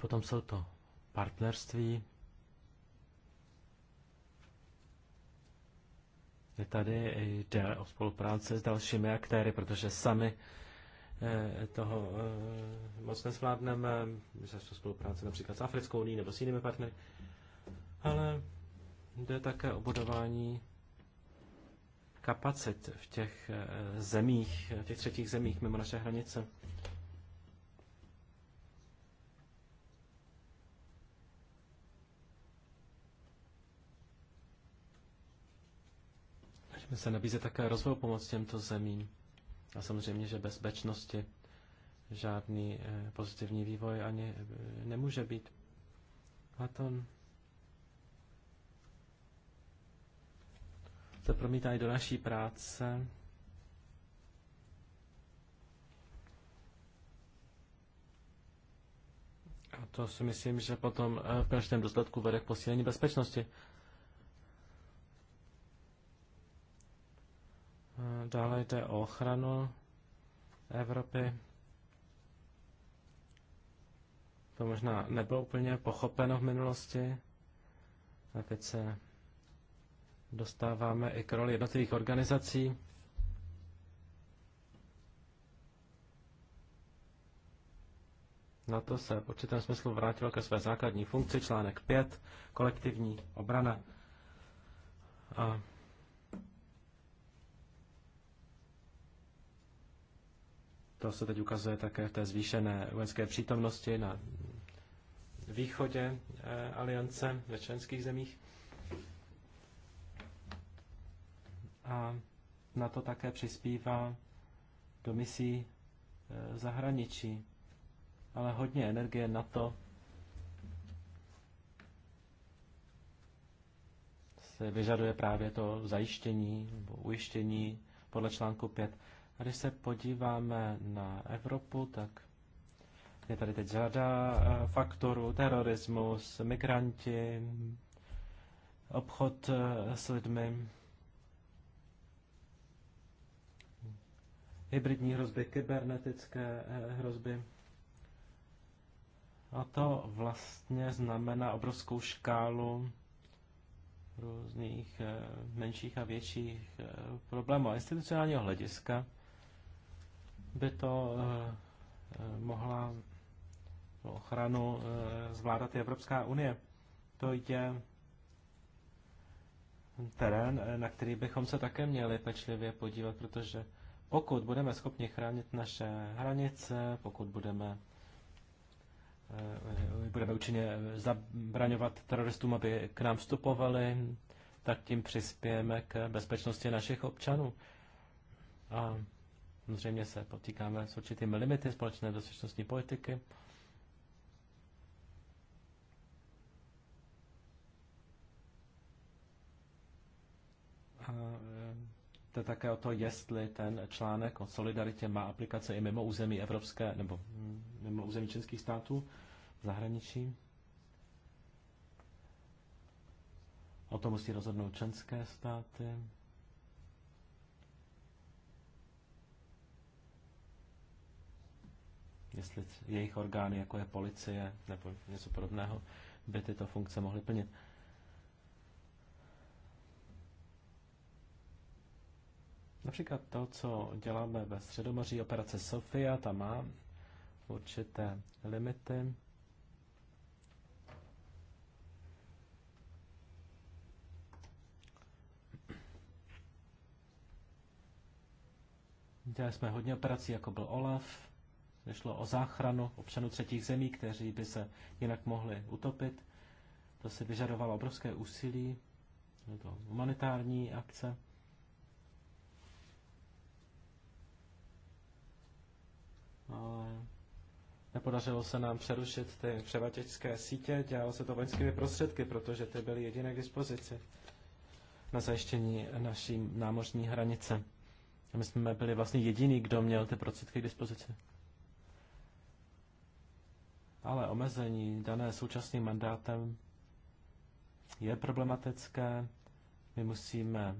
Potom jsou to partnerství Tady jde o spolupráce s dalšími aktéry, protože sami eh, toho eh, moc nezvládneme, začnu spolupráce například s Africkou unii nebo s jinými partnery, ale jde také o budování kapacit v těch eh, zemích, v těch třetích zemích mimo naše hranice. se nabízí také rozvoj pomoc těmto zemím. A samozřejmě, že bez bezpečnosti žádný eh, pozitivní vývoj ani eh, nemůže být. A to se promítá i do naší práce. A to si myslím, že potom eh, v každém dostatku vede k posílení bezpečnosti. Eh, dále jde o ochranu Evropy. To možná nebylo úplně pochopeno v minulosti. A teď se dostáváme i k roli jednotlivých organizací. Na to se v určitém smyslu vrátilo ke své základní funkci, článek 5, kolektivní obrana. A To se teď ukazuje také v té zvýšené vojenské přítomnosti na východě eh, aliance ve členských zemích. A na to také přispívá do misí eh, zahraničí, ale hodně energie na to se vyžaduje právě to zajištění nebo ujištění podle článku 5 když se podíváme na Evropu, tak je tady teď řada eh, faktorů, terorismus, migranti, obchod eh, s lidmi, hybridní hrozby, kybernetické eh, hrozby. A to vlastně znamená obrovskou škálu různých menších a větších problémů. A institucionálního hlediska by to eh, eh, mohla ochranu eh, zvládat i Evropská unie. To je terén, na který bychom se také měli pečlivě podívat, protože pokud budeme schopni chránit naše hranice, pokud budeme budeme účinně zabraňovat teroristům, aby k nám vstupovali, tak tím přispějeme k bezpečnosti našich občanů. A Samozřejmě se potýkáme s určitými limity společné bezpečnostní politiky. A eh, to také o to, jestli ten článek o solidaritě má aplikace i mimo území evropské nebo mm, mimo území českých států v zahraničí. O tom musí rozhodnout členské státy. jestli jejich orgány, jako je policie nebo něco podobného, by tyto funkce mohly plnit. Například to, co děláme ve Středomoří, operace Sofia, ta má určité limity. Dělali jsme hodně operací, jako byl OLAF, Nešlo o záchranu občanů třetích zemí, kteří by se jinak mohli utopit. To si vyžadovalo obrovské úsilí, to humanitární akce. Ale nepodařilo se nám přerušit ty převaděčské sítě, dělalo se to vojenskými prostředky, protože ty byly jediné k dispozici na zajištění naší námořní hranice. A my jsme byli vlastně jediný, kdo měl ty prostředky k dispozici ale omezení dané současným mandátem je problematické. My musíme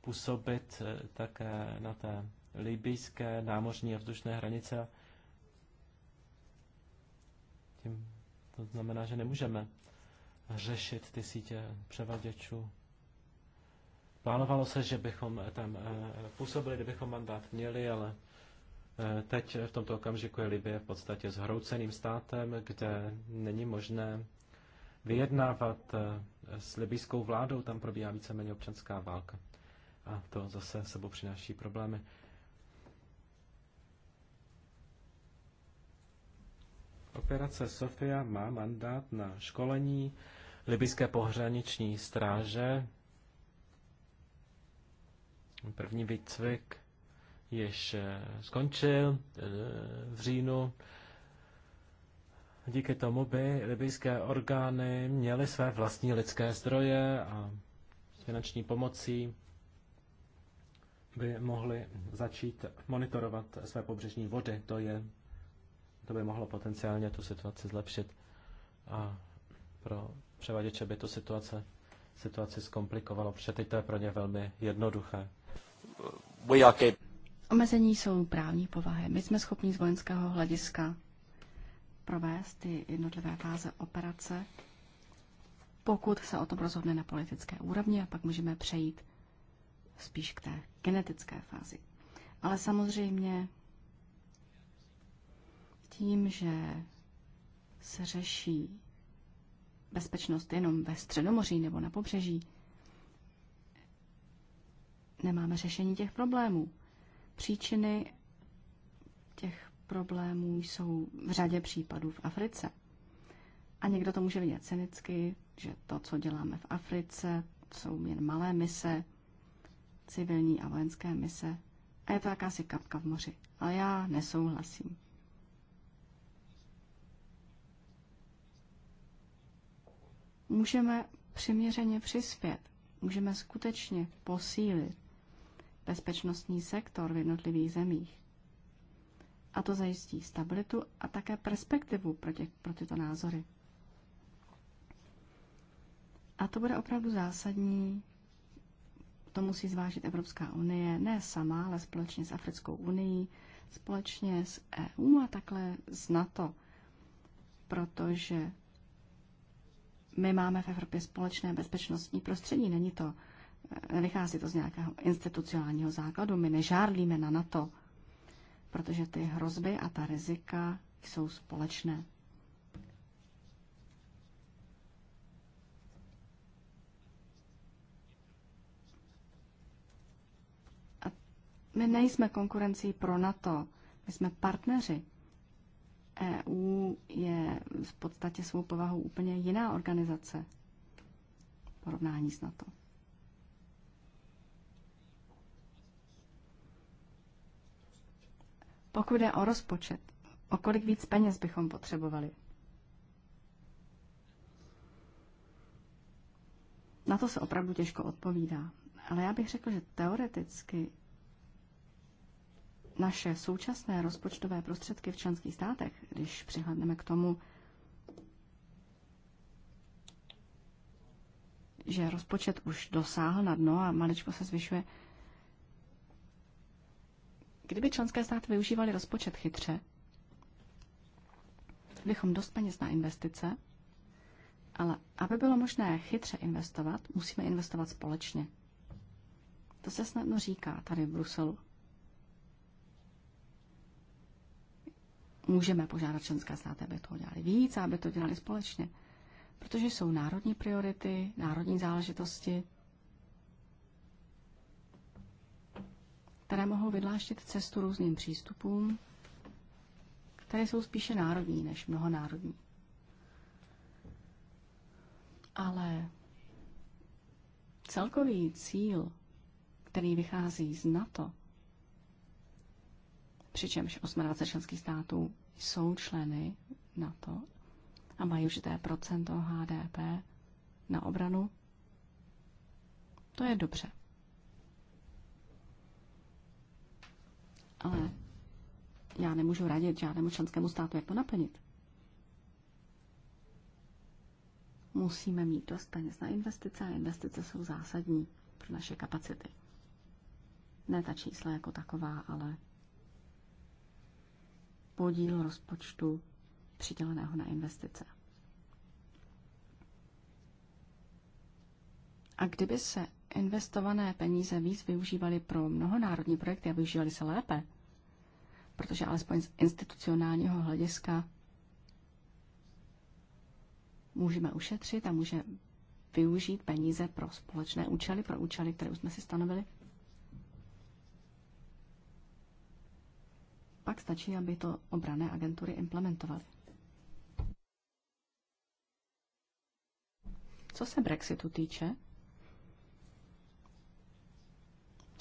působit eh, také na té libijské námořní a vzdušné hranice. Tím to znamená, že nemůžeme řešit ty sítě převaděčů. Plánovalo se, že bychom tam eh, působili, kdybychom mandát měli, ale Eh, teď v tomto okamžiku je Libie v podstatě zhrouceným státem, kde není možné vyjednávat eh, s libijskou vládou, tam probíhá víceméně občanská válka. A to zase sebou přináší problémy. Operace Sofia má mandát na školení libyské pohraniční stráže. První výcvik již eh, skončil eh, v říjnu. Díky tomu by libijské orgány měly své vlastní lidské zdroje a finanční pomocí by mohly začít monitorovat své pobřežní vody. To, je, to by mohlo potenciálně tu situaci zlepšit a pro převaděče by to situace, situaci zkomplikovalo, protože teď to je pro ně velmi jednoduché. We are Omezení jsou právní povahy. My jsme schopni z vojenského hlediska provést ty jednotlivé fáze operace, pokud se o tom rozhodne na politické úrovni a pak můžeme přejít spíš k té genetické fázi. Ale samozřejmě tím, že se řeší bezpečnost jenom ve Středomoří nebo na pobřeží, nemáme řešení těch problémů. Příčiny těch problémů jsou v řadě případů v Africe. A někdo to může vidět cynicky, že to, co děláme v Africe, jsou jen malé mise, civilní a vojenské mise. A je to jakási kapka v moři. Ale já nesouhlasím. Můžeme přiměřeně přispět. Můžeme skutečně posílit bezpečnostní sektor v jednotlivých zemích. A to zajistí stabilitu a také perspektivu pro, tě, pro tyto názory. A to bude opravdu zásadní. To musí zvážit Evropská unie, ne sama, ale společně s Africkou unii, společně s EU a takhle s NATO. Protože my máme v Evropě společné bezpečnostní prostředí. Není to Vychází to z nějakého institucionálního základu. My nežárlíme na NATO, protože ty hrozby a ta rizika jsou společné. A my nejsme konkurencí pro NATO, my jsme partneři. EU je v podstatě svou povahou úplně jiná organizace v porovnání s NATO. Pokud jde o rozpočet, o kolik víc peněz bychom potřebovali? Na to se opravdu těžko odpovídá. Ale já bych řekl, že teoreticky naše současné rozpočtové prostředky v členských státech, když přihledneme k tomu, že rozpočet už dosáhl na dno a maličko se zvyšuje, Kdyby členské státy využívaly rozpočet chytře, bychom dost peněz na investice, ale aby bylo možné chytře investovat, musíme investovat společně. To se snadno říká tady v Bruselu. Můžeme požádat členské státy, aby toho dělali víc a aby to dělali společně. Protože jsou národní priority, národní záležitosti, které mohou vydláštit cestu různým přístupům, které jsou spíše národní než mnohonárodní. Ale celkový cíl, který vychází z NATO, přičemž 28 členských států jsou členy NATO a mají určité procento HDP na obranu, to je dobře. ale já nemůžu radit žádnému členskému státu, jak to naplnit. Musíme mít dost peněz na investice a investice jsou zásadní pro naše kapacity. Ne ta čísla jako taková, ale podíl rozpočtu přiděleného na investice. A kdyby se investované peníze víc využívali pro mnohonárodní projekty a využívali se lépe, protože alespoň z institucionálního hlediska můžeme ušetřit a může využít peníze pro společné účely, pro účely, které už jsme si stanovili. Pak stačí, aby to obrané agentury implementovaly. Co se Brexitu týče,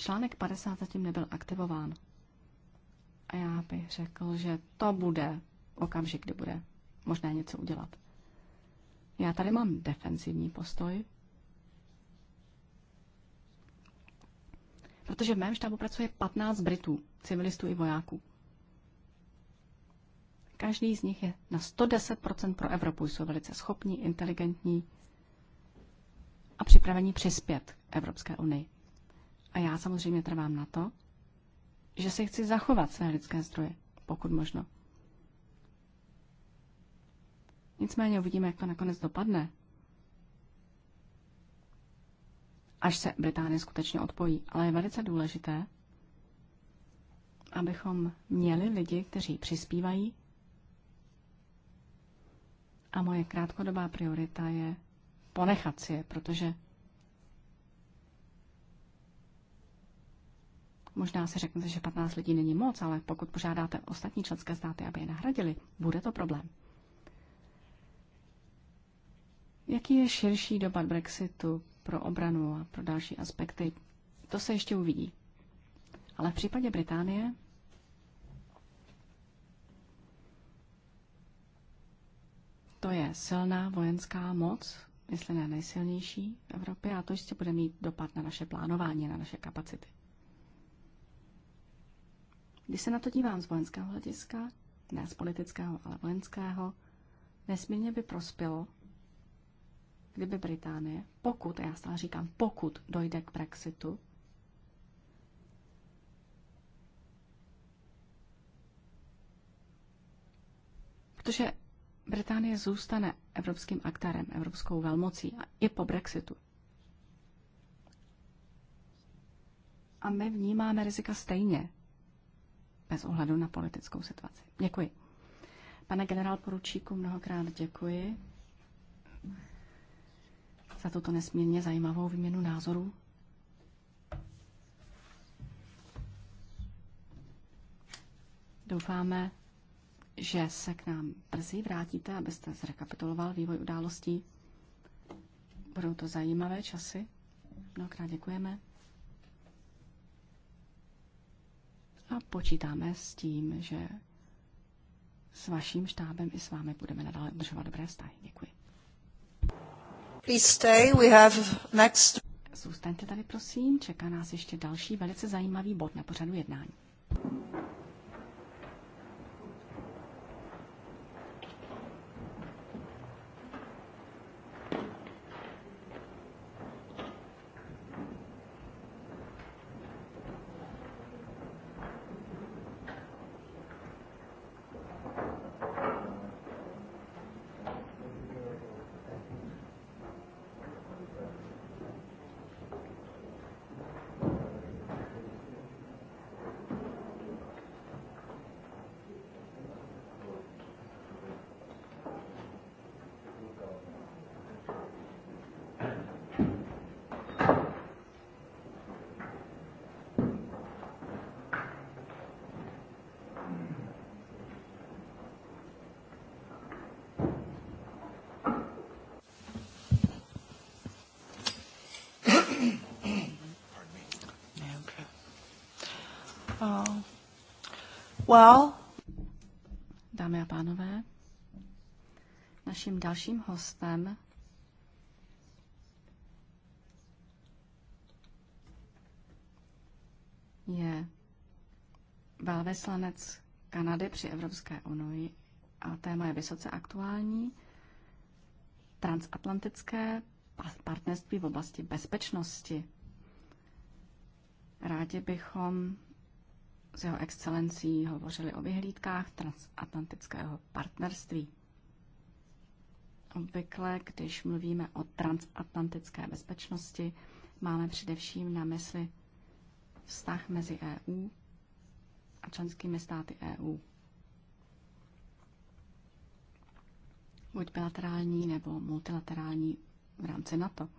Článek 50 zatím nebyl aktivován. A já bych řekl, že to bude okamžik, kdy bude možné něco udělat. Já tady mám defensivní postoj, protože v mém štábu pracuje 15 Britů, civilistů i vojáků. Každý z nich je na 110% pro Evropu. Jsou velice schopní, inteligentní a připravení přispět Evropské unii. A já samozřejmě trvám na to, že si chci zachovat své lidské zdroje, pokud možno. Nicméně uvidíme, jak to nakonec dopadne. Až se Británie skutečně odpojí. Ale je velice důležité, abychom měli lidi, kteří přispívají. A moje krátkodobá priorita je ponechat si je, protože Možná si řeknete, že 15 lidí není moc, ale pokud požádáte ostatní členské státy, aby je nahradili, bude to problém. Jaký je širší dopad Brexitu pro obranu a pro další aspekty? To se ještě uvidí. Ale v případě Británie to je silná vojenská moc, jestli ne nejsilnější v Evropě, a to jistě bude mít dopad na naše plánování, na naše kapacity. Když se na to dívám z vojenského hlediska, ne z politického, ale vojenského, nesmírně by prospělo, kdyby Británie, pokud, a já stále říkám, pokud dojde k Brexitu, protože Británie zůstane evropským aktérem, evropskou velmocí a i po Brexitu. A my vnímáme rizika stejně, bez ohledu na politickou situaci. Děkuji. Pane generál poručíku, mnohokrát děkuji za tuto nesmírně zajímavou výměnu názorů. Doufáme, že se k nám brzy vrátíte, abyste zrekapituloval vývoj událostí. Budou to zajímavé časy. Mnohokrát děkujeme. a počítáme s tím, že s vaším štábem i s vámi budeme nadále udržovat dobré vztahy. Děkuji. Please stay, we have next. Zůstaňte tady, prosím. Čeká nás ještě další velice zajímavý bod na pořadu jednání. Well. Dámy a pánové, naším dalším hostem je velvyslanec Kanady při Evropské unii a téma je vysoce aktuální transatlantické partnerství v oblasti bezpečnosti. Rádi bychom s jeho excelencí hovořili o vyhlídkách transatlantického partnerství. Obvykle, když mluvíme o transatlantické bezpečnosti, máme především na mysli vztah mezi EU a členskými státy EU. Buď bilaterální nebo multilaterální v rámci NATO.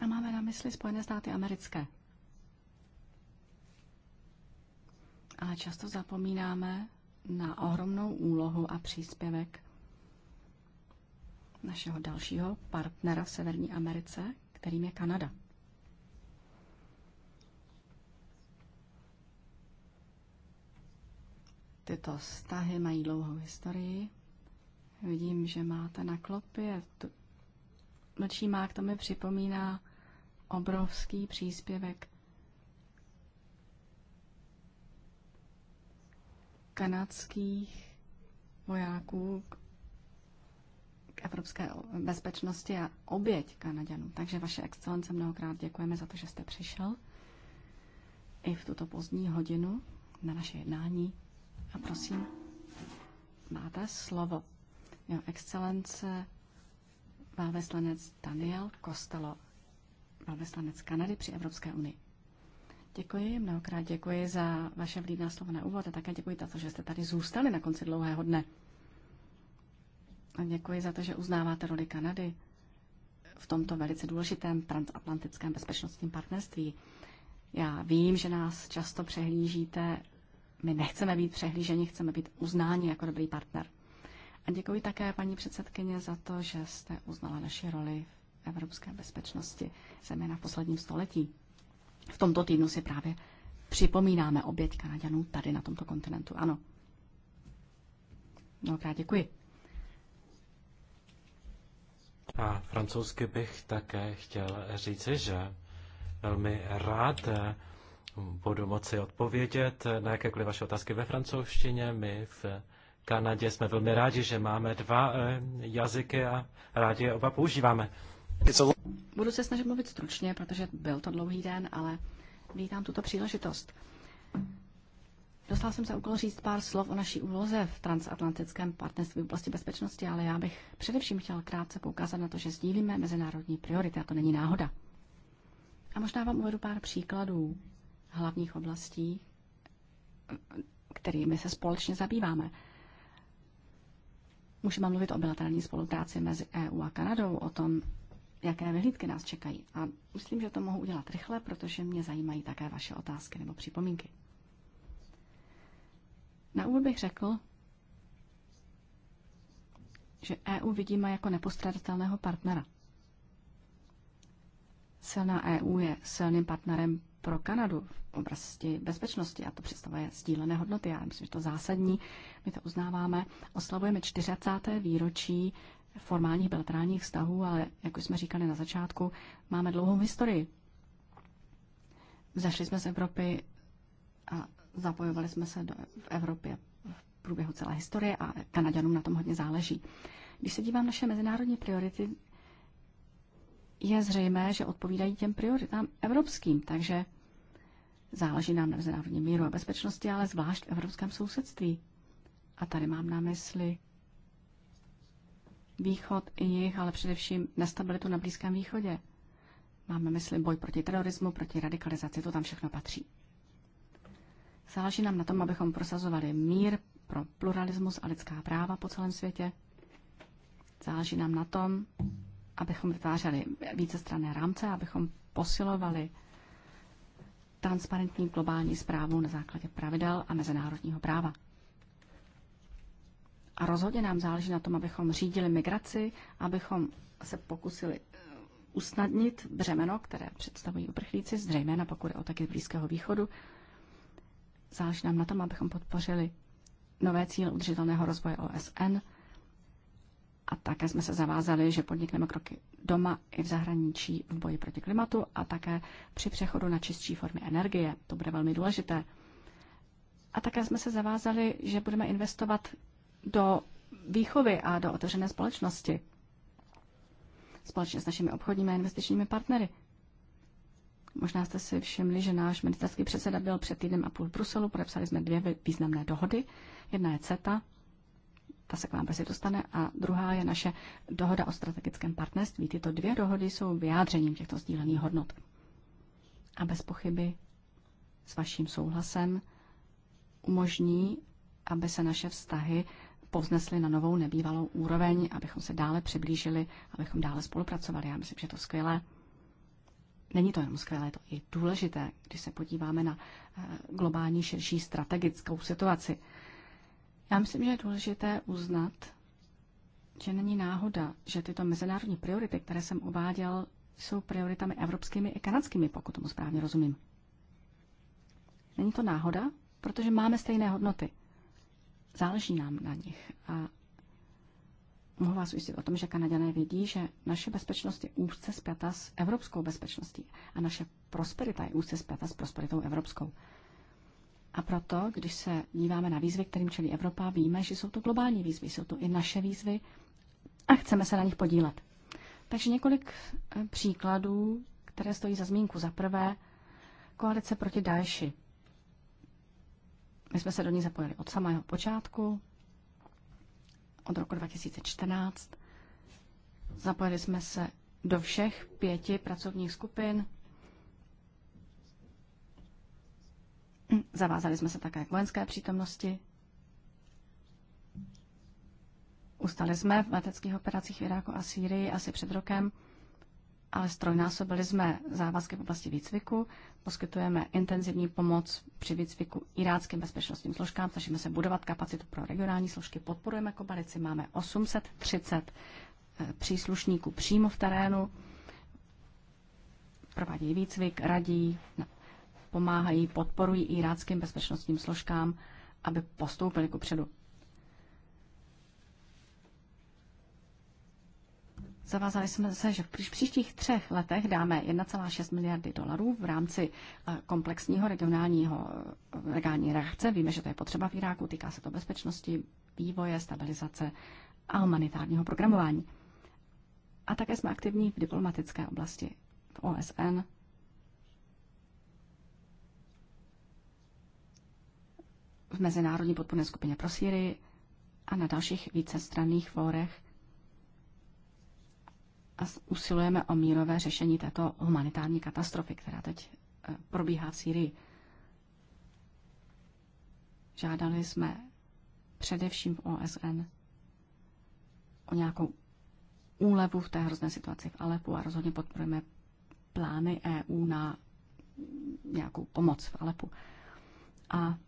A máme na mysli Spojené státy americké. ale často zapomínáme na ohromnou úlohu a příspěvek našeho dalšího partnera v Severní Americe, kterým je Kanada. Tyto vztahy mají dlouhou historii. Vidím, že máte na klopě. Mlčí má, to mi připomíná obrovský příspěvek kanadských vojáků k evropské bezpečnosti a oběť Kanaděnů. Takže vaše excelence mnohokrát děkujeme za to, že jste přišel i v tuto pozdní hodinu na naše jednání. A prosím, máte slovo. Jeho excelence velvyslanec Daniel Costello, velvyslanec Kanady při Evropské unii. Děkuji, mnohokrát děkuji za vaše vlídná slova na úvod a také děkuji za to, že jste tady zůstali na konci dlouhého dne. A děkuji za to, že uznáváte roli Kanady v tomto velice důležitém transatlantickém bezpečnostním partnerství. Já vím, že nás často přehlížíte. My nechceme být přehlíženi, chceme být uznáni jako dobrý partner. A děkuji také paní předsedkyně za to, že jste uznala naši roli v evropské bezpečnosti, zejména v posledním století. V tomto týdnu si právě připomínáme oběť Kanaďanů tady na tomto kontinentu. Ano. Mnohokrát děkuji. A francouzsky bych také chtěl říci, že velmi rád budu moci odpovědět na jakékoliv vaše otázky ve francouzštině. My v Kanadě jsme velmi rádi, že máme dva eh, jazyky a rádi je oba používáme. Budu se snažit mluvit stručně, protože byl to dlouhý den, ale vítám tuto příležitost. Dostal jsem se úkol říct pár slov o naší úloze v transatlantickém partnerství v oblasti bezpečnosti, ale já bych především chtěl krátce poukázat na to, že sdílíme mezinárodní priority a to není náhoda. A možná vám uvedu pár příkladů hlavních oblastí, kterými se společně zabýváme. Můžeme mluvit o bilaterální spolupráci mezi EU a Kanadou, o tom, jaké vyhlídky nás čekají. A myslím, že to mohu udělat rychle, protože mě zajímají také vaše otázky nebo připomínky. Na úvod bych řekl, že EU vidíme jako nepostradatelného partnera. Silná EU je silným partnerem pro Kanadu v oblasti bezpečnosti a to představuje sdílené hodnoty. Já myslím, že to zásadní, my to uznáváme. Oslavujeme 40. výročí formálních bilaterálních vztahů, ale jak už jsme říkali na začátku, máme dlouhou historii. Zašli jsme z Evropy a zapojovali jsme se do, v Evropě v průběhu celé historie a Kanaďanům na tom hodně záleží. Když se dívám naše mezinárodní priority, je zřejmé, že odpovídají těm prioritám evropským, takže záleží nám na mezinárodním míru a bezpečnosti, ale zvlášť v evropském sousedství. A tady mám na mysli východ i jih, ale především nestabilitu na Blízkém východě. Máme mysli boj proti terorismu, proti radikalizaci, to tam všechno patří. Záleží nám na tom, abychom prosazovali mír pro pluralismus a lidská práva po celém světě. Záleží nám na tom, abychom vytvářeli vícestranné rámce, abychom posilovali transparentní globální zprávu na základě pravidel a mezinárodního práva. A rozhodně nám záleží na tom, abychom řídili migraci, abychom se pokusili eh, usnadnit břemeno, které představují uprchlíci, zřejmě pokud je o taky Blízkého východu. Záleží nám na tom, abychom podpořili nové cíle udržitelného rozvoje OSN a také jsme se zavázali, že podnikneme kroky doma i v zahraničí v boji proti klimatu a také při přechodu na čistší formy energie. To bude velmi důležité. A také jsme se zavázali, že budeme investovat do výchovy a do otevřené společnosti. Společně s našimi obchodními a investičními partnery. Možná jste si všimli, že náš ministerský předseda byl před týdnem a půl v Bruselu. Podepsali jsme dvě významné dohody. Jedna je CETA, ta se k vám brzy dostane, a druhá je naše dohoda o strategickém partnerství. Tyto dvě dohody jsou vyjádřením těchto sdílených hodnot. A bez pochyby s vaším souhlasem umožní, aby se naše vztahy povznesli na novou nebývalou úroveň, abychom se dále přiblížili, abychom dále spolupracovali. Já myslím, že to skvělé. Není to jenom skvělé, je to i důležité, když se podíváme na eh, globální širší strategickou situaci. Já myslím, že je důležité uznat, že není náhoda, že tyto mezinárodní priority, které jsem uváděl, jsou prioritami evropskými i kanadskými, pokud tomu správně rozumím. Není to náhoda, protože máme stejné hodnoty. Záleží nám na nich. A mohu vás ujistit o tom, že Kanaděné vědí, že naše bezpečnost je úzce zpěta s evropskou bezpečností a naše prosperita je úzce zpěta s prosperitou evropskou. A proto, když se díváme na výzvy, kterým čelí Evropa, víme, že jsou to globální výzvy, jsou to i naše výzvy a chceme se na nich podílet. Takže několik eh, příkladů, které stojí za zmínku. Za prvé, koalice proti Daeši. My jsme se do ní zapojili od samého počátku, od roku 2014. Zapojili jsme se do všech pěti pracovních skupin. Zavázali jsme se také k vojenské přítomnosti. Ustali jsme v leteckých operacích v Iráku a Sýrii asi před rokem ale strojnásobili jsme závazky v oblasti výcviku, poskytujeme intenzivní pomoc při výcviku iráckým bezpečnostním složkám, snažíme se budovat kapacitu pro regionální složky, podporujeme Kobanici, máme 830 eh, příslušníků přímo v terénu, provádějí výcvik, radí, pomáhají, podporují iráckým bezpečnostním složkám, aby postoupili kupředu. Zavázali jsme se, že v příštích třech letech dáme 1,6 miliardy dolarů v rámci eh, komplexního regionálního regální eh, reakce. Víme, že to je potřeba v Iráku, týká se to bezpečnosti, vývoje, stabilizace a humanitárního programování. A také jsme aktivní v diplomatické oblasti v OSN. v Mezinárodní podporné skupině pro Syrii a na dalších vícestranných fórech a usilujeme o mírové řešení této humanitární katastrofy, která teď eh, probíhá v Sýrii. Žádali jsme především v OSN o nějakou úlevu v té hrozné situaci v Alepu a rozhodně podporujeme plány EU na nějakou pomoc v Alepu. A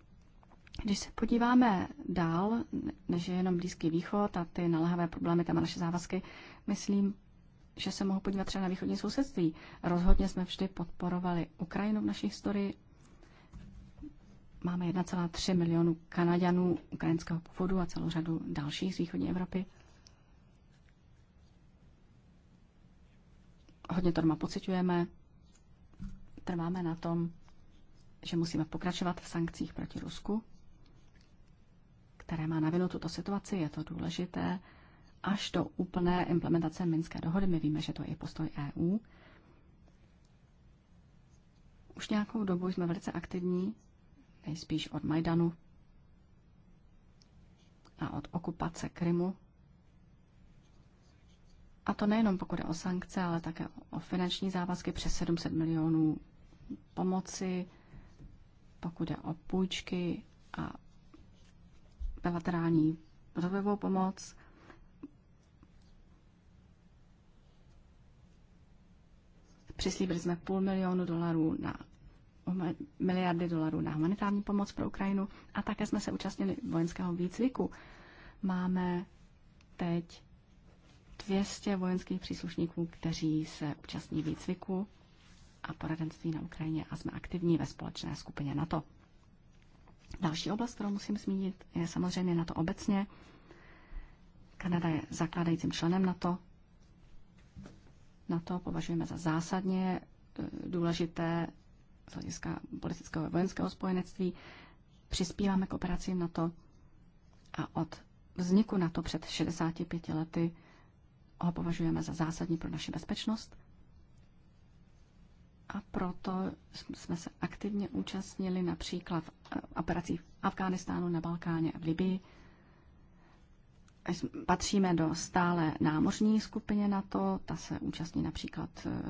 když se podíváme dál, než je jenom Blízký východ a ty naléhavé problémy, tam naše závazky, myslím, že se mohu podívat třeba na východní sousedství. Rozhodně jsme vždy podporovali Ukrajinu v naší historii. Máme 1,3 milionu Kanaďanů ukrajinského původu a celou řadu dalších z východní Evropy. Hodně to doma pocitujeme, Trváme na tom, že musíme pokračovat v sankcích proti Rusku, které má na vinu tuto situaci. Je to důležité až do úplné implementace Minské dohody. My víme, že to je postoj EU. Už nějakou dobu jsme velice aktivní, nejspíš od Majdanu a od okupace Krymu. A to nejenom pokud je o sankce, ale také o finanční závazky přes 700 milionů pomoci, pokud je o půjčky a bilaterální rozvojovou pomoc. Přislíbili jsme půl milionu dolarů na miliardy dolarů na humanitární pomoc pro Ukrajinu a také jsme se účastnili vojenského výcviku. Máme teď 200 vojenských příslušníků, kteří se účastní výcviku a poradenství na Ukrajině a jsme aktivní ve společné skupině NATO. Další oblast, kterou musím zmínit, je samozřejmě NATO obecně. Kanada je zakládajícím členem NATO na to považujeme za zásadně e, důležité z hlediska politického a vojenského spojenectví. Přispíváme k operacím to a od vzniku na to před 65 lety ho považujeme za zásadní pro naši bezpečnost. A proto jsme se aktivně účastnili například v e, operacích v Afghánistánu, na Balkáně a v Libii. Patříme do stále námořní skupině NATO, ta se účastní například eh,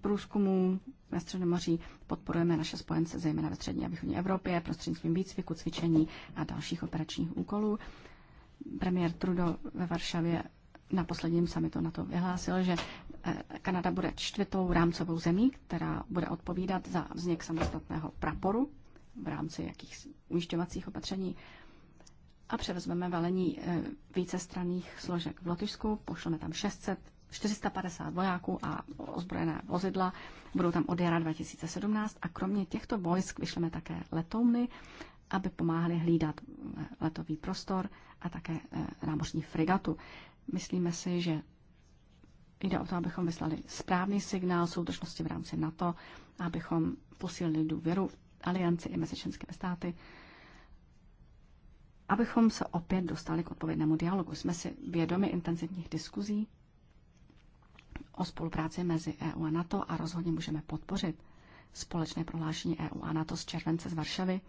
průzkumů ve Středomoří. Podporujeme naše spojence zejména ve střední a východní Evropě prostřednictvím výcviku, cvičení a dalších operačních úkolů. Premiér Trudeau ve Varšavě na posledním samitu na to vyhlásil, že eh, Kanada bude čtvrtou rámcovou zemí, která bude odpovídat za vznik samostatného praporu v rámci jakých ujišťovacích opatření a převezmeme velení eh, vícestranných složek v Lotyšsku, pošleme tam 600, 450 vojáků a ozbrojené vozidla, budou tam od jara 2017 a kromě těchto vojsk vyšleme také letouny, aby pomáhali hlídat eh, letový prostor a také eh, námořní frigatu. Myslíme si, že jde o to, abychom vyslali správný signál soudržnosti v rámci NATO, abychom posílili důvěru alianci i mezi členskými státy, abychom se opět dostali k odpovědnému dialogu. Jsme si vědomi intenzivních diskuzí o spolupráci mezi EU a NATO a rozhodně můžeme podpořit společné prohlášení EU a NATO z července z Varšavy,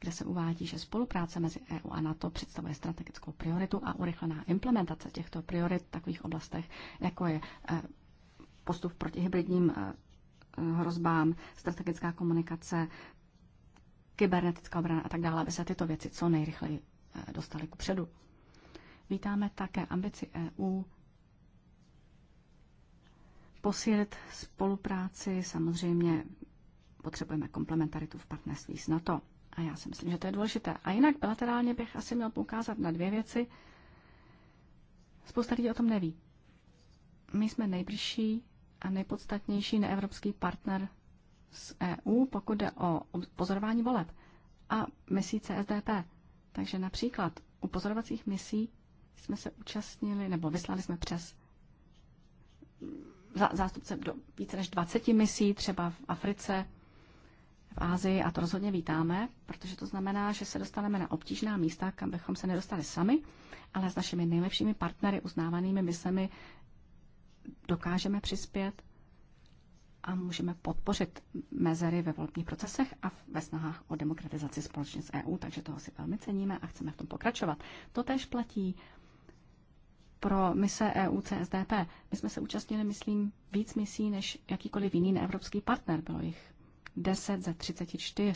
kde se uvádí, že spolupráce mezi EU a NATO představuje strategickou prioritu a urychlená implementace těchto priorit v takových oblastech, jako je eh, postup proti hybridním eh, hrozbám, strategická komunikace, kybernetická obrana a tak dále, aby se tyto věci co nejrychleji eh, dostaly ku předu. Vítáme také ambici EU posílit spolupráci. Samozřejmě potřebujeme komplementaritu v partnerství s NATO. A já si myslím, že to je důležité. A jinak bilaterálně bych asi měl poukázat na dvě věci. Spousta lidí o tom neví. My jsme nejbližší a nejpodstatnější neevropský partner z EU, pokud jde o pozorování voleb a misí CSDP. Takže například u pozorovacích misí jsme se účastnili, nebo vyslali jsme přes mm, zástupce do více než 20 misí, třeba v Africe, v Ázii a to rozhodně vítáme, protože to znamená, že se dostaneme na obtížná místa, kam bychom se nedostali sami, ale s našimi nejlepšími partnery uznávanými misemi dokážeme přispět a můžeme podpořit mezery ve volebních procesech a ve snahách o demokratizaci společně s EU, takže toho si velmi ceníme a chceme v tom pokračovat. To též platí pro mise EU CSDP. My jsme se účastnili, myslím, víc misí než jakýkoliv jiný neevropský partner. Bylo jich 10 ze 34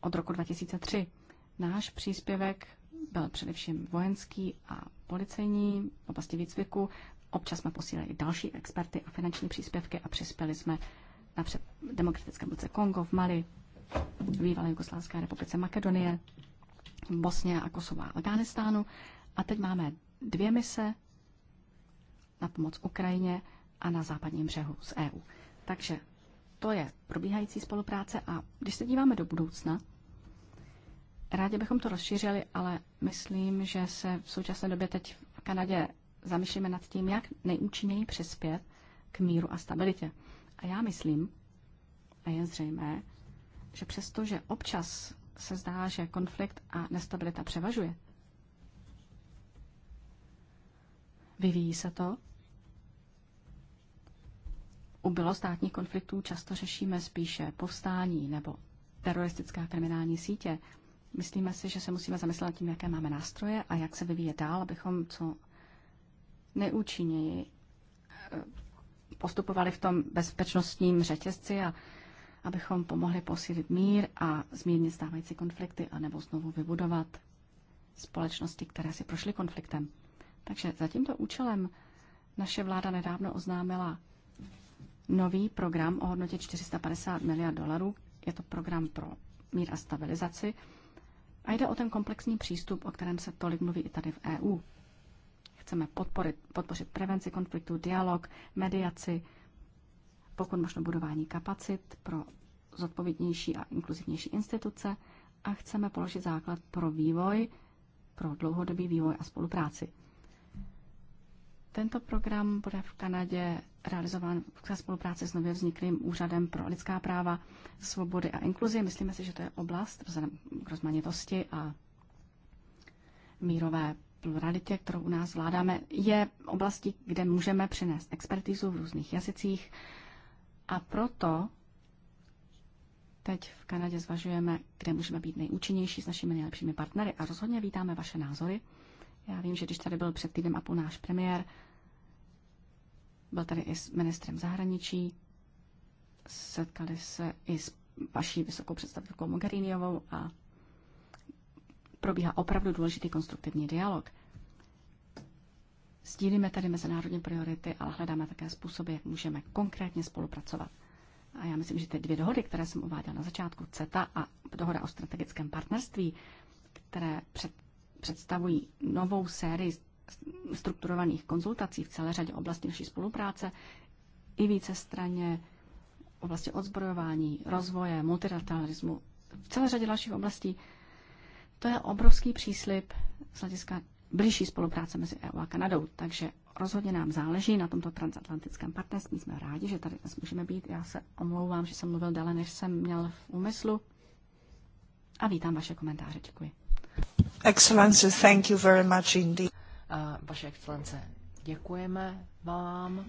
od roku 2003. Náš příspěvek byl především vojenský a policejní v oblasti výcviku. Občas jsme posílali i další experty a finanční příspěvky a přispěli jsme na Demokratické republice Kongo, v Mali, v bývalé Jugoslávské republice Makedonie, Bosně a Kosova a Afganistánu. A teď máme dvě mise na pomoc Ukrajině a na západním břehu z EU. Takže to je probíhající spolupráce a když se díváme do budoucna, rádi bychom to rozšířili, ale myslím, že se v současné době teď v Kanadě zamýšlíme nad tím, jak nejúčinněji přispět k míru a stabilitě. A já myslím, a je zřejmé, že že občas se zdá, že konflikt a nestabilita převažuje, vyvíjí se to. U bylostátních konfliktů často řešíme spíše povstání nebo teroristická kriminální sítě. Myslíme si, že se musíme zamyslet nad tím, jaké máme nástroje a jak se vyvíjet dál, abychom co neúčinněji eh, postupovali v tom bezpečnostním řetězci a abychom pomohli posílit mír a zmírnit stávající konflikty a nebo znovu vybudovat společnosti, které si prošly konfliktem. Takže za tímto účelem naše vláda nedávno oznámila nový program o hodnotě 450 miliard dolarů. Je to program pro mír a stabilizaci. A jde o ten komplexní přístup, o kterém se tolik mluví i tady v EU. Chceme podporit, podpořit prevenci konfliktů, dialog, mediaci, pokud možno budování kapacit pro zodpovědnější a inkluzivnější instituce a chceme položit základ pro vývoj, pro dlouhodobý vývoj a spolupráci. Tento program bude v Kanadě realizován ve spolupráci s nově vzniklým Úřadem pro lidská práva, svobody a inkluzi. Myslíme si, že to je oblast k rozmanitosti a mírové pluralitě, kterou u nás vládáme, je oblasti, kde můžeme přinést expertizu v různých jazycích a proto teď v Kanadě zvažujeme, kde můžeme být nejúčinnější s našimi nejlepšími partnery a rozhodně vítáme vaše názory. Já vím, že když tady byl před týdnem a půl náš premiér, byl tady i s ministrem zahraničí, setkali se i s vaší vysokou představitelkou Mogheriniovou a probíhá opravdu důležitý konstruktivní dialog. Sdílíme tady mezinárodní priority, ale hledáme také způsoby, jak můžeme konkrétně spolupracovat. A já myslím, že ty dvě dohody, které jsem uváděla na začátku, CETA a dohoda o strategickém partnerství, které před, představují novou sérii strukturovaných konzultací v celé řadě oblastí naší spolupráce, i více straně oblasti odzbrojování, rozvoje, multilateralismu, v celé řadě dalších oblastí to je obrovský příslip z hlediska blížší spolupráce mezi EU a Kanadou, takže rozhodně nám záleží na tomto transatlantickém partnerství. Jsme rádi, že tady dnes můžeme být. Já se omlouvám, že jsem mluvil déle, než jsem měl v úmyslu. A vítám vaše komentáře. Děkuji. Excellence, thank you very much indeed. Uh, vaše excelence, děkujeme vám.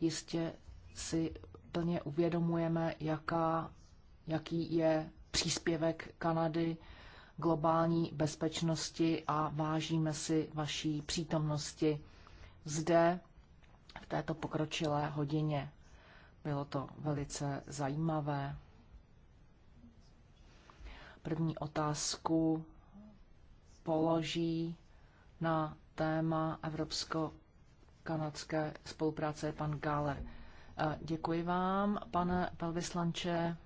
Jistě si plně uvědomujeme, jaká, jaký je příspěvek Kanady globální bezpečnosti a vážíme si vaší přítomnosti zde v této pokročilé hodině. Bylo to velice zajímavé. První otázku položí na téma evropsko-kanadské spolupráce pan Gále. Eh, děkuji vám, pane velvyslanče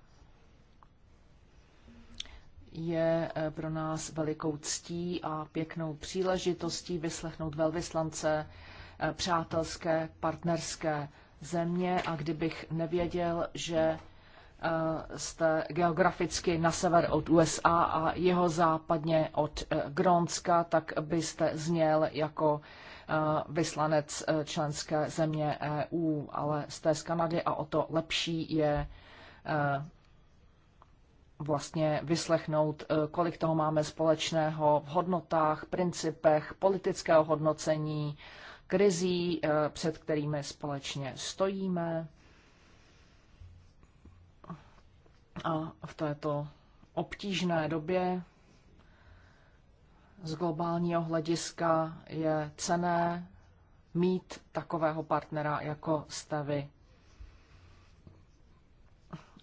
je eh, pro nás velikou ctí a pěknou příležitostí vyslechnout velvyslance eh, přátelské partnerské země a kdybych nevěděl, že eh, jste geograficky na sever od USA a jeho západně od Grónska, tak byste zněl jako vyslanec členské země EU, ale jste z Kanady a o to lepší je vlastně vyslechnout, eh, kolik toho máme společného v hodnotách, principech, politického hodnocení, krizí, eh, před kterými společně stojíme. A v této obtížné době z globálního hlediska je cené mít takového partnera, jako jste vy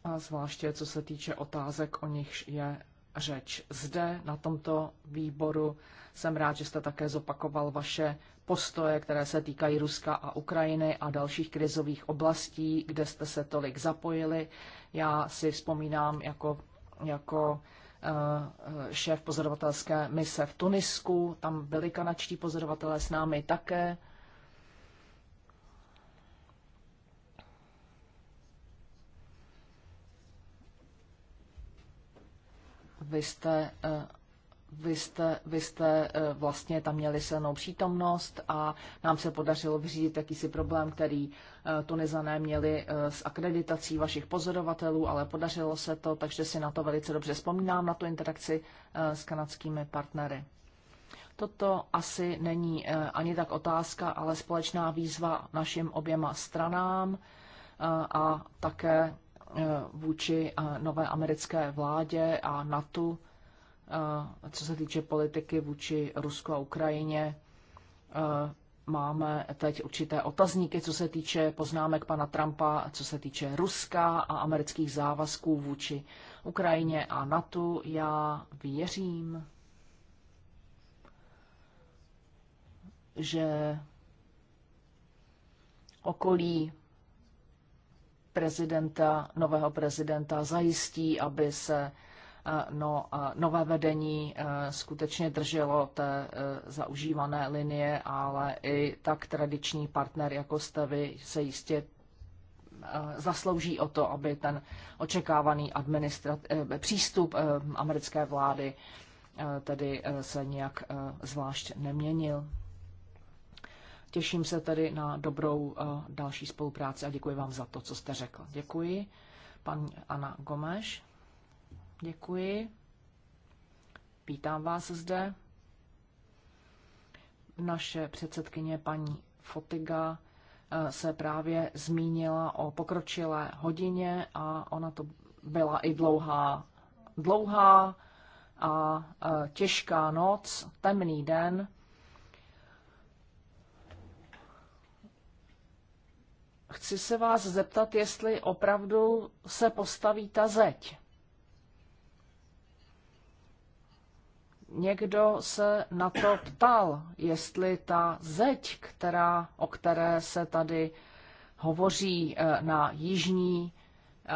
a zvláště co se týče otázek, o nichž je řeč zde na tomto výboru. Jsem rád, že jste také zopakoval vaše postoje, které se týkají Ruska a Ukrajiny a dalších krizových oblastí, kde jste se tolik zapojili. Já si vzpomínám jako, jako eh, šéf pozorovatelské mise v Tunisku, tam byli kanačtí pozorovatelé s námi také Eh, vy jste, vy jste, vy eh, jste vlastně tam měli silnou přítomnost a nám se podařilo vyřídit jakýsi problém, který eh, Tunizané měli s akreditací vašich pozorovatelů, ale podařilo se to, takže si na to velice dobře vzpomínám, na tu interakci s kanadskými partnery. Toto asi není ani tak otázka, ale společná výzva našim oběma stranám a také Eh, vůči eh, nové americké vládě a NATO, eh, co se týče politiky vůči Rusku a Ukrajině. Máme teď určité otazníky, co se týče poznámek pana Trumpa, co se týče Ruska a amerických závazků vůči Ukrajině a NATO. Já věřím, že okolí prezidenta, nového prezidenta zajistí, aby se eh, no, eh, nové vedení eh, skutečně drželo té zaužívané linie, ale i tak tradiční partner, jako jste vy, se jistě zaslouží o to, aby ten očekávaný přístup americké vlády tedy se nějak zvlášť neměnil. Těším se tedy na dobrou eh, další spolupráci a děkuji vám za to, co jste řekl. Děkuji. Paní Ana Gomeš, děkuji. Vítám vás zde. Naše předsedkyně paní Fotiga eh, se právě zmínila o pokročilé hodině a ona to byla i dlouhá, dlouhá a eh, těžká noc, temný den chci se vás zeptat, jestli opravdu se postaví ta zeď. Někdo se na to ptal, jestli ta zeď, která, o které se tady hovoří eh, na jižní eh,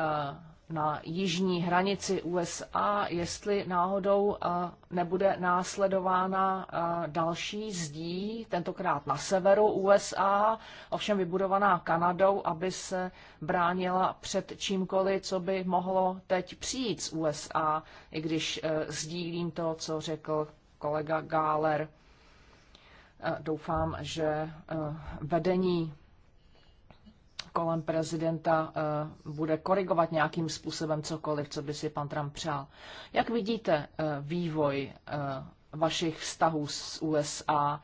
na jižní hranici USA, jestli náhodou eh, nebude následována eh, další zdí, tentokrát na severu USA, ovšem vybudovaná Kanadou, aby se bránila před čímkoliv, co by mohlo teď přijít z USA, i když eh, sdílím to, co řekl kolega Gáler. Doufám, že vedení kolem prezidenta eh, bude korigovat nějakým způsobem cokoliv, co by si pan Trump přál. Jak vidíte eh, vývoj eh, vašich vztahů s USA?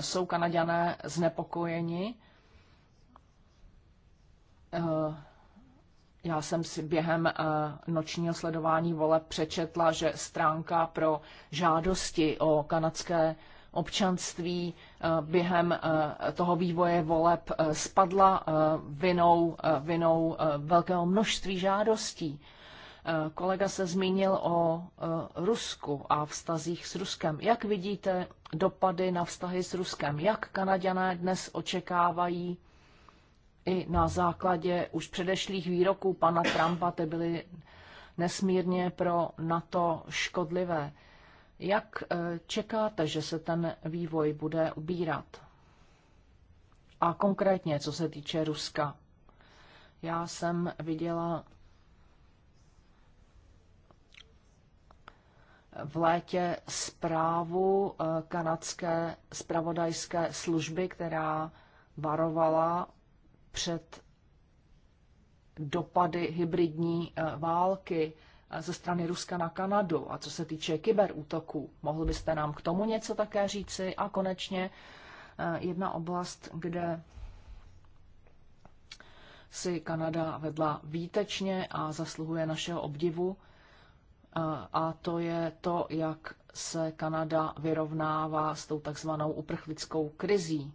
Jsou Kanaděné znepokojeni? Já jsem si během nočního sledování voleb přečetla, že stránka pro žádosti o kanadské občanství eh, během eh, toho vývoje voleb eh, spadla vinou, vinou velkého množství žádostí. Kolega se zmínil o Rusku a vztazích s Ruskem. Jak vidíte dopady na vztahy s Ruskem? Jak Kanaďané dnes očekávají i na základě už předešlých výroků pana Trumpa, ty byly nesmírně pro NATO škodlivé. Jak eh, čekáte, že se ten vývoj bude ubírat? A konkrétně, co se týče Ruska. Já jsem viděla v létě zprávu eh, kanadské spravodajské služby, která varovala před dopady hybridní eh, války ze strany Ruska na Kanadu. A co se týče kyberútoků, mohl byste nám k tomu něco také říci? A konečně eh, jedna oblast, kde si Kanada vedla výtečně a zasluhuje našeho obdivu, eh, a to je to, jak se Kanada vyrovnává s tou takzvanou uprchlickou krizí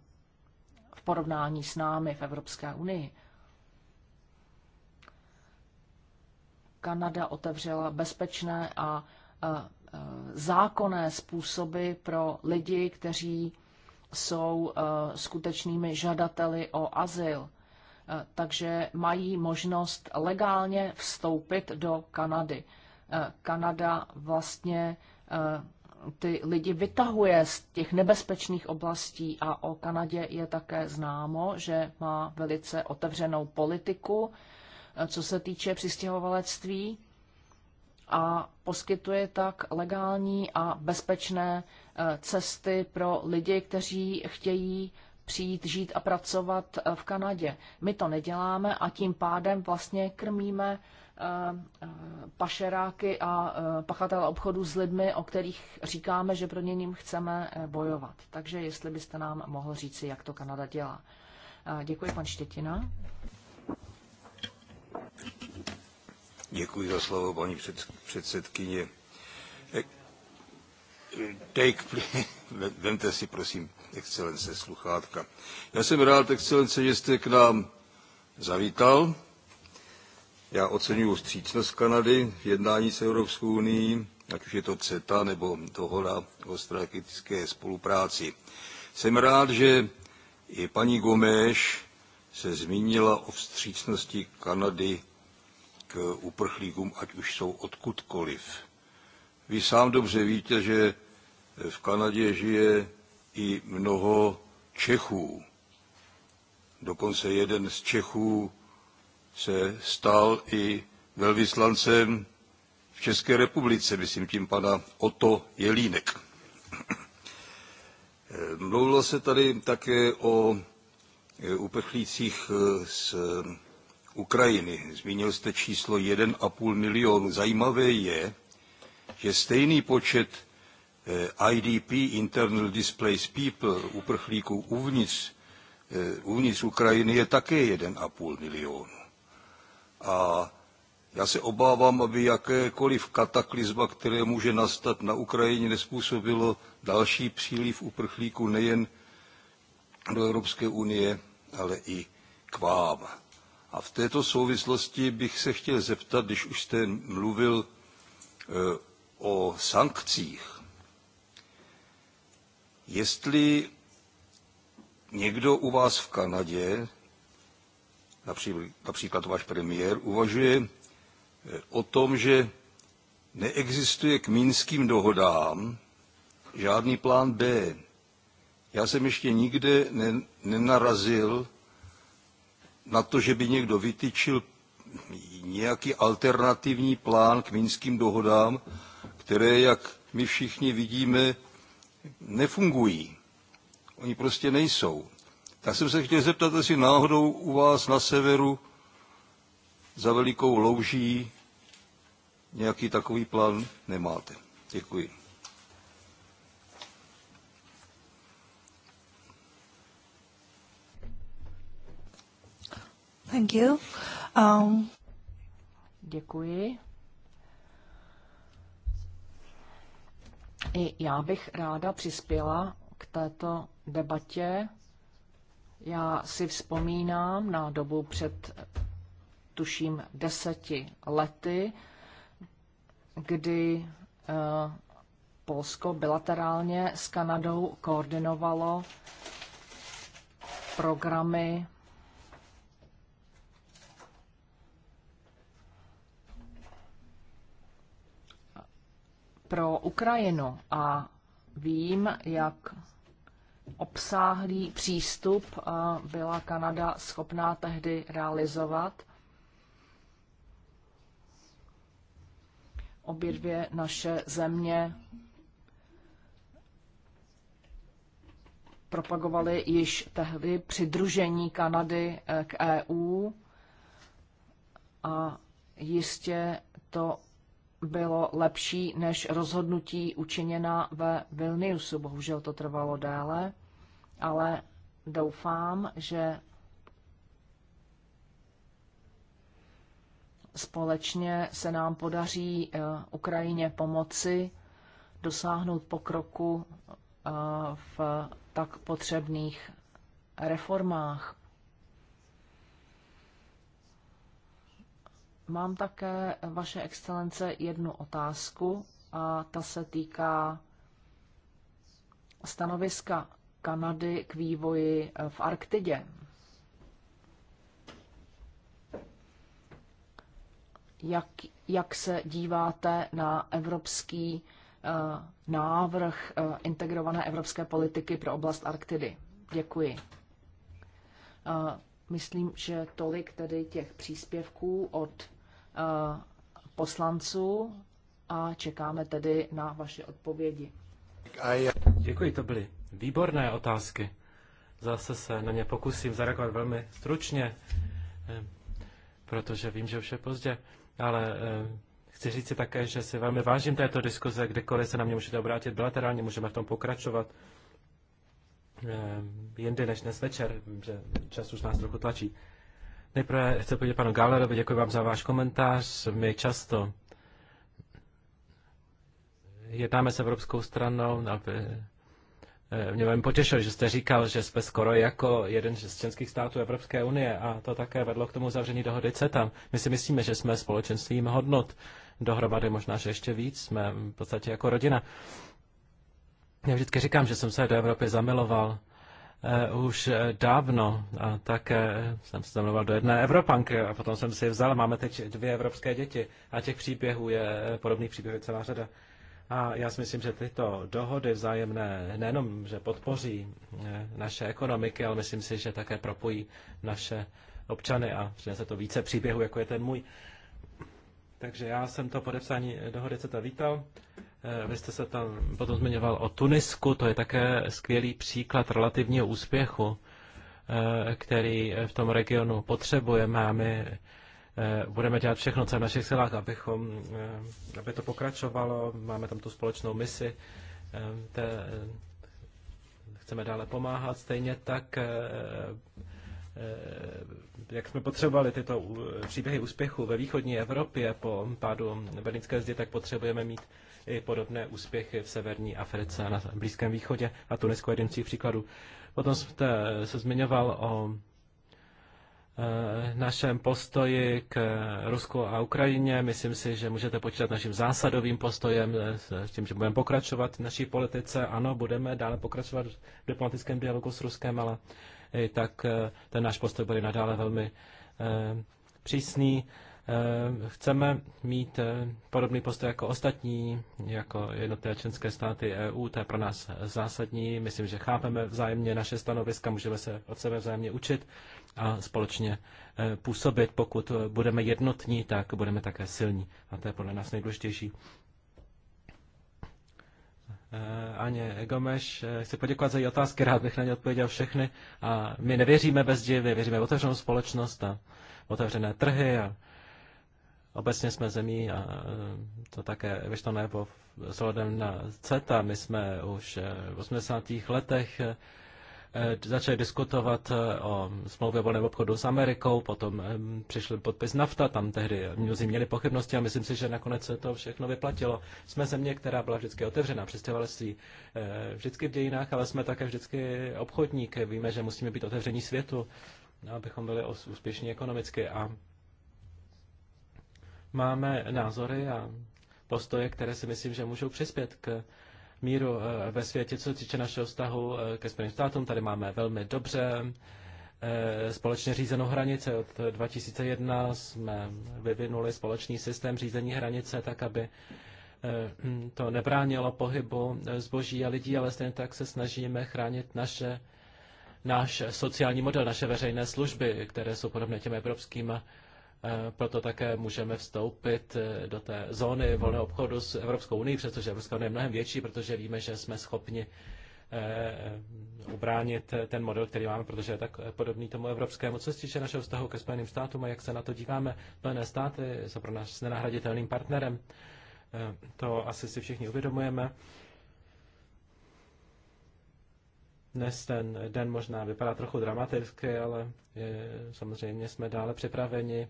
v porovnání s námi v Evropské unii. Kanada otevřela bezpečné a e, zákonné způsoby pro lidi, kteří jsou e, skutečnými žadateli o azyl. E, takže mají možnost legálně vstoupit do Kanady. Kanada vlastně ty lidi vytahuje z těch nebezpečných oblastí a o Kanadě je také známo, že má velice otevřenou politiku co se týče přistěhovalectví a poskytuje tak legální a bezpečné eh, cesty pro lidi, kteří chtějí přijít, žít a pracovat eh, v Kanadě. My to neděláme a tím pádem vlastně krmíme eh, pašeráky a pachatele obchodu s lidmi, o kterých říkáme, že pro ně chceme bojovat. Takže jestli byste nám mohl říci, jak to Kanada dělá. Děkuji, pan Štětina. Děkuji za slovo, paní před, předsedkyně. Eh, take, [laughs] Vemte si, prosím, excelence, sluchátka. Já jsem rád, excelence, že jste k nám zavítal. Já oceňuji vstřícnost Kanady v jednání s Evropskou unii, ať už je to CETA nebo dohoda o strategické spolupráci. Jsem rád, že i paní Gomeš se zmínila o vstřícnosti Kanady k uprchlíkům, ať už jsou odkudkoliv. Vy sám dobře víte, že v Kanadě žije i mnoho Čechů. Dokonce jeden z Čechů se stal i velvyslancem v České republice, myslím tím pana Oto Jelínek. Mluvilo se tady také o uprchlících z Ukrajiny. Zmínil jste číslo 1,5 milionu. Zajímavé je, že stejný počet eh, IDP, Internal Displaced People, uprchlíků uvnitř, eh, uvnitř Ukrajiny je také 1,5 milionu. A já se obávám, aby jakékoliv kataklizma, které může nastat na Ukrajině, nespůsobilo další příliv uprchlíků nejen do Evropské unie, ale i k vám. A v této souvislosti bych se chtěl zeptat, když už jste mluvil e, o sankcích, jestli někdo u vás v Kanadě, například váš premiér, uvažuje e, o tom, že neexistuje k mínským dohodám žádný plán B. Já jsem ještě nikde nenarazil na to, že by někdo vytyčil nějaký alternativní plán k minským dohodám, které, jak my všichni vidíme, nefungují. Oni prostě nejsou. Tak jsem se chtěl zeptat, jestli náhodou u vás na severu za velikou louží nějaký takový plán nemáte. Děkuji. Thank you. Um... Děkuji. I já bych ráda přispěla k této debatě. Já si vzpomínám na dobu před, tuším, deseti lety, kdy eh, Polsko bilaterálně s Kanadou koordinovalo programy pro Ukrajinu a vím, jak obsáhlý přístup eh, byla Kanada schopná tehdy realizovat. Obě dvě naše země propagovaly již tehdy přidružení Kanady eh, k EU a jistě to bylo lepší než rozhodnutí učiněna ve Vilniusu. Bohužel to trvalo déle, ale doufám, že společně se nám podaří eh, Ukrajině pomoci dosáhnout pokroku eh, v tak potřebných reformách. Mám také, eh, vaše excelence, jednu otázku a ta se týká stanoviska Kanady k vývoji eh, v Arktidě. Jak, jak se díváte na evropský uh, návrh uh, integrované evropské politiky pro oblast Arktidy? Děkuji. Uh, myslím, že tolik tedy těch příspěvků od Eh, poslanců a čekáme tedy na vaše odpovědi. Eh, Děkuji, to byly výborné otázky. Zase se na ně pokusím zareagovat velmi stručně, eh, protože vím, že už je pozdě, ale chci říct si také, že si velmi vážím této diskuze, kdykoliv se na mě můžete obrátit bilaterálně, můžeme v tom pokračovat jindy než dnes večer, že čas už nás trochu tlačí. Nejprve chci poděkovat panu Gálerovi, děkuji vám za váš komentář. My často jednáme s Evropskou stranou, aby eh, mě velmi potěšilo, že jste říkal, že jsme skoro jako jeden z členských států Evropské unie a to také vedlo k tomu zavření dohody CETA. My si myslíme, že jsme společenstvím hodnot dohromady, možná, že ještě víc, jsme v podstatě jako rodina. Já vždycky říkám, že jsem se do Evropy zamiloval Eh, už eh, dávno a také eh, jsem se zamiloval do jedné Evropanky a potom jsem si je vzal. Máme teď dvě evropské děti a těch příběhů je, podobných příběhů je celá řada. A já si myslím, že tyto dohody vzájemné nejenom, že podpoří naše ekonomiky, ale myslím si, že také propojí naše občany a přinese to více příběhů, jako je ten můj. Takže já jsem to podepsání dohody CETA vítal Eh, vy jste se tam potom zmiňoval o Tunisku, to je také skvělý příklad relativního úspěchu, eh, který v tom regionu potřebujeme a my eh, budeme dělat všechno, co je v našich silách, abychom, aby to pokračovalo. Máme tam tu společnou misi, te, chceme dále pomáhat. Stejně tak, jak jsme potřebovali tyto příběhy úspěchu ve východní Evropě po pádu berlínské zdi, tak potřebujeme mít i podobné úspěchy v severní Africe a na Blízkém východě a Tunisko jeden z těch příkladů. Potom jste eh, se zmiňoval o eh, našem postoji k eh, Rusku a Ukrajině. Myslím si, že můžete počítat naším zásadovým postojem, s tím, že budeme pokračovat v naší politice. Ano, budeme dále pokračovat v diplomatickém dialogu s Ruskem, ale i tak ten náš postoj bude nadále velmi přísný. Eh, chceme mít eh, podobný postoj jako ostatní, jako jednotlivé členské státy EU, to je pro nás zásadní. Myslím, že chápeme vzájemně naše stanoviska, můžeme se od sebe vzájemně učit a společně eh, působit. Pokud budeme jednotní, tak budeme také silní a to je podle nás nejdůležitější. Aně Gomeš, chci poděkovat za její otázky, rád bych na ně odpověděl všechny. A my nevěříme bez divy, věříme v otevřenou společnost a otevřené trhy a Obecně jsme zemí, a to také vyšlo nebo s na CETA, my jsme už e, v 80. letech e, začali diskutovat e, o smlouvě volného obchodu s Amerikou, potom přišel podpis NAFTA, tam tehdy mnozí měli pochybnosti a myslím si, že nakonec se to všechno vyplatilo. Jsme země, která byla vždycky otevřená přistěhovalectví vždycky v dějinách, ale jsme také vždycky obchodníky, Víme, že musíme být otevření světu, abychom byli úspěšní ekonomicky a máme názory a postoje, které si myslím, že můžou přispět k míru eh, ve světě, co týče našeho vztahu eh, ke Spojeným státům. Tady máme velmi dobře eh, společně řízenou hranice. Od 2001 jsme vyvinuli společný systém řízení hranice tak, aby to nebránilo pohybu zboží a lidí, ale stejně tak se snažíme chránit naše, náš sociální model, naše veřejné služby, které jsou podobné těm evropským Eh, proto také můžeme vstoupit eh, do té zóny volného obchodu s Evropskou unii, přestože Evropská unie je mnohem větší, protože víme, že jsme schopni eh, ubránit ten model, který máme, protože je tak podobný tomu evropskému. Co se týče našeho vztahu ke Spojeným státům a jak se na to díváme, Spojené státy jsou pro nás nenahraditelným partnerem. To asi si všichni uvědomujeme. Dnes ten den možná vypadá trochu dramaticky, ale je, samozřejmě jsme dále připraveni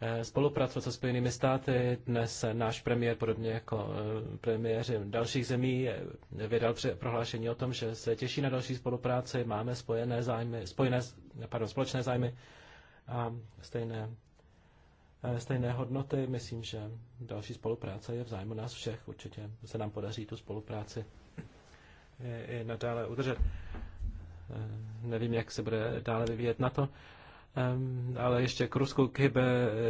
eh, spolupracovat se Spojenými státy. Dnes náš premiér, podobně jako eh, premiéři dalších zemí, eh, vydal prohlášení o tom, že se těší na další spolupráci, máme spojené zájmy, spojené, pardon, společné zájmy a stejné, stejné hodnoty. Myslím, že další spolupráce je v zájmu nás všech. Určitě se nám podaří tu spolupráci i nadále udržet. Eh, nevím, jak se bude dále vyvíjet na to. Ale ještě k Rusku, k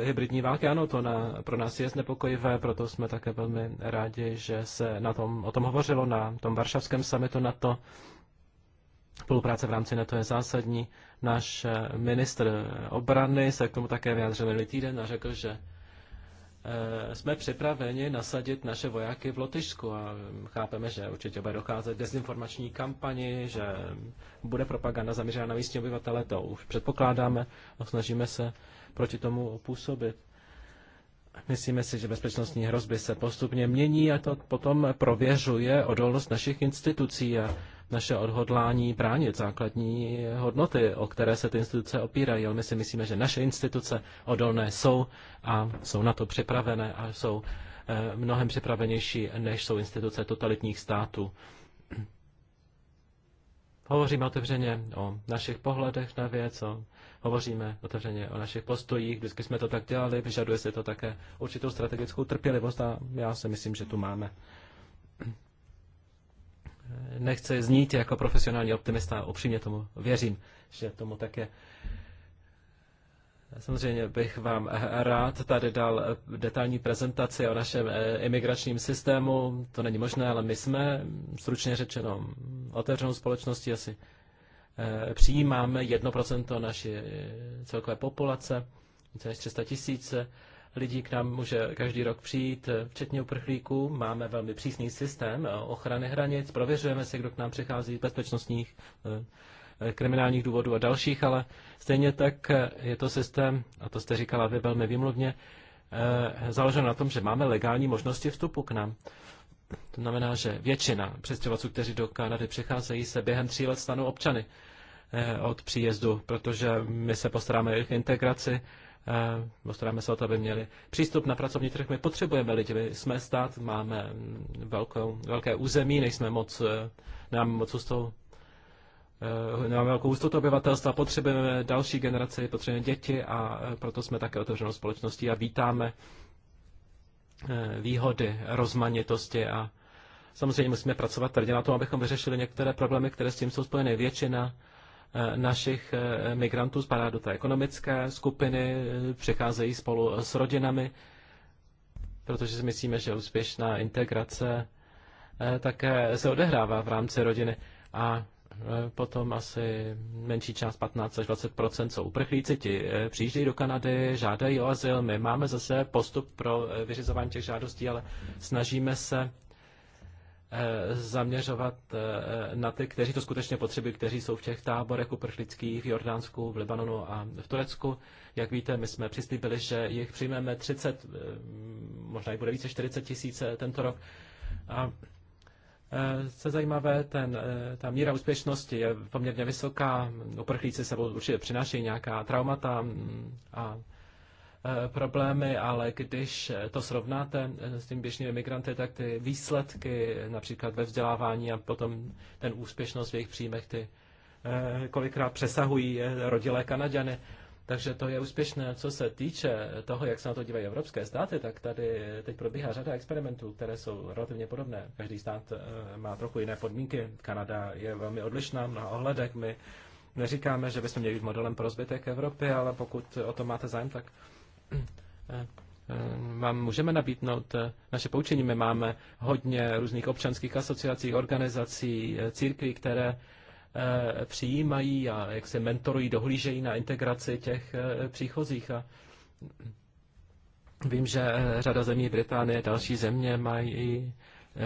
hybridní války, ano, to na, pro nás je znepokojivé, proto jsme také velmi rádi, že se na tom, o tom hovořilo na tom varšavském summitu NATO. Spolupráce v rámci NATO je zásadní. Náš eh, ministr obrany se k tomu také vyjádřil minulý týden a řekl, že Eh, jsme připraveni nasadit naše vojáky v Lotyšsku a chápeme, že určitě bude docházet dezinformační kampani, že bude propaganda zaměřená na místní obyvatele, to už předpokládáme a snažíme se proti tomu působit. Myslíme si, že bezpečnostní hrozby se postupně mění a to potom prověřuje odolnost našich institucí a naše odhodlání bránit základní hodnoty, o které se ty instituce opírají, ale my si myslíme, že naše instituce odolné jsou a jsou na to připravené a jsou eh, mnohem připravenější, než jsou instituce totalitních států. Hovoříme otevřeně o našich pohledech na věc, o, hovoříme otevřeně o našich postojích, vždycky jsme to tak dělali, vyžaduje se to také určitou strategickou trpělivost a já si myslím, že tu máme Nechce znít jako profesionální optimista, upřímně tomu věřím, že tomu tak je. Samozřejmě bych vám rád tady dal detailní prezentaci o našem eh, imigračním systému. To není možné, ale my jsme, stručně řečeno, otevřenou společností asi eh, přijímáme 1% naší celkové populace, více než 300 tisíce lidí k nám může každý rok přijít, eh, včetně uprchlíků. Máme velmi přísný systém eh, ochrany hranic, prověřujeme se, kdo k nám přichází z bezpečnostních, eh, kriminálních důvodů a dalších, ale stejně tak je to systém, a to jste říkala vy velmi výmluvně, založen na tom, že máme legální možnosti vstupu k nám. To znamená, že většina přestěhovaců, kteří do Kanady přicházejí, se během tří let stanou občany od příjezdu, protože my se postaráme o jejich integraci postaráme se o to, aby měli přístup na pracovní trh. My potřebujeme lidi, my jsme stát, máme velkou, velké území, nejsme moc, eh, nemáme moc hustou, eh, nemáme velkou hustotu obyvatelstva, potřebujeme další generaci, potřebujeme děti a eh, proto jsme také otevřenou společností a vítáme výhody, rozmanitosti a samozřejmě musíme pracovat tvrdě na tom, abychom vyřešili některé problémy, které s tím jsou spojeny. Většina Eh, našich eh, migrantů spadá do té ekonomické skupiny, eh, přicházejí spolu s rodinami, protože si myslíme, že úspěšná integrace také se odehrává v rámci rodiny. A potom asi menší část, 15 až 20 jsou uprchlíci, ti přijíždějí do Kanady, žádají o azyl. My máme zase postup pro vyřizování těch žádostí, ale snažíme se Eh, zaměřovat eh, na ty, kteří to skutečně potřebují, kteří jsou v těch táborech uprchlických v Jordánsku, v Libanonu a v Turecku. Jak víte, my jsme přislíbili, že jich přijmeme 30, eh, možná i bude více 40 tisíc tento rok. A je zajímavé, ten, ta míra úspěšnosti je poměrně vysoká. Uprchlíci sebou určitě přinášejí nějaká traumata mm, a Eh, problémy, ale když to srovnáte eh, s tím běžnými migranty, tak ty výsledky například ve vzdělávání a potom ten úspěšnost v jejich příjmech, ty eh, kolikrát přesahují rodilé Kanaďany. Takže to je úspěšné. Co se týče toho, jak se na to dívají evropské státy, tak tady teď probíhá řada experimentů, které jsou relativně podobné. Každý stát má trochu jiné podmínky. Kanada je velmi odlišná Na ohledek My neříkáme, že bychom měli být modelem pro zbytek Evropy, ale pokud o to máte zájem, tak vám eh, eh, můžeme nabídnout eh, naše poučení. My máme hodně různých občanských asociací, organizací, církví, které přijímají a jak se mentorují, dohlížejí na integraci těch příchozích. A vím, že řada zemí Británie, další země mají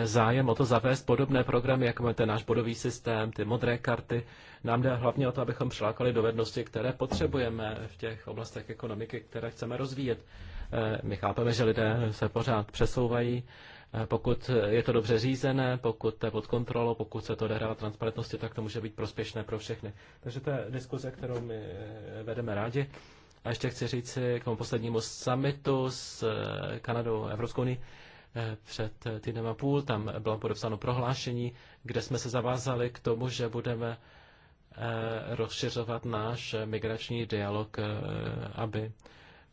zájem o to zavést podobné programy, jako máte náš bodový systém, ty modré karty. Nám jde hlavně o to, abychom přilákali dovednosti, které potřebujeme v těch oblastech ekonomiky, které chceme rozvíjet. Eh, my chápeme, že lidé se pořád přesouvají, eh, pokud je to dobře řízené, pokud to je pod kontrolou, pokud se to odehrává transparentnosti, tak to může být prospěšné pro všechny. Takže to je diskuze, kterou my eh, vedeme rádi. A ještě chci říct si k tomu poslednímu summitu s Kanadou a Evropskou unii, před týdnem a půl. Tam bylo podepsáno prohlášení, kde jsme se zavázali k tomu, že budeme eh, rozšiřovat náš migrační dialog, eh, aby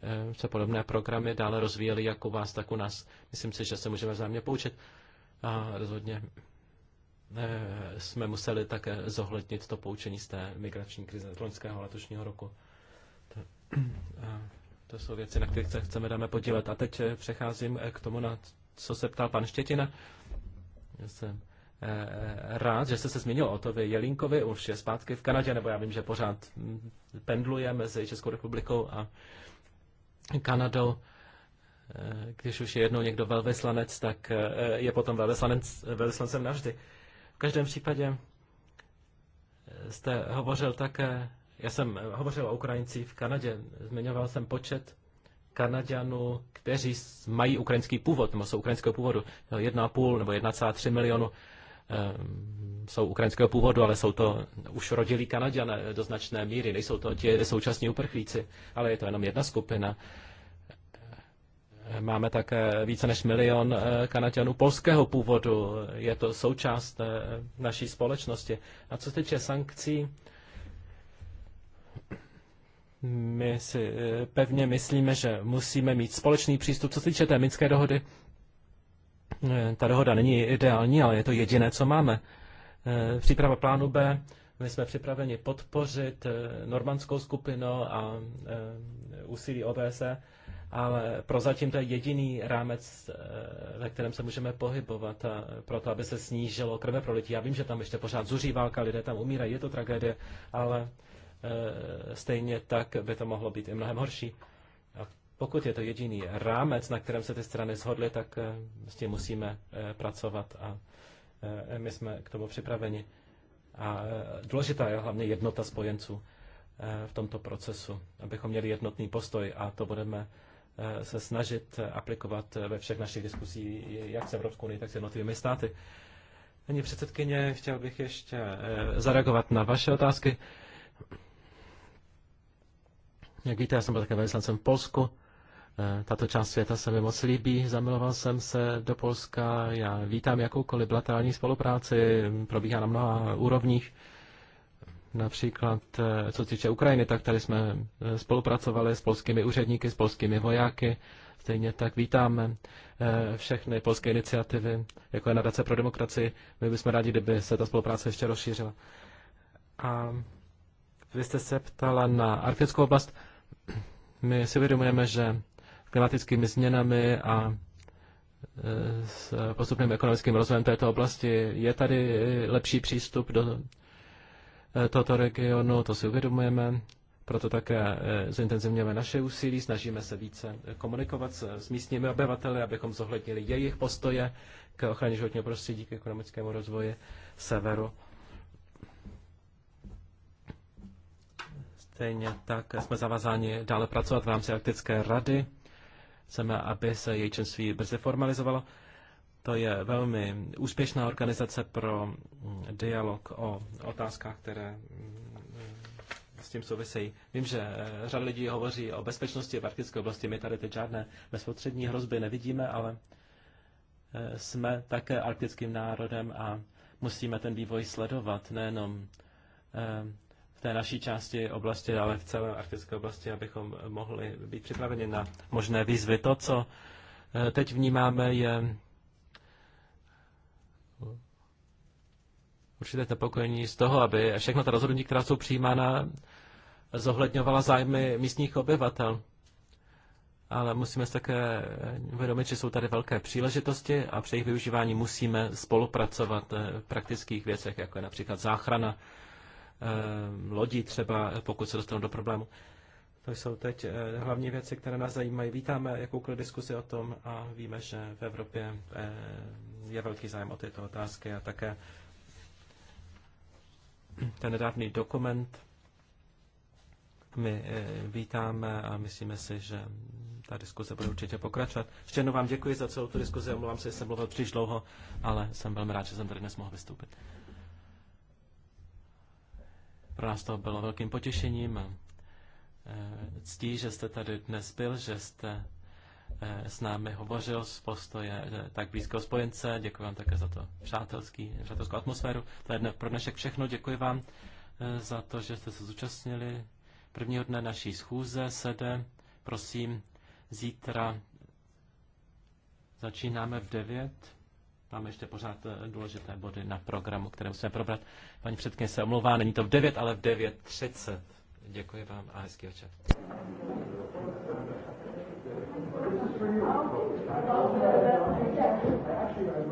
eh, se podobné programy dále rozvíjely jak u vás, tak u nás. Myslím si, že se můžeme vzájemně poučit. A rozhodně jsme museli také zohlednit to poučení z té migrační krize z loňského letošního roku. To, to jsou věci, na kterých se chceme dáme podívat. A teď přecházím k tomu, na co se ptal pan Štětina. Já jsem eh, eh, rád, že jste se zmínil o Otovi Jelinkovi, už je zpátky v Kanadě, nebo já vím, že pořád hm, pendluje mezi Českou republikou a Kanadou. Eh, když už je jednou někdo velvyslanec, tak je potom velvyslanec, velvyslancem navždy. V každém případě jste hovořil také, já jsem hovořil o Ukrajincích v Kanadě, zmiňoval jsem počet Kanaďanů, kteří mají ukrajinský původ, nebo jsou ukrajinského původu. 1,5 no, nebo 1,3 milionu ehm, jsou ukrajinského původu, ale jsou to už rodilí Kanaďané do značné míry, nejsou to ti současní uprchlíci, ale je to jenom jedna skupina. Ehm, máme také více než milion eh, Kanaďanů polského původu, je to součást eh, naší společnosti. A co se týče sankcí, my si eh, pevně myslíme, že musíme mít společný přístup, co se týče té minské dohody. Eh, ta dohoda není ideální, ale je to jediné, co máme. Eh, příprava plánu B, my jsme připraveni podpořit normandskou skupinu a úsilí OBSE, ale prozatím to je jediný rámec, ve kterém se můžeme pohybovat pro to, aby se snížilo krve pro lidi. Já vím, že tam ještě pořád zuří válka, lidé tam umírají, je to tragédie, ale Eh, stejně tak by to mohlo být i mnohem horší. A pokud je to jediný rámec, na kterém se ty strany shodly, tak eh, s tím musíme eh, pracovat a my jsme k tomu připraveni. A důležitá je hlavně jednota spojenců v tomto procesu, abychom měli jednotný postoj a to budeme se snažit aplikovat ve všech našich diskusí, jak s Evropskou unii, tak s jednotlivými státy. Paní předsedkyně, chtěl bych ještě zareagovat na vaše otázky. Jak víte, já jsem byl také velislancem v Polsku. E, tato část světa se mi moc líbí, zamiloval jsem se do Polska, já vítám jakoukoliv bilaterální spolupráci, probíhá na mnoha úrovních. Například, e, co se týče Ukrajiny, tak tady jsme e, spolupracovali s polskými úředníky, s polskými vojáky. Stejně tak vítáme všechny polské iniciativy, jako je Nadace pro demokracii. My bychom rádi, kdyby se ta spolupráce ještě rozšířila. A vy jste se ptala na arktickou oblast. My si vědomujeme, že klimatickými změnami a e, s postupným ekonomickým rozvojem této oblasti je tady lepší přístup do e, tohoto regionu, to si uvědomujeme, proto také e, zintenzivněme naše úsilí, snažíme se více komunikovat s místními obyvateli, abychom zohlednili jejich postoje k ochraně životního prostředí, k ekonomickému rozvoji severu Stejně tak jsme zavazáni dále pracovat v rámci Arktické rady. Chceme, aby se její členství brzy formalizovalo. To je velmi úspěšná organizace pro dialog o otázkách, které mm, s tím souvisejí. Vím, že eh, řada lidí hovoří o bezpečnosti v arktické oblasti. My tady teď žádné bezpotřední hrozby nevidíme, ale eh, jsme také arktickým národem a musíme ten vývoj sledovat, nejenom eh, v té naší části oblasti, ale v celé arktické oblasti, abychom mohli být připraveni na možné výzvy. To, co eh, teď vnímáme, je určité nepokojení z toho, aby všechno ta rozhodnutí, která jsou přijímána, zohledňovala zájmy místních obyvatel. Ale musíme se také uvědomit, že jsou tady velké příležitosti a při jejich využívání musíme spolupracovat eh, v praktických věcech, jako je například záchrana Eh, lodí třeba, pokud se dostanou do problému. To jsou teď eh, hlavní věci, které nás zajímají. Vítáme jakoukoliv diskusi o tom a víme, že v Evropě eh, je velký zájem o tyto otázky a také ten nedávný dokument my vítáme a myslíme si, že ta diskuze bude určitě pokračovat. Ještě jednou vám děkuji za celou tu diskuzi, omlouvám se, že jsem mluvil příliš dlouho, ale jsem velmi rád, že jsem tady dnes mohl vystoupit. Pro nás to bylo velkým potěšením. E, ctí, že jste tady dnes byl, že jste e, s námi hovořil z postoje e, tak blízkého spojence. Děkuji vám také za to přátelský, přátelskou atmosféru. To je pro dnešek všechno. Děkuji vám za to, že jste se zúčastnili prvního dne naší schůze. Sede, prosím, zítra začínáme v 9. Máme ještě pořád eh, důležité body na programu, které musíme probrat. Paní předkyně se omlouvá, není to v 9, ale v 9.30. Děkuji vám a hezký večer. Thank you.